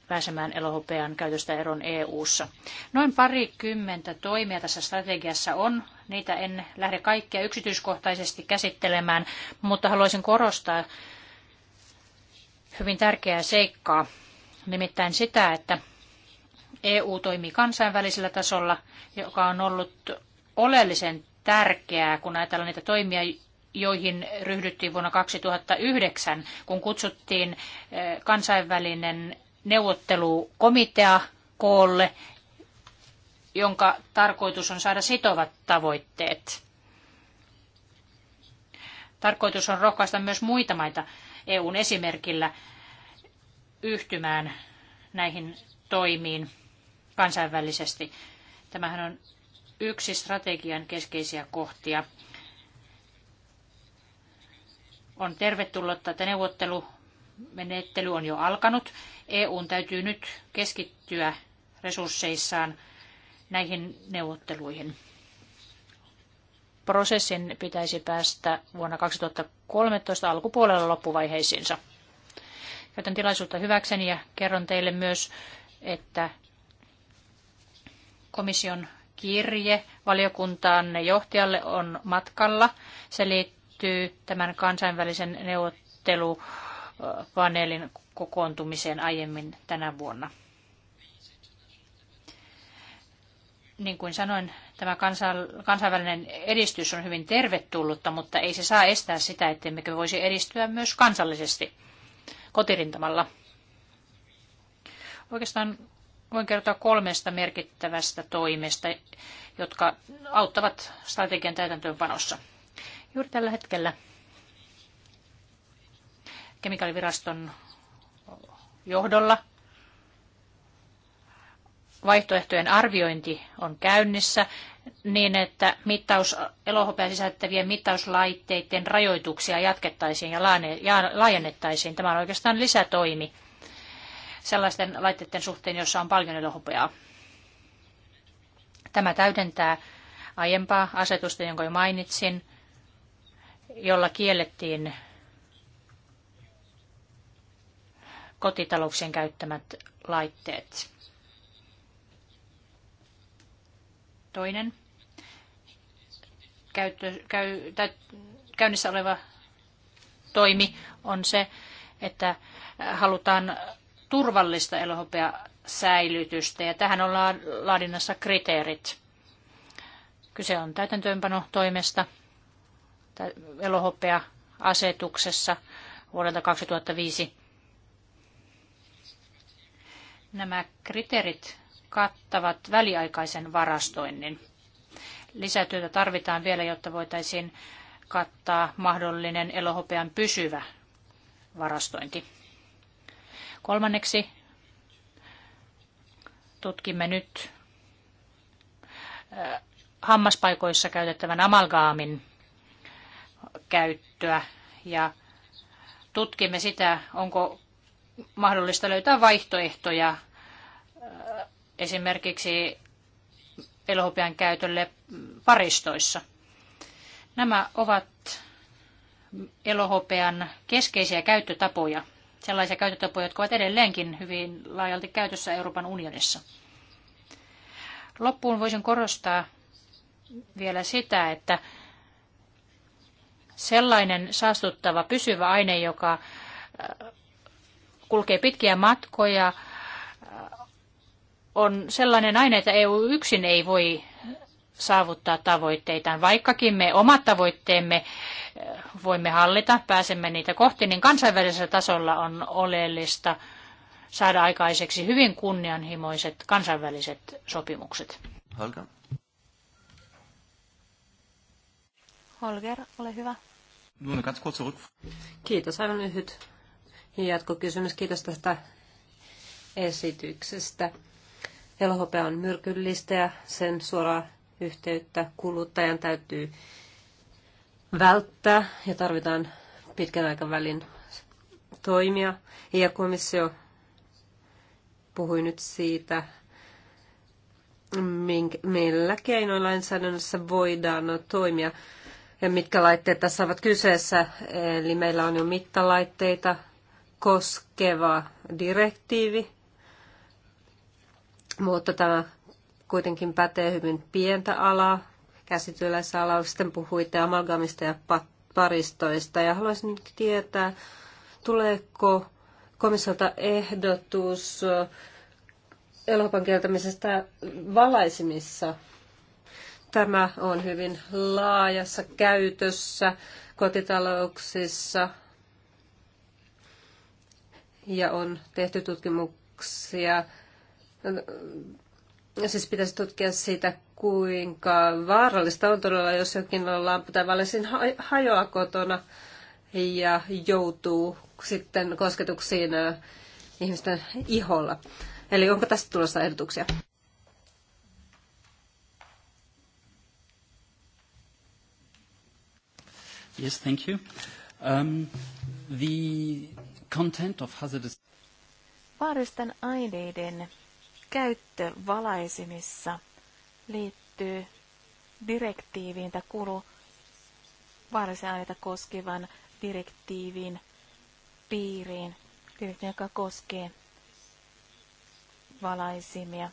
Speaker 3: pääsemään elohopean käytöstä eron EU-ssa. Noin parikymmentä toimia tässä strategiassa on. Niitä en lähde kaikkia yksityiskohtaisesti käsittelemään, mutta haluaisin korostaa hyvin tärkeää seikkaa, nimittäin sitä, että EU toimii kansainvälisellä tasolla, joka on ollut oleellisen tärkeää, kun ajatellaan niitä toimia, joihin ryhdyttiin vuonna 2009, kun kutsuttiin eh, kansainvälinen neuvottelukomitea koolle, jonka tarkoitus on saada sitovat tavoitteet. Tarkoitus on rohkaista myös muita maita EUn esimerkillä yhtymään näihin toimiin kansainvälisesti. Tämähän on yksi strategian keskeisiä kohtia. On tervetullutta, että neuvottelu menettely on jo alkanut. EUn täytyy nyt keskittyä resursseissaan näihin neuvotteluihin. Prosessin pitäisi päästä vuonna 2013 alkupuolella loppuvaiheisiinsa. Käytän tilaisuutta hyväkseni ja kerron teille myös, että komission kirje valiokuntaanne johtajalle on matkalla. Se liittyy tämän kansainvälisen neuvottelun paneelin kokoontumiseen aiemmin tänä vuonna. Niin kuin sanoin, tämä kansainvälinen edistys on hyvin tervetullutta, mutta ei se saa estää sitä, ettemmekö voisi edistyä myös kansallisesti kotirintamalla. Oikeastaan voin kertoa kolmesta merkittävästä toimesta, jotka auttavat strategian täytäntöönpanossa. Juuri tällä hetkellä kemikaaliviraston johdolla. Vaihtoehtojen arviointi on käynnissä niin, että mittaus, elohopea sisältävien mittauslaitteiden rajoituksia jatkettaisiin ja laajennettaisiin. Tämä on oikeastaan lisätoimi sellaisten laitteiden suhteen, joissa on paljon elohopeaa. Tämä täydentää aiempaa asetusta, jonka jo mainitsin, jolla kiellettiin kotitalouksien käyttämät laitteet. Toinen käyttö, käy, tä, käynnissä oleva toimi on se, että halutaan turvallista elohopea säilytystä ja tähän on laadinnassa kriteerit. Kyse on toimesta elohopea asetuksessa vuodelta 2005 Nämä kriteerit kattavat väliaikaisen varastoinnin. Lisätyötä tarvitaan vielä, jotta voitaisiin kattaa mahdollinen elohopean pysyvä varastointi. Kolmanneksi tutkimme nyt hammaspaikoissa käytettävän amalgaamin käyttöä ja tutkimme sitä, onko mahdollista löytää vaihtoehtoja esimerkiksi elohopean käytölle paristoissa. Nämä ovat elohopean keskeisiä käyttötapoja, sellaisia käyttötapoja, jotka ovat edelleenkin hyvin laajalti käytössä Euroopan unionissa. Loppuun voisin korostaa vielä sitä, että sellainen saastuttava pysyvä aine, joka äh, kulkee pitkiä matkoja, on sellainen aine, että EU yksin ei voi saavuttaa tavoitteitaan. Vaikkakin me omat tavoitteemme eh, voimme hallita, pääsemme niitä kohti, niin kansainvälisellä tasolla on oleellista saada aikaiseksi hyvin kunnianhimoiset kansainväliset sopimukset.
Speaker 2: Holger.
Speaker 4: Holger, ole hyvä. Kiitos, aivan lyhyt jatkokysymys. Kiitos tästä esityksestä. Elohopea on myrkyllistä ja sen suoraa yhteyttä kuluttajan täytyy välttää ja tarvitaan pitkän aikavälin toimia. Ja komissio puhui nyt siitä, millä keinoin lainsäädännössä voidaan toimia ja mitkä laitteet tässä ovat kyseessä. Eli meillä on jo mittalaitteita koskeva direktiivi, mutta tämä kuitenkin pätee hyvin pientä alaa, alaa Sitten puhuitte amalgamista ja paristoista ja haluaisin tietää, tuleeko komissiolta ehdotus elokuvan kieltämisestä valaisimissa. Tämä on hyvin laajassa käytössä kotitalouksissa ja on tehty tutkimuksia siis pitäisi tutkia sitä, kuinka vaarallista on todella, jos jokin lamppu tai valesin hajoaa kotona ja joutuu sitten kosketuksiin ihmisten iholla. Eli onko tästä tulossa ehdotuksia?
Speaker 1: Yes, thank you. Um, the content of hazardous...
Speaker 2: Vaaristen aineiden käyttö valaisimissa liittyy direktiiviin tai kuuluu vaarallisia aineita koskevan direktiivin piiriin, direktiivin, joka koskee valaisimia.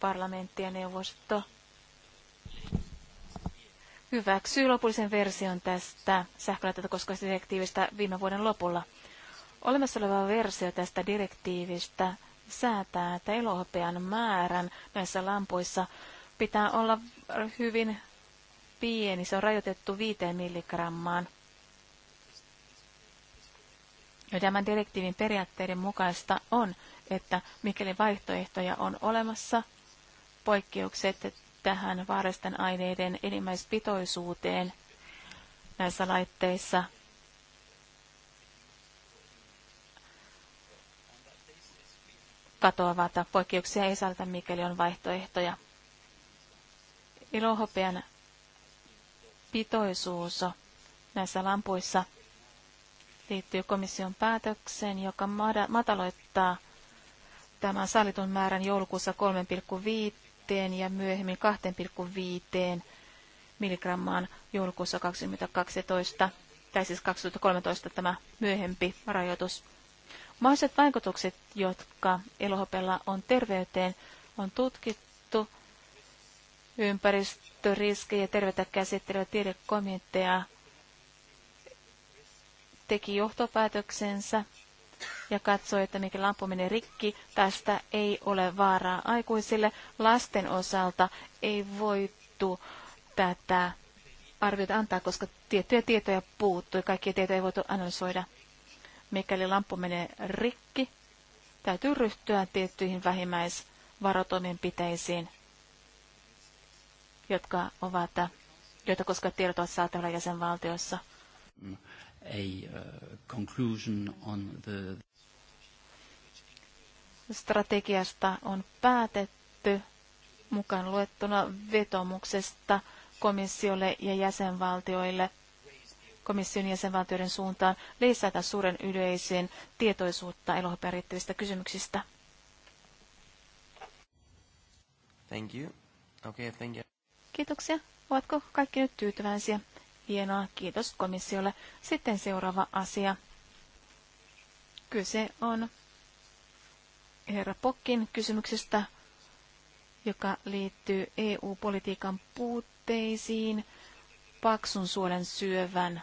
Speaker 2: Parlamentti ja neuvosto hyväksyy lopullisen version tästä sähkölaitetta koskevasta direktiivistä viime vuoden lopulla. Olemassa oleva versio tästä direktiivistä säätää, että elohopean määrän näissä lampuissa pitää olla hyvin pieni. Se on rajoitettu 5 milligrammaan. Ja tämän direktiivin periaatteiden mukaista on, että mikäli vaihtoehtoja on olemassa, poikkeukset tähän vaaristen aineiden enimmäispitoisuuteen näissä laitteissa – tai Poikkeuksia ei saada, mikäli on vaihtoehtoja. Ilohopean pitoisuus näissä lampuissa liittyy komission päätökseen, joka mataloittaa tämän sallitun määrän joulukuussa 3,5 ja myöhemmin 2,5 milligrammaan joulukuussa 2012, tai siis 2013 tämä myöhempi rajoitus. Mahdolliset vaikutukset, jotka elohopella on terveyteen, on tutkittu. Ympäristöriskejä terveyttä käsittelevä tiedekomitea teki johtopäätöksensä ja katsoi, että mikä lampu menee rikki, tästä ei ole vaaraa aikuisille. Lasten osalta ei voitu tätä arviota antaa, koska tiettyjä tietoja puuttui, kaikkia tietoja ei voitu analysoida mikäli lamppu menee rikki, täytyy ryhtyä tiettyihin vähimmäisvarotoimenpiteisiin, jotka ovat, joita koska tiedot ovat saatavilla jäsenvaltiossa.
Speaker 1: A uh, conclusion
Speaker 2: on the... Strategiasta on päätetty mukaan luettuna vetomuksesta komissiolle ja jäsenvaltioille – komission jäsenvaltioiden suuntaan lisätä suuren yleisön tietoisuutta elohopeen riittävistä kysymyksistä. Thank you. Okay, thank you. Kiitoksia. Ovatko kaikki nyt tyytyväisiä? Hienoa, kiitos komissiolle. Sitten seuraava asia. Kyse on herra Pokkin kysymyksestä, joka liittyy EU-politiikan puutteisiin paksun suolen syövän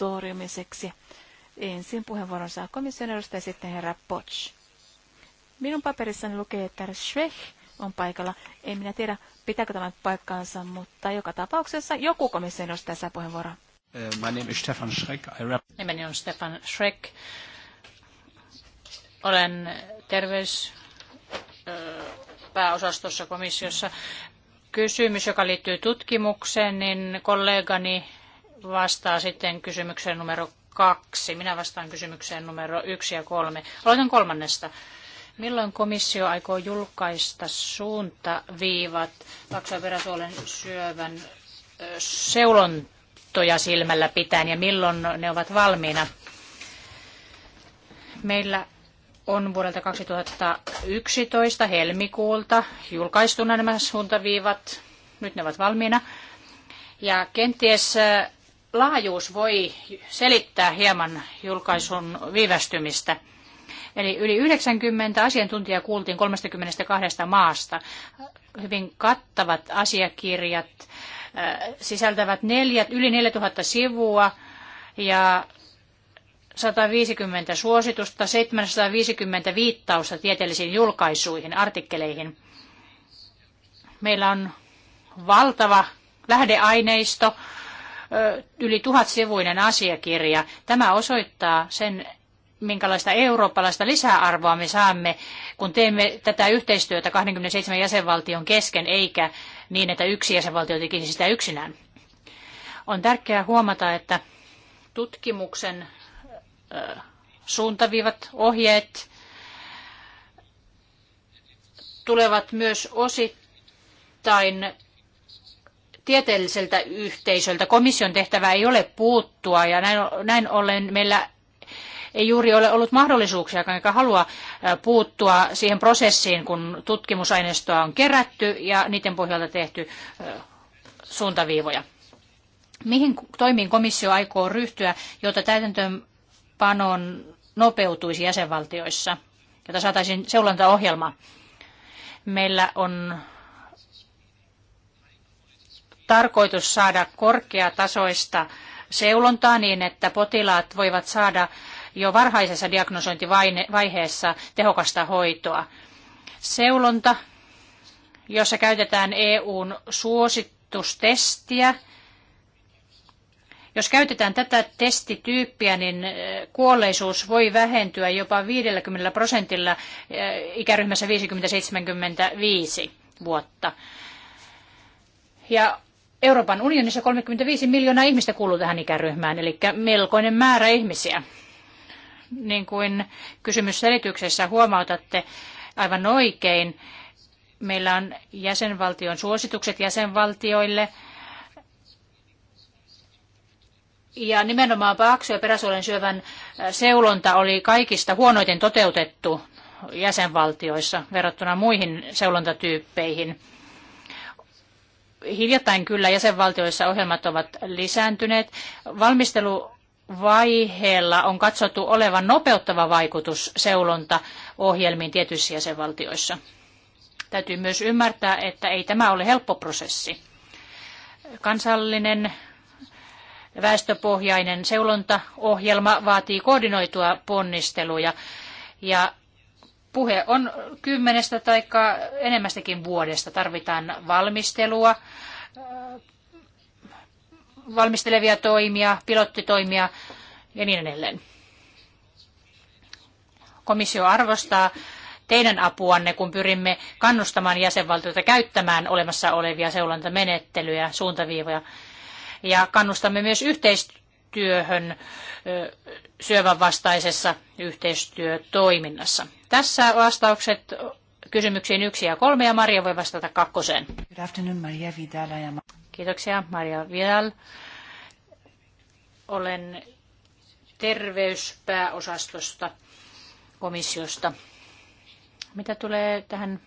Speaker 2: torjumiseksi. Ensin puheenvuoron saa komission edustaja sitten herra Potsch. Minun paperissani lukee, että herra Schwech on paikalla. En minä tiedä, pitääkö tämä paikkaansa, mutta joka tapauksessa joku komission edustaja saa puheenvuoron.
Speaker 3: Eh, my name is Stefan Schreck. I rap- Nimeni on Stefan Schreck. Olen pääosastossa komissiossa. Kysymys, joka liittyy tutkimukseen, niin kollegani vastaa sitten kysymykseen numero kaksi. Minä vastaan kysymykseen numero yksi ja kolme. Aloitan kolmannesta. Milloin komissio aikoo julkaista suuntaviivat taksa- syövän seulontoja silmällä pitäen ja milloin ne ovat valmiina? Meillä on vuodelta 2011 helmikuulta julkaistuna nämä suuntaviivat. Nyt ne ovat valmiina. Ja kenties laajuus voi selittää hieman julkaisun viivästymistä. Eli yli 90 asiantuntijaa kuultiin 32 maasta. Hyvin kattavat asiakirjat äh, sisältävät neljät yli 4000 sivua ja 150 suositusta, 750 viittausta tieteellisiin julkaisuihin, artikkeleihin. Meillä on valtava lähdeaineisto, yli sivuinen asiakirja. Tämä osoittaa sen, minkälaista eurooppalaista lisäarvoa me saamme, kun teemme tätä yhteistyötä 27 jäsenvaltion kesken, eikä niin, että yksi jäsenvaltio tekisi sitä yksinään. On tärkeää huomata, että tutkimuksen suuntaviivat, ohjeet tulevat myös osittain tieteelliseltä yhteisöltä. Komission tehtävä ei ole puuttua ja näin, näin ollen meillä ei juuri ole ollut mahdollisuuksia, eikä halua puuttua siihen prosessiin, kun tutkimusaineistoa on kerätty ja niiden pohjalta tehty suuntaviivoja. Mihin toimiin komissio aikoo ryhtyä, jotta täytäntöönpanon nopeutuisi jäsenvaltioissa, jotta saataisiin seulantaohjelma? Meillä on tarkoitus saada korkeatasoista seulontaa niin, että potilaat voivat saada jo varhaisessa diagnosointivaiheessa tehokasta hoitoa. Seulonta, jossa käytetään EUn suositustestiä. Jos käytetään tätä testityyppiä, niin äh, kuolleisuus voi vähentyä jopa 50 prosentilla äh, ikäryhmässä 50-75 vuotta. Ja Euroopan unionissa 35 miljoonaa ihmistä kuuluu tähän ikäryhmään, eli melkoinen määrä ihmisiä. Niin kuin kysymysselityksessä huomautatte aivan oikein, meillä on jäsenvaltion suositukset jäsenvaltioille. Ja nimenomaan paksu- ja peräsuolen syövän seulonta oli kaikista huonoiten toteutettu jäsenvaltioissa verrattuna muihin seulontatyyppeihin. Hiljattain kyllä jäsenvaltioissa ohjelmat ovat lisääntyneet. Valmisteluvaiheella on katsottu olevan nopeuttava vaikutus seulonta ohjelmiin tietyissä jäsenvaltioissa. Täytyy myös ymmärtää, että ei tämä ole helppo prosessi. Kansallinen väestöpohjainen seulontaohjelma vaatii koordinoitua ponnisteluja ja Puhe on kymmenestä tai enemmästäkin vuodesta. Tarvitaan valmistelua, äh, valmistelevia toimia, pilottitoimia ja niin edelleen. Komissio arvostaa teidän apuanne, kun pyrimme kannustamaan jäsenvaltioita käyttämään olemassa olevia seulantamenettelyjä, suuntaviivoja. Ja kannustamme myös yhteistyöhön syövän vastaisessa yhteistyötoiminnassa. Tässä vastaukset kysymyksiin yksi ja kolme ja Maria voi vastata kakkoseen. Good afternoon, Maria Vidal. Kiitoksia, Maria Vidal. Olen terveyspääosastosta komissiosta. Mitä tulee tähän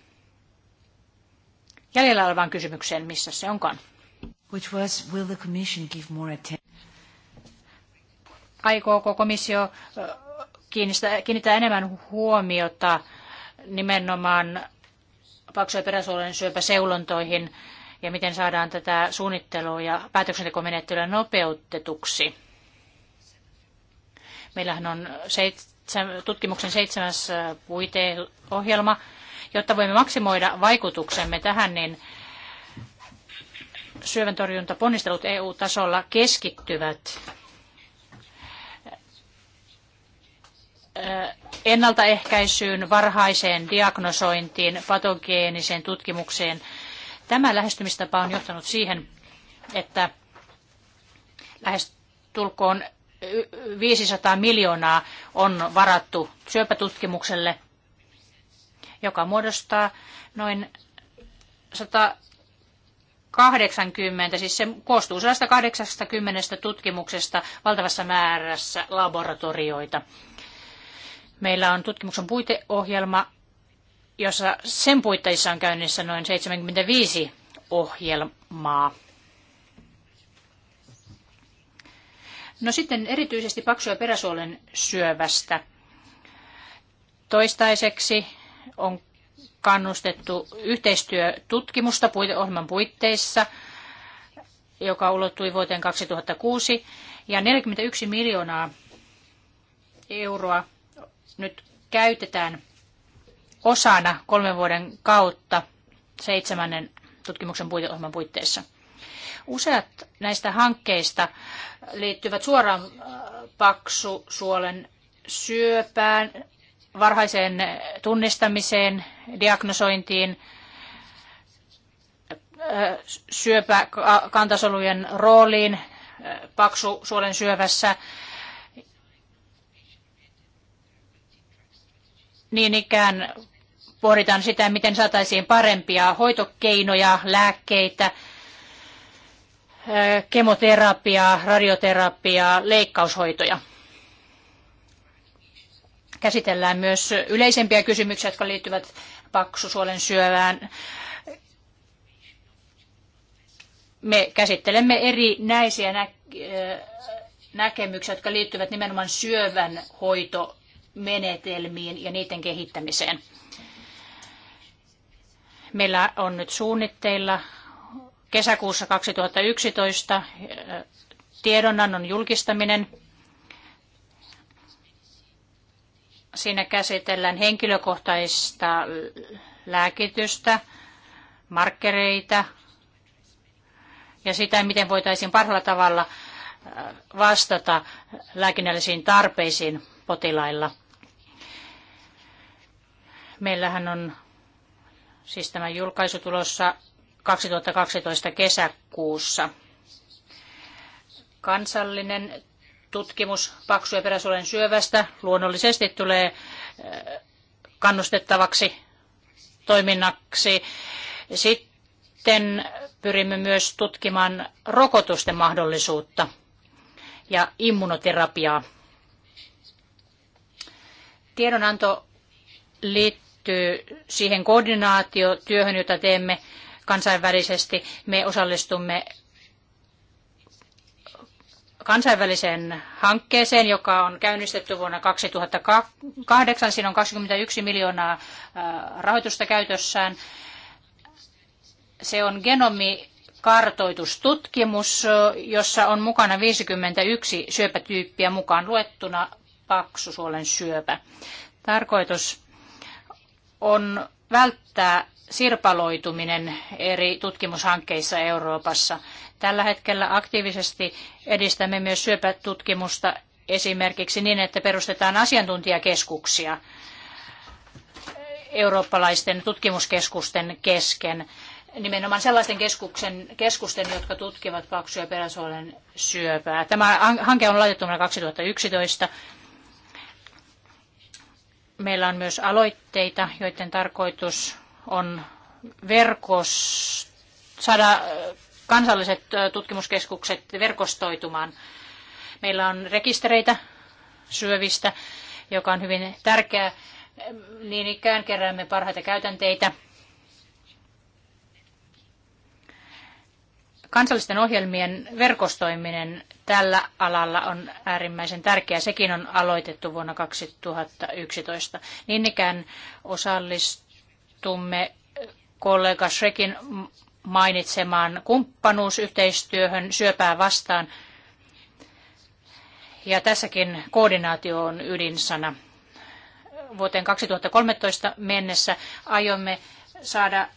Speaker 3: jäljellä olevaan kysymykseen, missä se onkaan?
Speaker 4: Which was, will the commission give more attention?
Speaker 3: Aikooko komissio kiinnittää enemmän huomiota nimenomaan paksu- ja peräsuolen syöpäseulontoihin ja miten saadaan tätä suunnittelua ja päätöksentekomenettelyä nopeutetuksi. Meillähän on tutkimuksen seitsemäs puiteohjelma. Jotta voimme maksimoida vaikutuksemme tähän, niin syövän torjuntaponnistelut EU-tasolla keskittyvät ennaltaehkäisyyn, varhaiseen diagnosointiin, patogeeniseen tutkimukseen. Tämä lähestymistapa on johtanut siihen, että lähes tulkoon 500 miljoonaa on varattu syöpätutkimukselle, joka muodostaa noin 180, siis se koostuu 180 tutkimuksesta valtavassa määrässä laboratorioita. Meillä on tutkimuksen puiteohjelma, jossa sen puitteissa on käynnissä noin 75 ohjelmaa. No sitten erityisesti paksu- ja peräsuolen syövästä. Toistaiseksi on kannustettu yhteistyötutkimusta puiteohjelman puitteissa, joka ulottui vuoteen 2006, ja 41 miljoonaa euroa nyt käytetään osana kolmen vuoden kautta seitsemännen tutkimuksen puiteohjelman puitteissa. Useat näistä hankkeista liittyvät suoraan äh, paksusuolen syöpään, varhaiseen tunnistamiseen, diagnosointiin, äh, syöpäkantasolujen rooliin äh, paksusuolen syövässä, niin ikään pohditaan sitä, miten saataisiin parempia hoitokeinoja, lääkkeitä, kemoterapiaa, radioterapiaa, leikkaushoitoja. Käsitellään myös yleisempiä kysymyksiä, jotka liittyvät paksusuolen syövään. Me käsittelemme eri näisiä näkemyksiä, jotka liittyvät nimenomaan syövän hoito menetelmiin ja niiden kehittämiseen. Meillä on nyt suunnitteilla kesäkuussa 2011 äh, tiedonannon julkistaminen. Siinä käsitellään henkilökohtaista lääkitystä, markkereita ja sitä, miten voitaisiin parhaalla tavalla äh, vastata lääkinnällisiin tarpeisiin potilailla – Meillähän on siis tämä julkaisu tulossa 2012 kesäkuussa. Kansallinen tutkimus paksu- ja peräsuolen syövästä luonnollisesti tulee eh, kannustettavaksi toiminnaksi. Sitten pyrimme myös tutkimaan rokotusten mahdollisuutta ja immunoterapiaa. Tiedonanto liittyy liittyy siihen koordinaatiotyöhön, jota teemme kansainvälisesti. Me osallistumme kansainväliseen hankkeeseen, joka on käynnistetty vuonna 2008. Siinä on 21 miljoonaa rahoitusta käytössään. Se on genomikartoitustutkimus, jossa on mukana 51 syöpätyyppiä mukaan luettuna paksusuolen syöpä. Tarkoitus on välttää sirpaloituminen eri tutkimushankkeissa Euroopassa. Tällä hetkellä aktiivisesti edistämme myös syöpätutkimusta esimerkiksi niin, että perustetaan asiantuntijakeskuksia eurooppalaisten tutkimuskeskusten kesken. Nimenomaan sellaisten keskuksen, keskusten, jotka tutkivat paksuja ja peräsuolen syöpää. Tämä hanke on laitettu vuonna 2011 Meillä on myös aloitteita, joiden tarkoitus on verkos, saada kansalliset tutkimuskeskukset verkostoitumaan. Meillä on rekistereitä syövistä, joka on hyvin tärkeää. Niin ikään keräämme parhaita käytänteitä Kansallisten ohjelmien verkostoiminen tällä alalla on äärimmäisen tärkeää. Sekin on aloitettu vuonna 2011. Niin ikään osallistumme kollega Shrekin mainitsemaan kumppanuusyhteistyöhön syöpää vastaan. Ja tässäkin koordinaatio on ydinsana. Vuoteen 2013 mennessä aiomme saada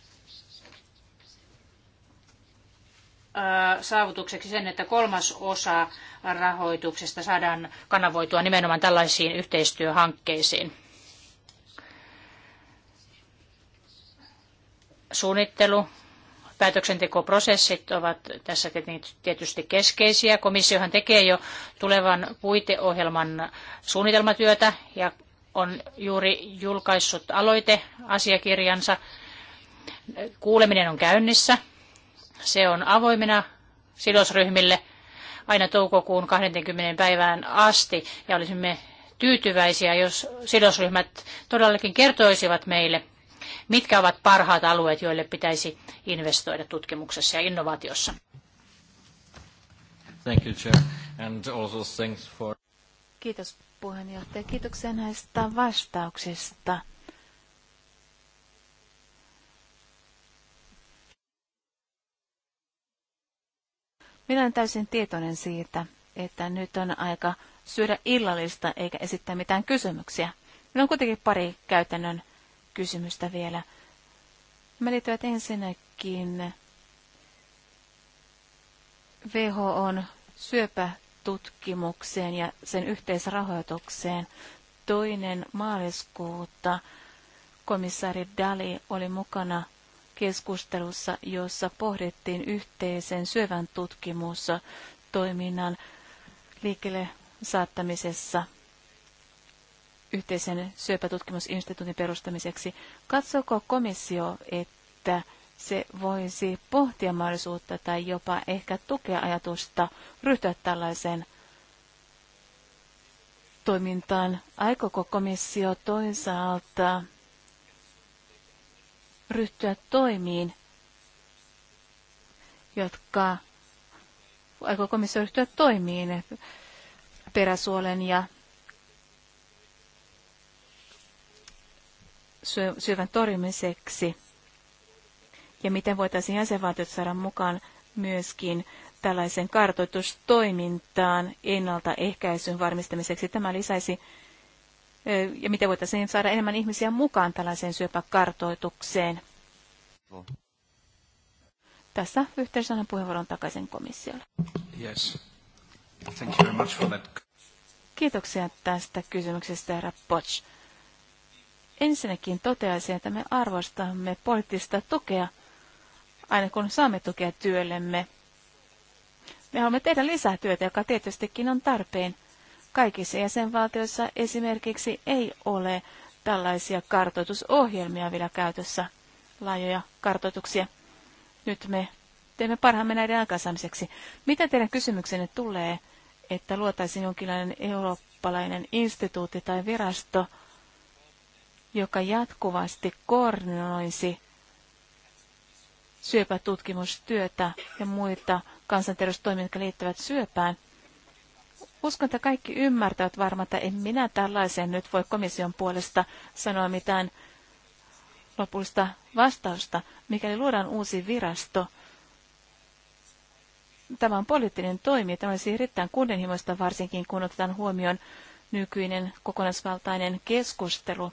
Speaker 3: saavutukseksi sen, että kolmas osa rahoituksesta saadaan kanavoitua nimenomaan tällaisiin yhteistyöhankkeisiin. Suunnittelu, päätöksentekoprosessit ovat tässä tietysti keskeisiä. Komissiohan tekee jo tulevan puiteohjelman suunnitelmatyötä ja on juuri julkaissut aloiteasiakirjansa. Kuuleminen on käynnissä se on avoimena sidosryhmille aina toukokuun 20 päivään asti ja olisimme tyytyväisiä, jos sidosryhmät todellakin kertoisivat meille, mitkä ovat parhaat alueet, joille pitäisi investoida tutkimuksessa ja innovaatiossa.
Speaker 1: Thank you, Chair. And also thanks for...
Speaker 2: Kiitos puheenjohtaja. Kiitoksia näistä vastauksista. Minä olen täysin tietoinen siitä, että nyt on aika syödä illallista eikä esittää mitään kysymyksiä. Minulla on kuitenkin pari käytännön kysymystä vielä. Mä liittyvät ensinnäkin WHOn syöpätutkimukseen ja sen yhteisrahoitukseen. Toinen maaliskuuta komissaari Dali oli mukana keskustelussa, jossa pohdittiin yhteisen syövän tutkimustoiminnan liikkeelle saattamisessa yhteisen syöpätutkimusinstituutin perustamiseksi. Katsooko komissio, että se voisi pohtia mahdollisuutta tai jopa ehkä tukea ajatusta ryhtyä tällaiseen toimintaan? Aikoko komissio toisaalta ryhtyä toimiin, jotka aikoo komissio ryhtyä toimiin peräsuolen ja syövän torjumiseksi ja miten voitaisiin jäsenvaltiot saada mukaan myöskin tällaisen kartoitustoimintaan ennaltaehkäisyn varmistamiseksi. Tämä lisäisi ja miten voitaisiin saada enemmän ihmisiä mukaan tällaiseen syöpäkartoitukseen. Tässä yhteydessä annan puheenvuoron takaisin komissiolle.
Speaker 1: Yes. Thank you very much for that.
Speaker 2: Kiitoksia tästä kysymyksestä, herra Potsch. Ensinnäkin toteaisin, että me arvostamme poliittista tukea, aina kun saamme tukea työllemme. Me haluamme tehdä lisää työtä, joka tietystikin on tarpeen – Kaikissa jäsenvaltioissa esimerkiksi ei ole tällaisia kartoitusohjelmia vielä käytössä, laajoja kartoituksia. Nyt me teemme parhaamme näiden aikaansaamiseksi. Mitä teidän kysymyksenne tulee, että luotaisiin jonkinlainen eurooppalainen instituutti tai virasto, joka jatkuvasti koordinoisi syöpätutkimustyötä ja muita kansanterveystoimia, jotka liittyvät syöpään, Uskon, että kaikki ymmärtävät varmaan, että en minä tällaiseen nyt voi komission puolesta sanoa mitään lopullista vastausta. Mikäli luodaan uusi virasto, tämä on poliittinen toimi. Tämä olisi erittäin kunnianhimoista, varsinkin kun otetaan huomioon nykyinen kokonaisvaltainen keskustelu.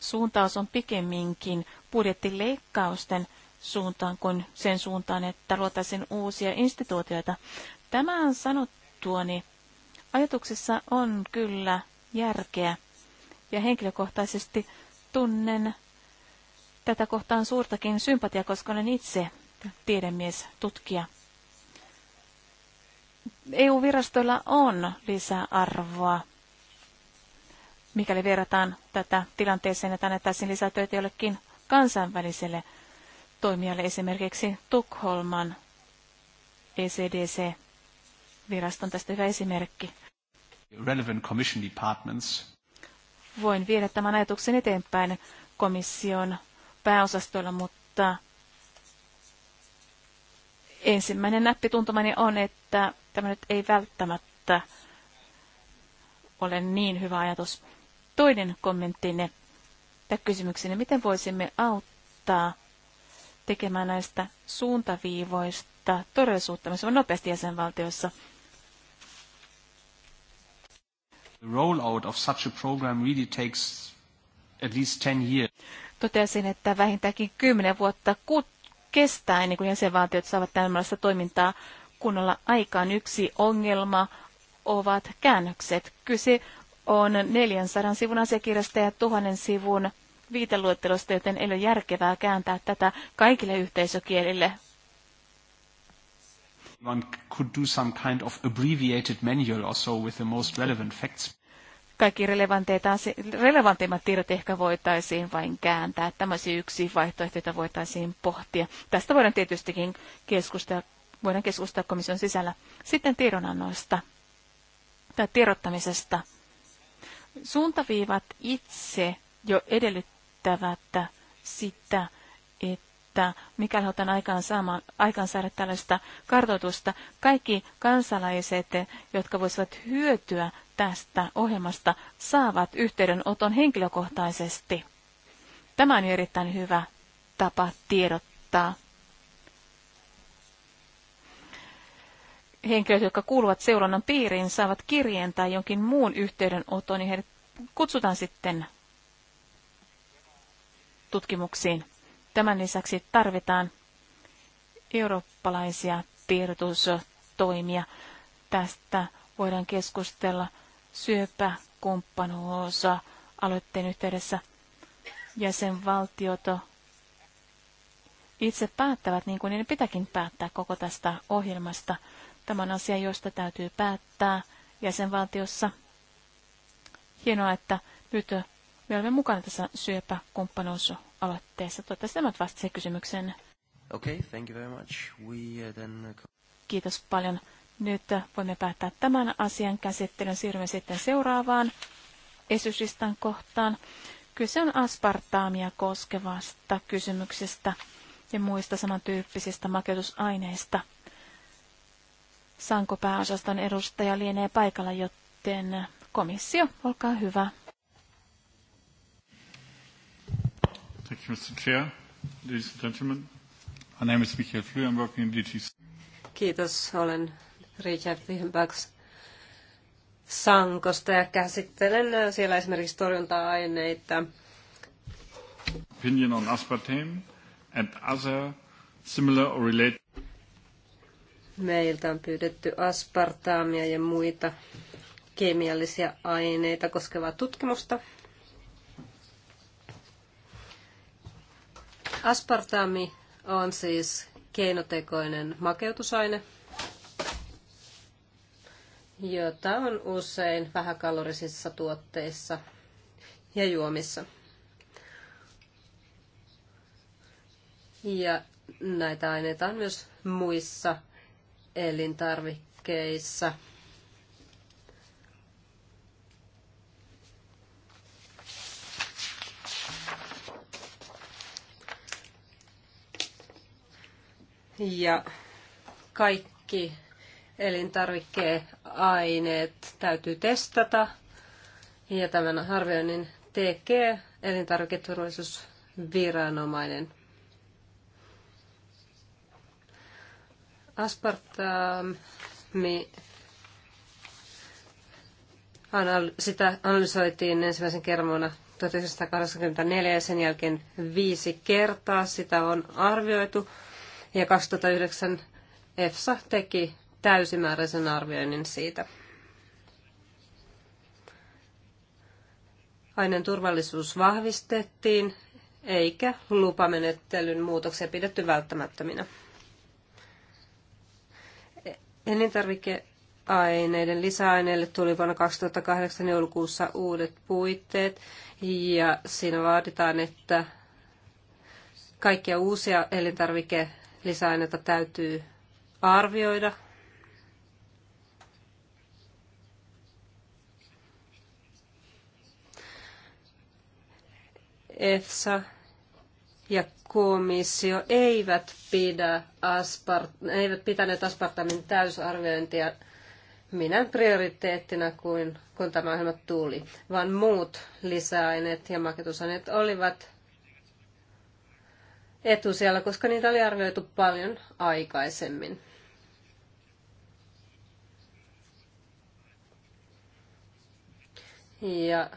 Speaker 2: Suuntaus on pikemminkin budjettileikkausten suuntaan kuin sen suuntaan, että luotaisiin uusia instituutioita. Tämän sanottuani ajatuksissa on kyllä järkeä ja henkilökohtaisesti tunnen tätä kohtaan suurtakin sympatia, koska olen itse tiedemies, tutkija. EU-virastoilla on lisäarvoa, mikäli verrataan tätä tilanteeseen, että annettaisiin lisää töitä jollekin kansainväliselle toimijalle, esimerkiksi Tukholman ECDC viraston tästä hyvä esimerkki.
Speaker 1: Relevant commission departments.
Speaker 2: Voin viedä tämän ajatuksen eteenpäin komission pääosastoilla, mutta ensimmäinen näppituntumani on, että tämä nyt ei välttämättä ole niin hyvä ajatus. Toinen kommentti tai kysymykseni, miten voisimme auttaa tekemään näistä suuntaviivoista todellisuutta, missä on nopeasti jäsenvaltioissa
Speaker 1: rollout of such a program really takes at least 10 years.
Speaker 2: Totesin, että vähintäänkin 10 vuotta kestää ennen kuin jäsenvaltiot saavat tämmöistä toimintaa kunnolla aikaan. Yksi ongelma ovat käännökset. Kyse on 400 sivun asiakirjasta ja tuhannen sivun viiteluettelosta, joten ei ole järkevää kääntää tätä kaikille yhteisökielille
Speaker 1: One could do some kind of abbreviated manual or so with the most relevant facts.
Speaker 2: Kaikki relevanteimmat tiedot ehkä voitaisiin vain kääntää. Tämmöisiä yksi vaihtoehto, jota voitaisiin pohtia. Tästä voidaan tietystikin keskustella, voidaan keskustella komission sisällä. Sitten tiedonannoista tai tiedottamisesta. Suuntaviivat itse jo edellyttävät sitä, että että mikäli halutaan aikaan, saamaan, aikaan saada tällaista kartoitusta, kaikki kansalaiset, jotka voisivat hyötyä tästä ohjelmasta, saavat yhteydenoton henkilökohtaisesti. Tämä on erittäin hyvä tapa tiedottaa. Henkilöt, jotka kuuluvat seurannan piiriin, saavat kirjeen tai jonkin muun yhteydenoton, niin heidät kutsutaan sitten tutkimuksiin. Tämän lisäksi tarvitaan eurooppalaisia piirtustoimia. Tästä voidaan keskustella syöpäkumppanuosa aloitteen yhteydessä. Jäsenvaltiot itse päättävät, niin kuin niiden pitäkin päättää koko tästä ohjelmasta. Tämä on asia, josta täytyy päättää jäsenvaltiossa. Hienoa, että nyt me olemme mukana tässä syöpäkumppanuusaloitteessa. Toivottavasti tämä vastasi kysymykseen.
Speaker 4: Okay, thank you very much. We uh, then... Uh,
Speaker 2: Kiitos paljon. Nyt uh, voimme päättää tämän asian käsittelyn. Siirrymme sitten seuraavaan esityslistan kohtaan. Kyse on aspartaamia koskevasta kysymyksestä ja muista samantyyppisistä makeutusaineista. Sanko pääosaston edustaja lienee paikalla, joten komissio, olkaa hyvä.
Speaker 1: Thank you, Mr. Chair. Ladies and gentlemen, my name is Michael Flue. I'm working in DTC.
Speaker 4: Kiitos. Olen Richard Wihenbachs Sankosta ja käsittelen siellä esimerkiksi torjunta-aineita. Opinion on
Speaker 1: aspartame and other similar or related
Speaker 4: Meiltä on pyydetty aspartaamia ja muita kemiallisia aineita koskevaa tutkimusta. Aspartami on siis keinotekoinen makeutusaine, jota on usein vähäkalorisissa tuotteissa ja juomissa. Ja näitä aineita on myös muissa elintarvikkeissa. Ja kaikki elintarvikkeaineet täytyy testata. Ja tämän arvioinnin tekee elintarviketurvallisuusviranomainen. Aspartami sitä analysoitiin ensimmäisen kerran vuonna 1984 ja sen jälkeen viisi kertaa sitä on arvioitu ja 2009 EFSA teki täysimääräisen arvioinnin siitä. Aineen turvallisuus vahvistettiin, eikä lupamenettelyn muutoksia pidetty välttämättöminä. Elintarvikeaineiden lisäaineille tuli vuonna 2008 joulukuussa uudet puitteet, ja siinä vaaditaan, että kaikkia uusia elintarvike Lisäaineita täytyy arvioida. EFSA ja komissio eivät, pidä aspart- eivät pitäneet aspartamin täysarviointia minä prioriteettina, kuin, kun tämä ohjelma tuli, vaan muut lisäaineet ja maketusaineet olivat etusijalla, koska niitä oli arvioitu paljon aikaisemmin. Ja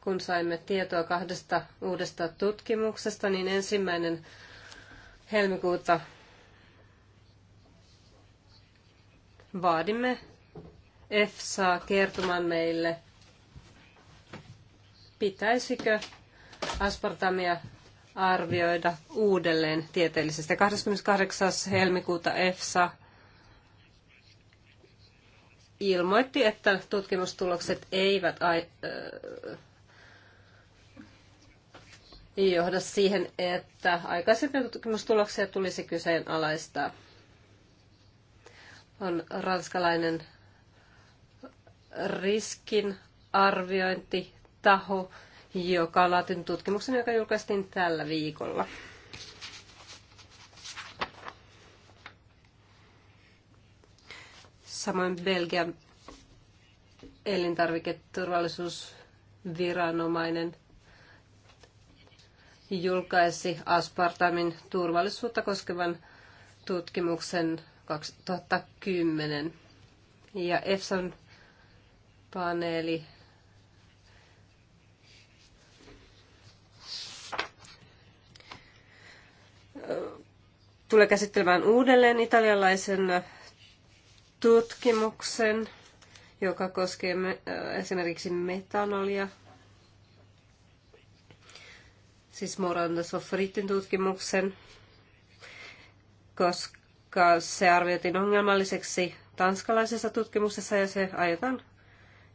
Speaker 4: kun saimme tietoa kahdesta uudesta tutkimuksesta, niin ensimmäinen helmikuuta vaadimme EFSA kertomaan meille, pitäisikö aspartamia arvioida uudelleen tieteellisesti. 28. helmikuuta EFSA ilmoitti, että tutkimustulokset eivät ai, äh, johda siihen, että aikaisempia tutkimustuloksia tulisi kyseenalaistaa. On ranskalainen riskin arviointitaho, joka on laatinut tutkimuksen, joka julkaistiin tällä viikolla. Samoin Belgian elintarviketurvallisuusviranomainen julkaisi Aspartamin turvallisuutta koskevan tutkimuksen 2010. Ja EFSAn paneeli tulee käsittelemään uudelleen italialaisen tutkimuksen, joka koskee äh, esimerkiksi metanolia. Siis Moranda Sofritin tutkimuksen, koska se arvioitiin ongelmalliseksi tanskalaisessa tutkimuksessa ja se aiotaan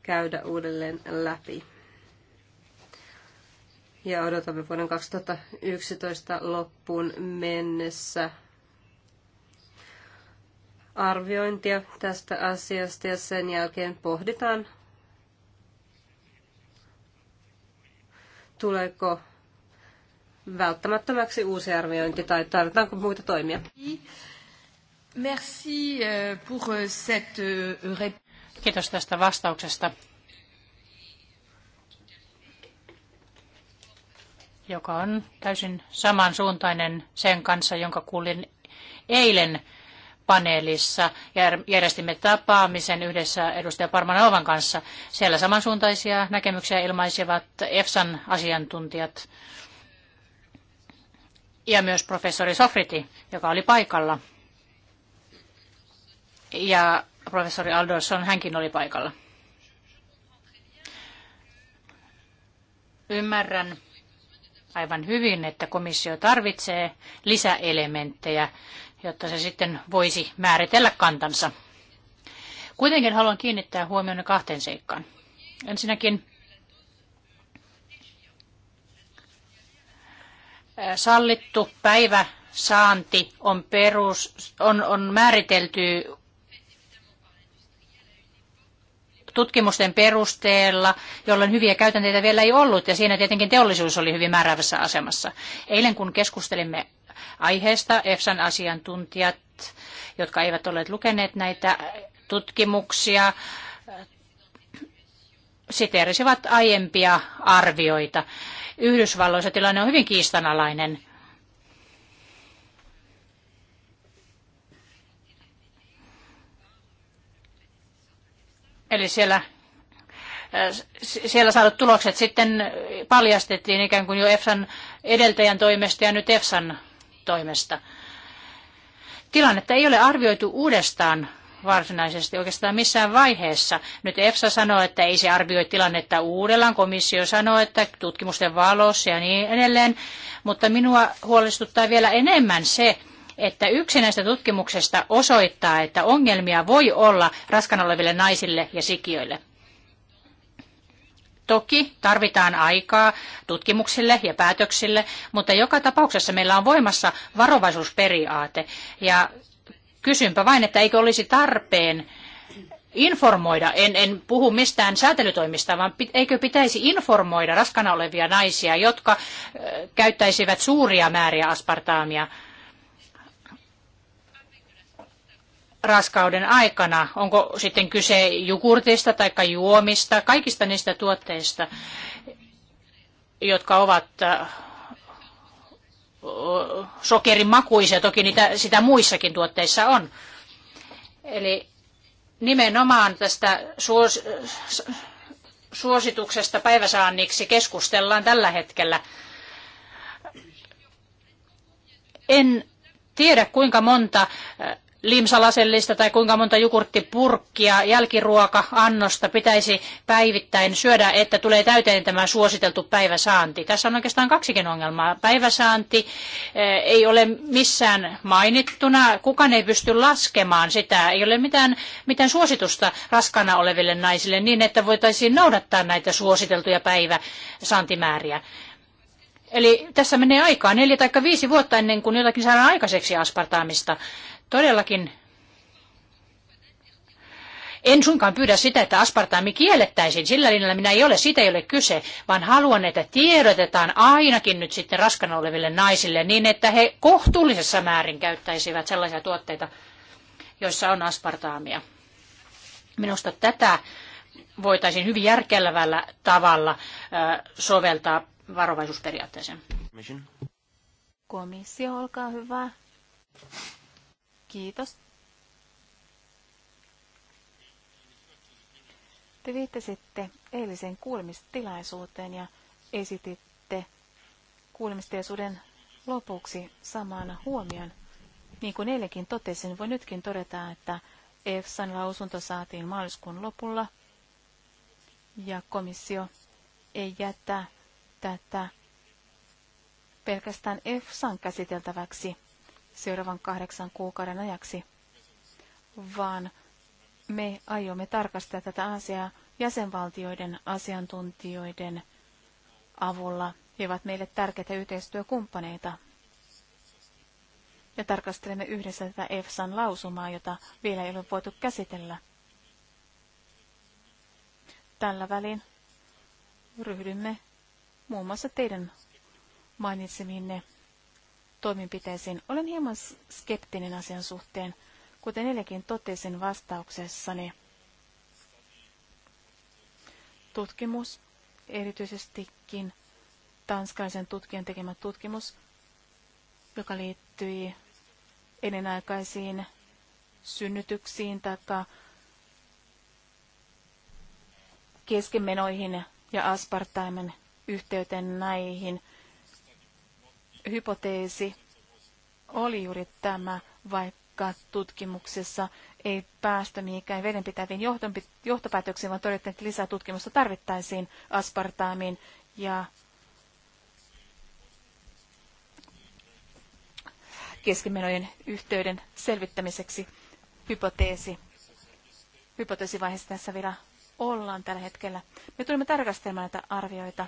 Speaker 4: käydä uudelleen läpi ja odotamme vuoden 2011 loppuun mennessä arviointia tästä asiasta ja sen jälkeen pohditaan, tuleeko välttämättömäksi uusi arviointi tai tarvitaanko muita toimia. Merci euh,
Speaker 3: pour euh, cette euh, Kiitos tästä vastauksesta. joka on täysin samansuuntainen sen kanssa, jonka kuulin eilen paneelissa. Järjestimme tapaamisen yhdessä edustaja Parmanovan kanssa. Siellä samansuuntaisia näkemyksiä ilmaisivat EFSAn asiantuntijat ja myös professori Sofriti, joka oli paikalla. Ja professori Aldorson, hänkin oli paikalla. Ymmärrän aivan hyvin, että komissio tarvitsee lisäelementtejä, jotta se sitten voisi määritellä kantansa. Kuitenkin haluan kiinnittää huomioon kahteen seikkaan. Ensinnäkin sallittu päivä saanti on, perus, on, on määritelty tutkimusten perusteella, jolloin hyviä käytänteitä vielä ei ollut, ja siinä tietenkin teollisuus oli hyvin määräävässä asemassa. Eilen kun keskustelimme aiheesta, EFSAn asiantuntijat, jotka eivät olleet lukeneet näitä tutkimuksia, siteerisivat aiempia arvioita. Yhdysvalloissa tilanne on hyvin kiistanalainen. Eli siellä, äh, siellä saadut tulokset sitten paljastettiin ikään kuin jo EFSAn edeltäjän toimesta ja nyt EFSAn toimesta. Tilannetta ei ole arvioitu uudestaan varsinaisesti oikeastaan missään vaiheessa. Nyt EFSA sanoo, että ei se arvioi tilannetta uudellaan, komissio sanoo, että tutkimusten valossa ja niin edelleen, mutta minua huolestuttaa vielä enemmän se, että yksi näistä tutkimuksista osoittaa, että ongelmia voi olla raskan oleville naisille ja sikiöille. Toki tarvitaan aikaa tutkimuksille ja päätöksille, mutta joka tapauksessa meillä on voimassa varovaisuusperiaate. Ja kysynpä vain, että eikö olisi tarpeen informoida, en, en puhu mistään säätelytoimista, vaan eikö pitäisi informoida raskana olevia naisia, jotka käyttäisivät suuria määriä aspartaamia – raskauden aikana. Onko sitten kyse jukurtista tai juomista, kaikista niistä tuotteista, jotka ovat äh, sokerimakuisia, toki niitä, sitä muissakin tuotteissa on. Eli nimenomaan tästä suos, suosituksesta päiväsaanniksi keskustellaan tällä hetkellä. En tiedä kuinka monta äh, limsalasellista tai kuinka monta jukurttipurkkia jälkiruoka-annosta pitäisi päivittäin syödä, että tulee täyteen tämä suositeltu päiväsaanti. Tässä on oikeastaan kaksikin ongelmaa. Päiväsaanti eh, ei ole missään mainittuna, kukaan ei pysty laskemaan sitä, ei ole mitään, mitään suositusta raskana oleville naisille niin, että voitaisiin noudattaa näitä suositeltuja päiväsaantimääriä. Eli tässä menee aikaa neljä tai viisi vuotta ennen kuin jotakin saadaan aikaiseksi aspartaamista. Todellakin en suinkaan pyydä sitä, että aspartaami kiellettäisiin. Sillä linjalla minä ei ole, siitä ei ole kyse, vaan haluan, että tiedotetaan ainakin nyt sitten raskana oleville naisille niin, että he kohtuullisessa määrin käyttäisivät sellaisia tuotteita, joissa on aspartaamia. Minusta tätä voitaisiin hyvin järkelevällä tavalla soveltaa varovaisuusperiaatteeseen.
Speaker 2: Komissio, olkaa hyvä. Kiitos. Te viittasitte eiliseen kuulemistilaisuuteen ja esititte kuulemistilaisuuden lopuksi saman huomion. Niin kuin eilenkin totesin, voi nytkin todeta, että EFSAn lausunto saatiin maaliskuun lopulla ja komissio ei jätä tätä pelkästään EFSAn käsiteltäväksi seuraavan kahdeksan kuukauden ajaksi, vaan me aiomme tarkastaa tätä asiaa jäsenvaltioiden asiantuntijoiden avulla. He ovat meille tärkeitä yhteistyökumppaneita. Ja tarkastelemme yhdessä tätä EFSAn lausumaa, jota vielä ei ole voitu käsitellä. Tällä välin ryhdymme muun muassa teidän mainitseminne toimenpiteisiin. Olen hieman skeptinen asian suhteen, kuten eilenkin totesin vastauksessani. Tutkimus, erityisestikin tanskaisen tutkijan tekemä tutkimus, joka liittyi ennenaikaisiin synnytyksiin tai keskenmenoihin ja aspartaimen yhteyteen näihin – hypoteesi oli juuri tämä, vaikka tutkimuksessa ei päästä mihinkään vedenpitäviin johtopäätöksiin, vaan todettiin, että lisää tutkimusta tarvittaisiin aspartaamiin ja keskimenojen yhteyden selvittämiseksi hypoteesi. Hypoteesivaiheessa tässä vielä ollaan tällä hetkellä. Me tulemme tarkastelemaan näitä arvioita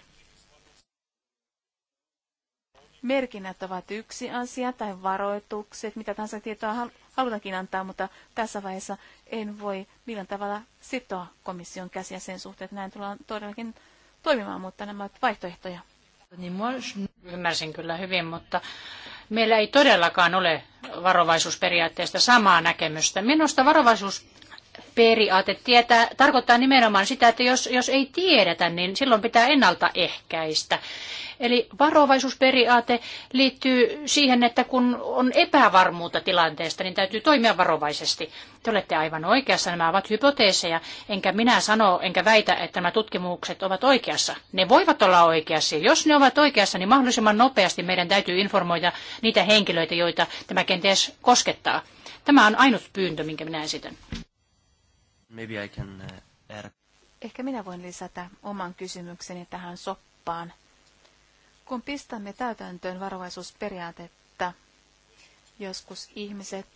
Speaker 2: Merkinnät ovat yksi asia tai varoitukset, mitä tahansa tietoa halutaankin antaa, mutta tässä vaiheessa en voi millään tavalla sitoa komission käsiä sen suhteen, että näin tullaan todellakin toimimaan, mutta nämä ovat vaihtoehtoja.
Speaker 3: Ymmärsin kyllä hyvin, mutta meillä ei todellakaan ole varovaisuusperiaatteesta samaa näkemystä. Minusta varovaisuus periaate tietää, tarkoittaa nimenomaan sitä, että jos, jos ei tiedetä, niin silloin pitää ennaltaehkäistä. Eli varovaisuusperiaate liittyy siihen, että kun on epävarmuutta tilanteesta, niin täytyy toimia varovaisesti. Te olette aivan oikeassa, nämä ovat hypoteeseja, enkä minä sano, enkä väitä, että nämä tutkimukset ovat oikeassa. Ne voivat olla oikeassa, jos ne ovat oikeassa, niin mahdollisimman nopeasti meidän täytyy informoida niitä henkilöitä, joita tämä kenties koskettaa. Tämä on ainut pyyntö, minkä minä esitän.
Speaker 1: Maybe I can, uh,
Speaker 2: Ehkä minä voin lisätä oman kysymykseni tähän soppaan kun pistämme täytäntöön varovaisuusperiaatetta, joskus ihmiset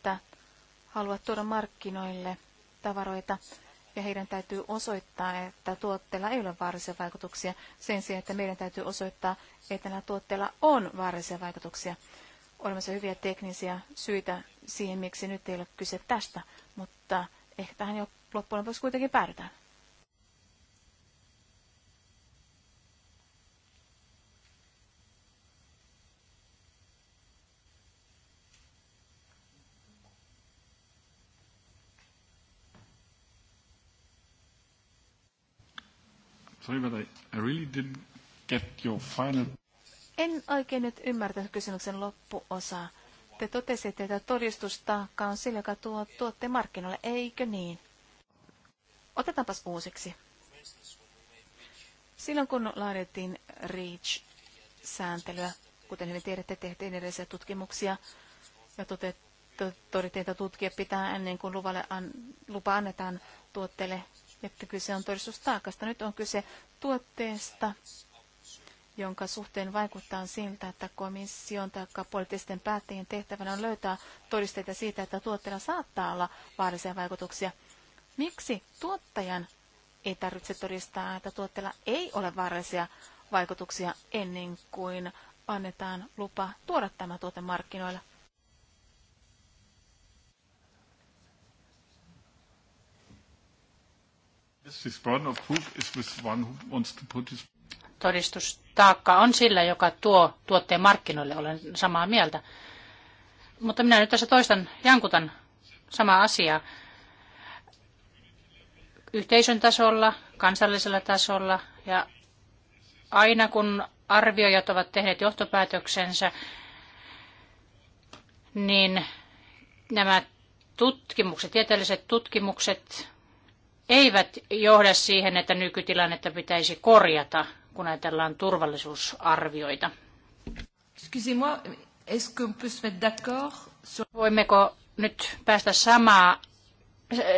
Speaker 2: haluavat tuoda markkinoille tavaroita, ja heidän täytyy osoittaa, että tuotteella ei ole vaarallisia vaikutuksia, sen sijaan, että meidän täytyy osoittaa, että näillä tuotteilla on vaarallisia vaikutuksia. Olemassa hyviä teknisiä syitä siihen, miksi nyt ei ole kyse tästä, mutta ehkä tähän jo loppujen lopuksi kuitenkin päädytään.
Speaker 1: Sorry, but I, I really didn't get your final...
Speaker 2: En oikein nyt ymmärtänyt kysymyksen loppuosaa. Te totesitte, että todistustaakka on sillä, joka tuo tuotteen markkinoille, eikö niin? Otetaanpas uusiksi. Silloin kun laadittiin REACH-sääntelyä, kuten hyvin tiedätte, tehtiin edellisiä tutkimuksia ja todettiin, että tutkia pitää ennen kuin luvalle an, lupa annetaan tuotteelle että kyse on todistustaakasta. Nyt on kyse tuotteesta, jonka suhteen vaikuttaa siltä, että komission tai poliittisten päättäjien tehtävänä on löytää todisteita siitä, että tuotteella saattaa olla vaarallisia vaikutuksia. Miksi tuottajan ei tarvitse todistaa, että tuotteella ei ole vaarallisia vaikutuksia ennen kuin annetaan lupa tuoda tämä tuote markkinoille?
Speaker 3: Todistustaakka on sillä, joka tuo tuotteen markkinoille, olen samaa mieltä. Mutta minä nyt tässä toistan, jankutan samaa asiaa. Yhteisön tasolla, kansallisella tasolla ja aina kun arvioijat ovat tehneet johtopäätöksensä, niin nämä tutkimukset, tieteelliset tutkimukset, eivät johda siihen, että nykytilannetta pitäisi korjata, kun ajatellaan turvallisuusarvioita. Voimmeko nyt päästä samaa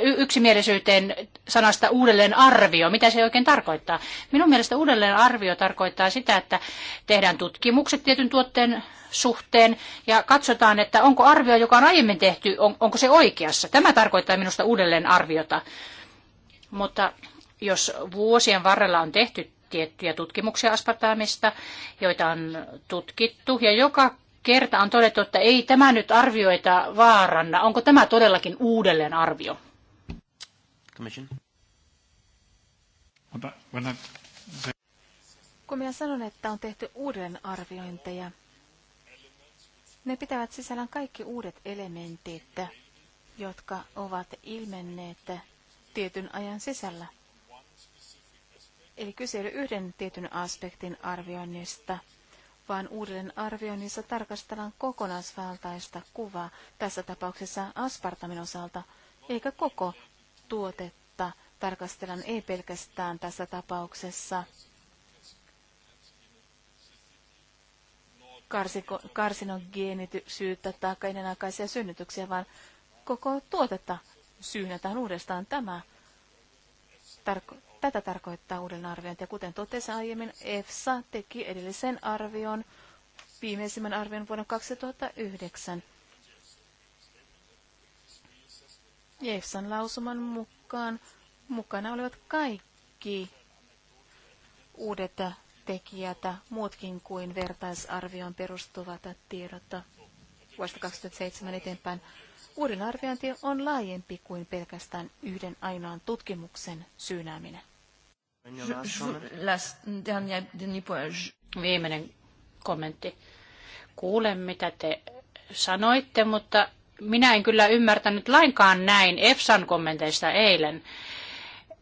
Speaker 3: yksimielisyyteen sanasta uudelleen arvio. Mitä se oikein tarkoittaa? Minun mielestä uudelleen arvio tarkoittaa sitä, että tehdään tutkimukset tietyn tuotteen suhteen ja katsotaan, että onko arvio, joka on aiemmin tehty, on, onko se oikeassa. Tämä tarkoittaa minusta uudelleen arviota. Mutta jos vuosien varrella on tehty tiettyjä tutkimuksia aspartaamista, joita on tutkittu, ja joka kerta on todettu, että ei tämä nyt arvioita vaaranna. Onko tämä todellakin uudelleen arvio?
Speaker 2: Kun minä sanon, että on tehty uuden arviointeja, ne pitävät sisällään kaikki uudet elementit, jotka ovat ilmenneet tietyn ajan sisällä. Eli kyse ei ole yhden tietyn aspektin arvioinnista, vaan uudelleen arvioinnissa tarkastellaan kokonaisvaltaista kuvaa, tässä tapauksessa aspartamin osalta, eikä koko tuotetta tarkastellaan ei pelkästään tässä tapauksessa karsiko, karsinogeenisyyttä tai ennenaikaisia synnytyksiä, vaan koko tuotetta syynätään uudestaan tämä. Tarko- tätä tarkoittaa uuden arviointi. Ja kuten totesin aiemmin, EFSA teki edellisen arvion, viimeisimmän arvion vuonna 2009. EFSAn lausuman mukaan mukana olivat kaikki uudet tekijät, muutkin kuin vertaisarvioon perustuvat tiedot vuodesta 2007 eteenpäin. Uuden arviointi on laajempi kuin pelkästään yhden ainoan tutkimuksen syynääminen.
Speaker 3: Viimeinen kommentti. Kuulen, mitä te sanoitte, mutta minä en kyllä ymmärtänyt lainkaan näin EFSAn kommenteista eilen.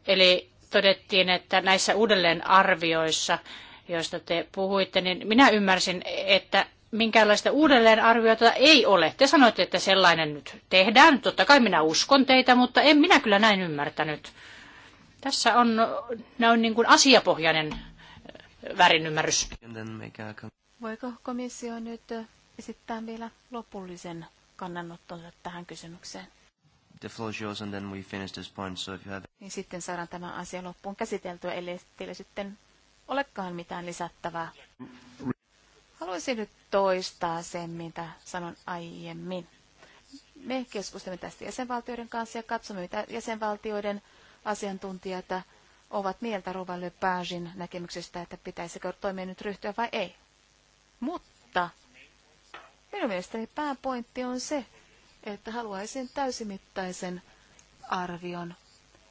Speaker 3: Eli todettiin, että näissä uudelleenarvioissa, joista te puhuitte, niin minä ymmärsin, että minkäänlaista uudelleenarviota ei ole. Te sanoitte, että sellainen nyt tehdään. Totta kai minä uskon teitä, mutta en minä kyllä näin ymmärtänyt. Tässä on, nämä on niin kuin asiapohjainen äh,
Speaker 2: väärinymmärrys. Voiko komissio nyt äh, esittää vielä lopullisen kannanottonsa tähän kysymykseen? Niin sitten saadaan tämä asia loppuun käsiteltyä, eli teillä sitten olekaan mitään lisättävää. Haluaisin nyt toistaa sen, mitä sanon aiemmin. Me keskustelemme tästä jäsenvaltioiden kanssa ja katsomme, mitä jäsenvaltioiden asiantuntijat ovat mieltä Rovalle Pagin näkemyksestä, että pitäisikö toimia nyt ryhtyä vai ei. Mutta minun mielestäni pääpointti on se, että haluaisin täysimittaisen arvion,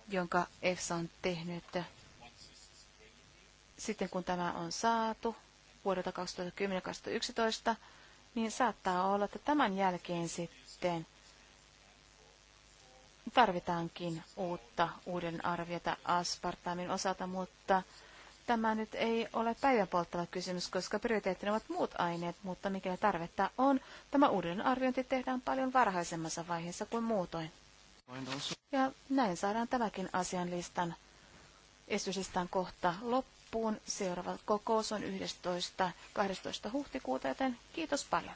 Speaker 2: jonka EFSA on tehnyt. Sitten kun tämä on saatu, vuodelta 2010-2011, niin saattaa olla, että tämän jälkeen sitten tarvitaankin uutta uuden arviota aspartaamin osalta, mutta tämä nyt ei ole päivän polttava kysymys, koska prioriteettina ovat muut aineet, mutta mikä tarvetta on, tämä uuden arviointi tehdään paljon varhaisemmassa vaiheessa kuin muutoin. Ja näin saadaan tämäkin asian listan esityslistan kohta loppuun loppuun. Seuraava kokous on 11.12. huhtikuuta, joten kiitos paljon.